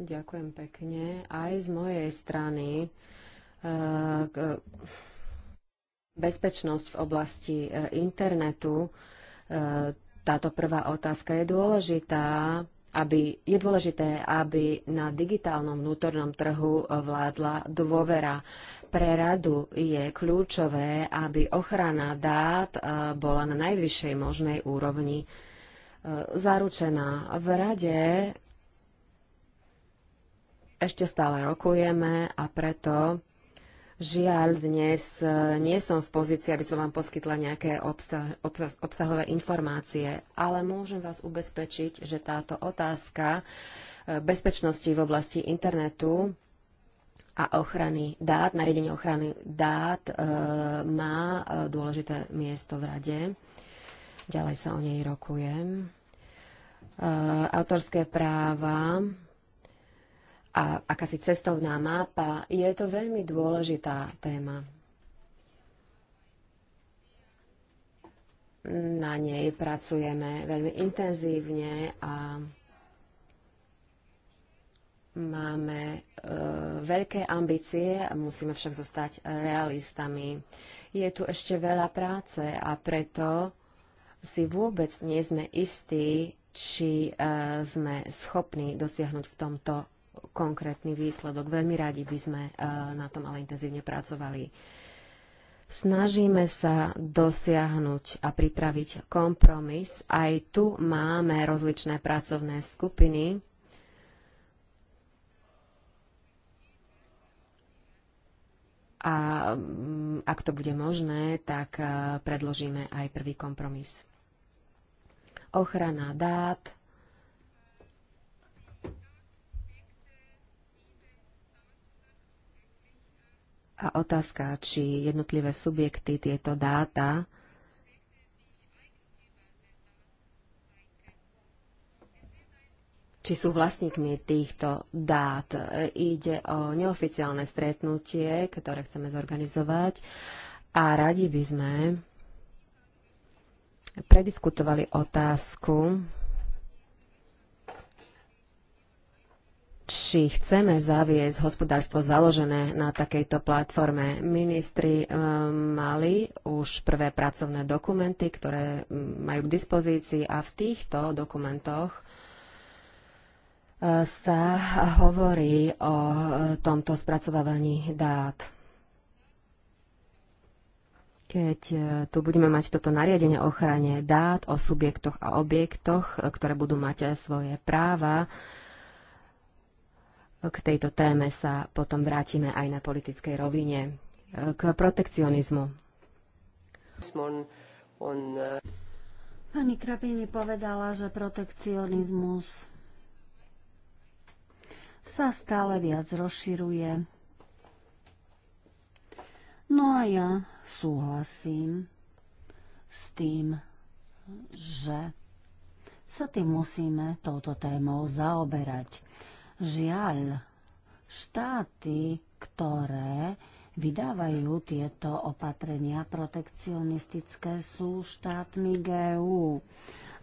Ďakujem pekne. Aj z mojej strany e, bezpečnosť v oblasti e, internetu táto prvá otázka je dôležitá, aby, je dôležité, aby na digitálnom vnútornom trhu vládla dôvera. Pre radu je kľúčové, aby ochrana dát e, bola na najvyššej možnej úrovni e, zaručená. V rade ešte stále rokujeme a preto Žiaľ, dnes eh, nie som v pozícii, aby som vám poskytla nejaké obsah, obsah, obsahové informácie, ale môžem vás ubezpečiť, že táto otázka eh, bezpečnosti v oblasti internetu a ochrany dát, nariadenie ochrany dát e, má dôležité miesto v rade. Ďalej sa o nej rokujem. E, autorské práva a akási cestovná mapa, je to veľmi dôležitá téma. Na nej pracujeme veľmi intenzívne a máme e, veľké ambície, musíme však zostať realistami. Je tu ešte veľa práce a preto si vôbec nie sme istí, či e, sme schopní dosiahnuť v tomto konkrétny výsledok. Veľmi radi by sme e, na tom ale intenzívne pracovali. Snažíme sa dosiahnuť a pripraviť kompromis. Aj tu máme rozličné pracovné skupiny. A mm, ak to bude možné, tak e, predložíme aj prvý kompromis. Ochrana dát, A otázka, či jednotlivé subjekty tieto dáta či sú vlastníkmi týchto dát. Ide o neoficiálne stretnutie, ktoré chceme zorganizovať a radi by sme prediskutovali otázku, či chceme zaviesť hospodárstvo založené na takejto platforme. Ministri eh, mali už prvé pracovné dokumenty, ktoré mm, majú k dispozícii a v týchto dokumentoch eh, sa hovorí o eh, tomto spracovávaní dát. Keď tu budeme mať toto nariadenie o ochrane dát, o subjektoch a objektoch, ktoré budú mať svoje práva, k tejto téme sa potom vrátime aj na politickej rovine. K protekcionizmu. Pani Krapini povedala, že protekcionizmus sa stále viac rozširuje. No a ja súhlasím s tým, že sa tým musíme touto témou zaoberať. Žiaľ, štáty, ktoré vydávajú tieto opatrenia protekcionistické, sú štátmi GU.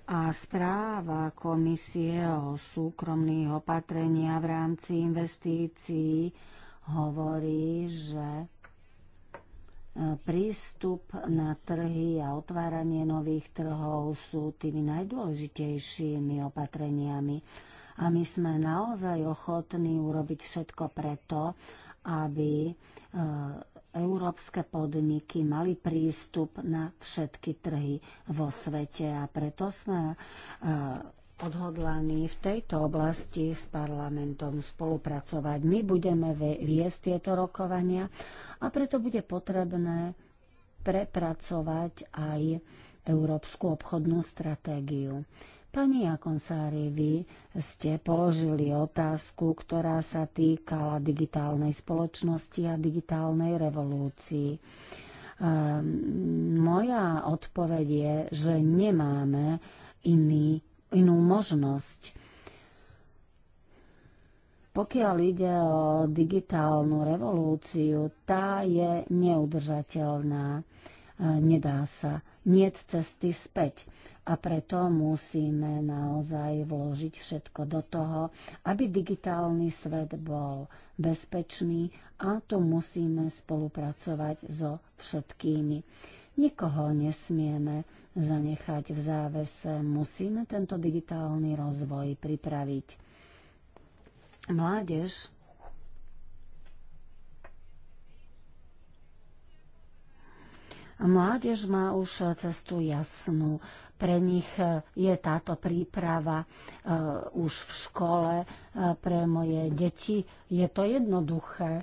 A správa komisie o súkromných opatrenia v rámci investícií hovorí, že e, prístup na trhy a otváranie nových trhov sú tými najdôležitejšími opatreniami. A my sme naozaj ochotní urobiť všetko preto, aby e, európske podniky mali prístup na všetky trhy vo svete a preto sme e, odhodlaní v tejto oblasti s parlamentom spolupracovať. My budeme viesť tieto rokovania a preto bude potrebné prepracovať aj európsku obchodnú stratégiu. Pani Jakonsári, vy ste položili otázku, ktorá sa týkala digitálnej spoločnosti a digitálnej revolúcii. Ehm, moja odpoveď je, že nemáme iný, inú možnosť. Pokiaľ ide o digitálnu revolúciu, tá je neudržateľná nedá sa, niet cesty späť. A preto musíme naozaj vložiť všetko do toho, aby digitálny svet bol bezpečný a to musíme spolupracovať so všetkými. Nikoho nesmieme zanechať v závese, musíme tento digitálny rozvoj pripraviť. Mládež Mládež má už cestu jasnú. Pre nich e, je táto príprava e, už v škole. E, pre moje deti je to jednoduché.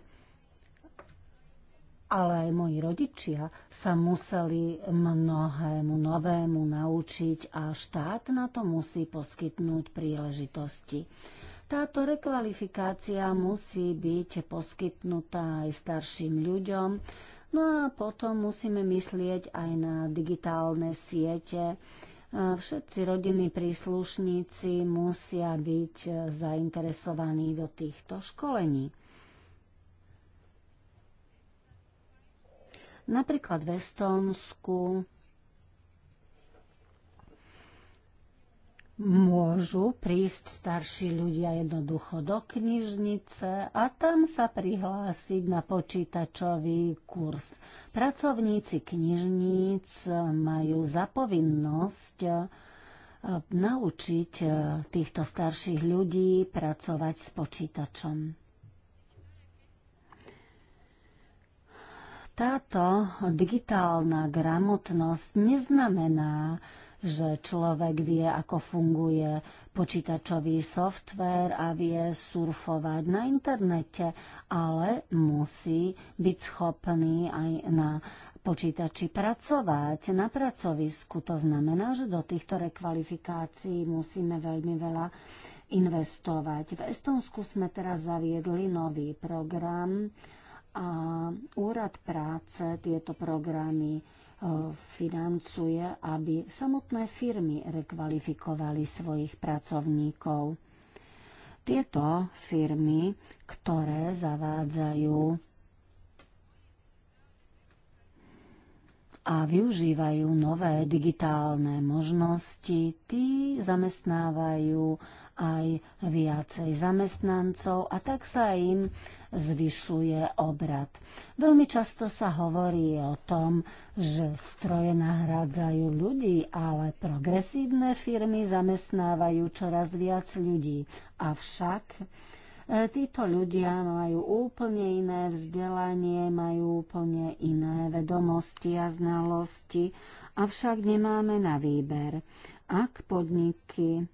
Ale aj moji rodičia sa museli mnohému novému naučiť a štát na to musí poskytnúť príležitosti. Táto rekvalifikácia musí byť poskytnutá aj starším ľuďom, No a potom musíme myslieť aj na digitálne siete. Všetci rodinní príslušníci musia byť zainteresovaní do týchto školení. Napríklad v Estónsku môžu prísť starší ľudia jednoducho do knižnice a tam sa prihlásiť na počítačový kurz. Pracovníci knižníc majú zapovinnosť e, naučiť e, týchto starších ľudí pracovať s počítačom. Táto digitálna gramotnosť neznamená, že človek vie, ako funguje počítačový software a vie surfovať na internete, ale musí byť schopný aj na počítači pracovať na pracovisku. To znamená, že do týchto rekvalifikácií musíme veľmi veľa investovať. V Estonsku sme teraz zaviedli nový program a úrad práce tieto programy E, financuje, aby samotné firmy rekvalifikovali svojich pracovníkov. Tieto firmy, ktoré zavádzajú a využívajú nové digitálne možnosti, tí zamestnávajú aj viacej zamestnancov a tak sa im zvyšuje obrad. Veľmi často sa hovorí o tom, že stroje nahrádzajú ľudí, ale progresívne firmy zamestnávajú čoraz viac ľudí. Avšak e, títo ľudia majú úplne iné vzdelanie, majú úplne iné vedomosti a znalosti, avšak nemáme na výber. Ak podniky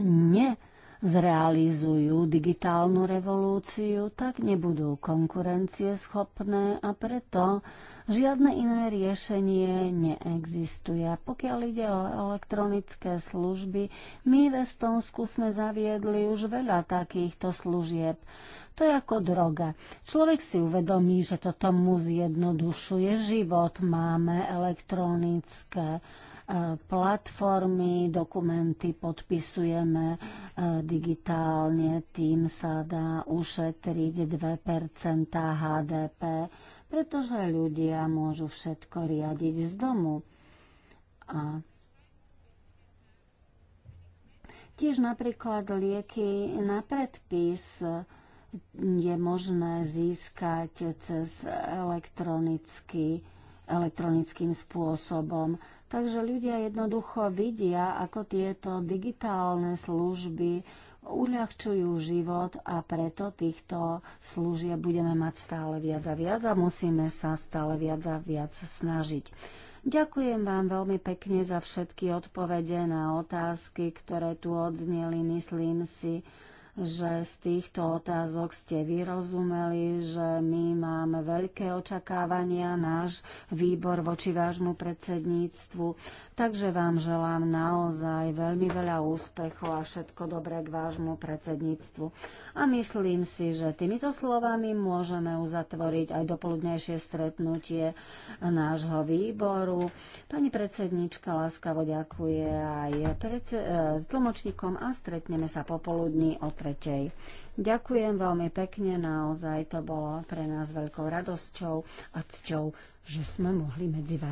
nezrealizujú digitálnu revolúciu, tak nebudú konkurencieschopné a preto žiadne iné riešenie neexistuje. Pokiaľ ide o elektronické služby, my v Estonsku sme zaviedli už veľa takýchto služieb. To je ako droga. Človek si uvedomí, že toto mu zjednodušuje život. Máme elektronické E, platformy, dokumenty podpisujeme e, digitálne, tým sa dá ušetriť 2% HDP, pretože ľudia môžu všetko riadiť z domu. A tiež napríklad lieky na predpis je možné získať cez elektronický, elektronickým spôsobom. Takže ľudia jednoducho vidia, ako tieto digitálne služby uľahčujú život a preto týchto služieb budeme mať stále viac a viac a musíme sa stále viac a viac snažiť. Ďakujem vám veľmi pekne za všetky odpovede na otázky, ktoré tu odzneli. Myslím si, že z týchto otázok ste vyrozumeli, že my máme veľké očakávania, náš výbor voči vášmu predsedníctvu. Takže vám želám naozaj veľmi veľa úspechov a všetko dobré k vášmu predsedníctvu. A myslím si, že týmito slovami môžeme uzatvoriť aj dopoludnejšie stretnutie nášho výboru. Pani predsednička láskavo ďakuje aj e, tlmočníkom a stretneme sa popoludní o tretej. Ďakujem veľmi pekne, naozaj to bolo pre nás veľkou radosťou a cťou, že sme mohli medzi vás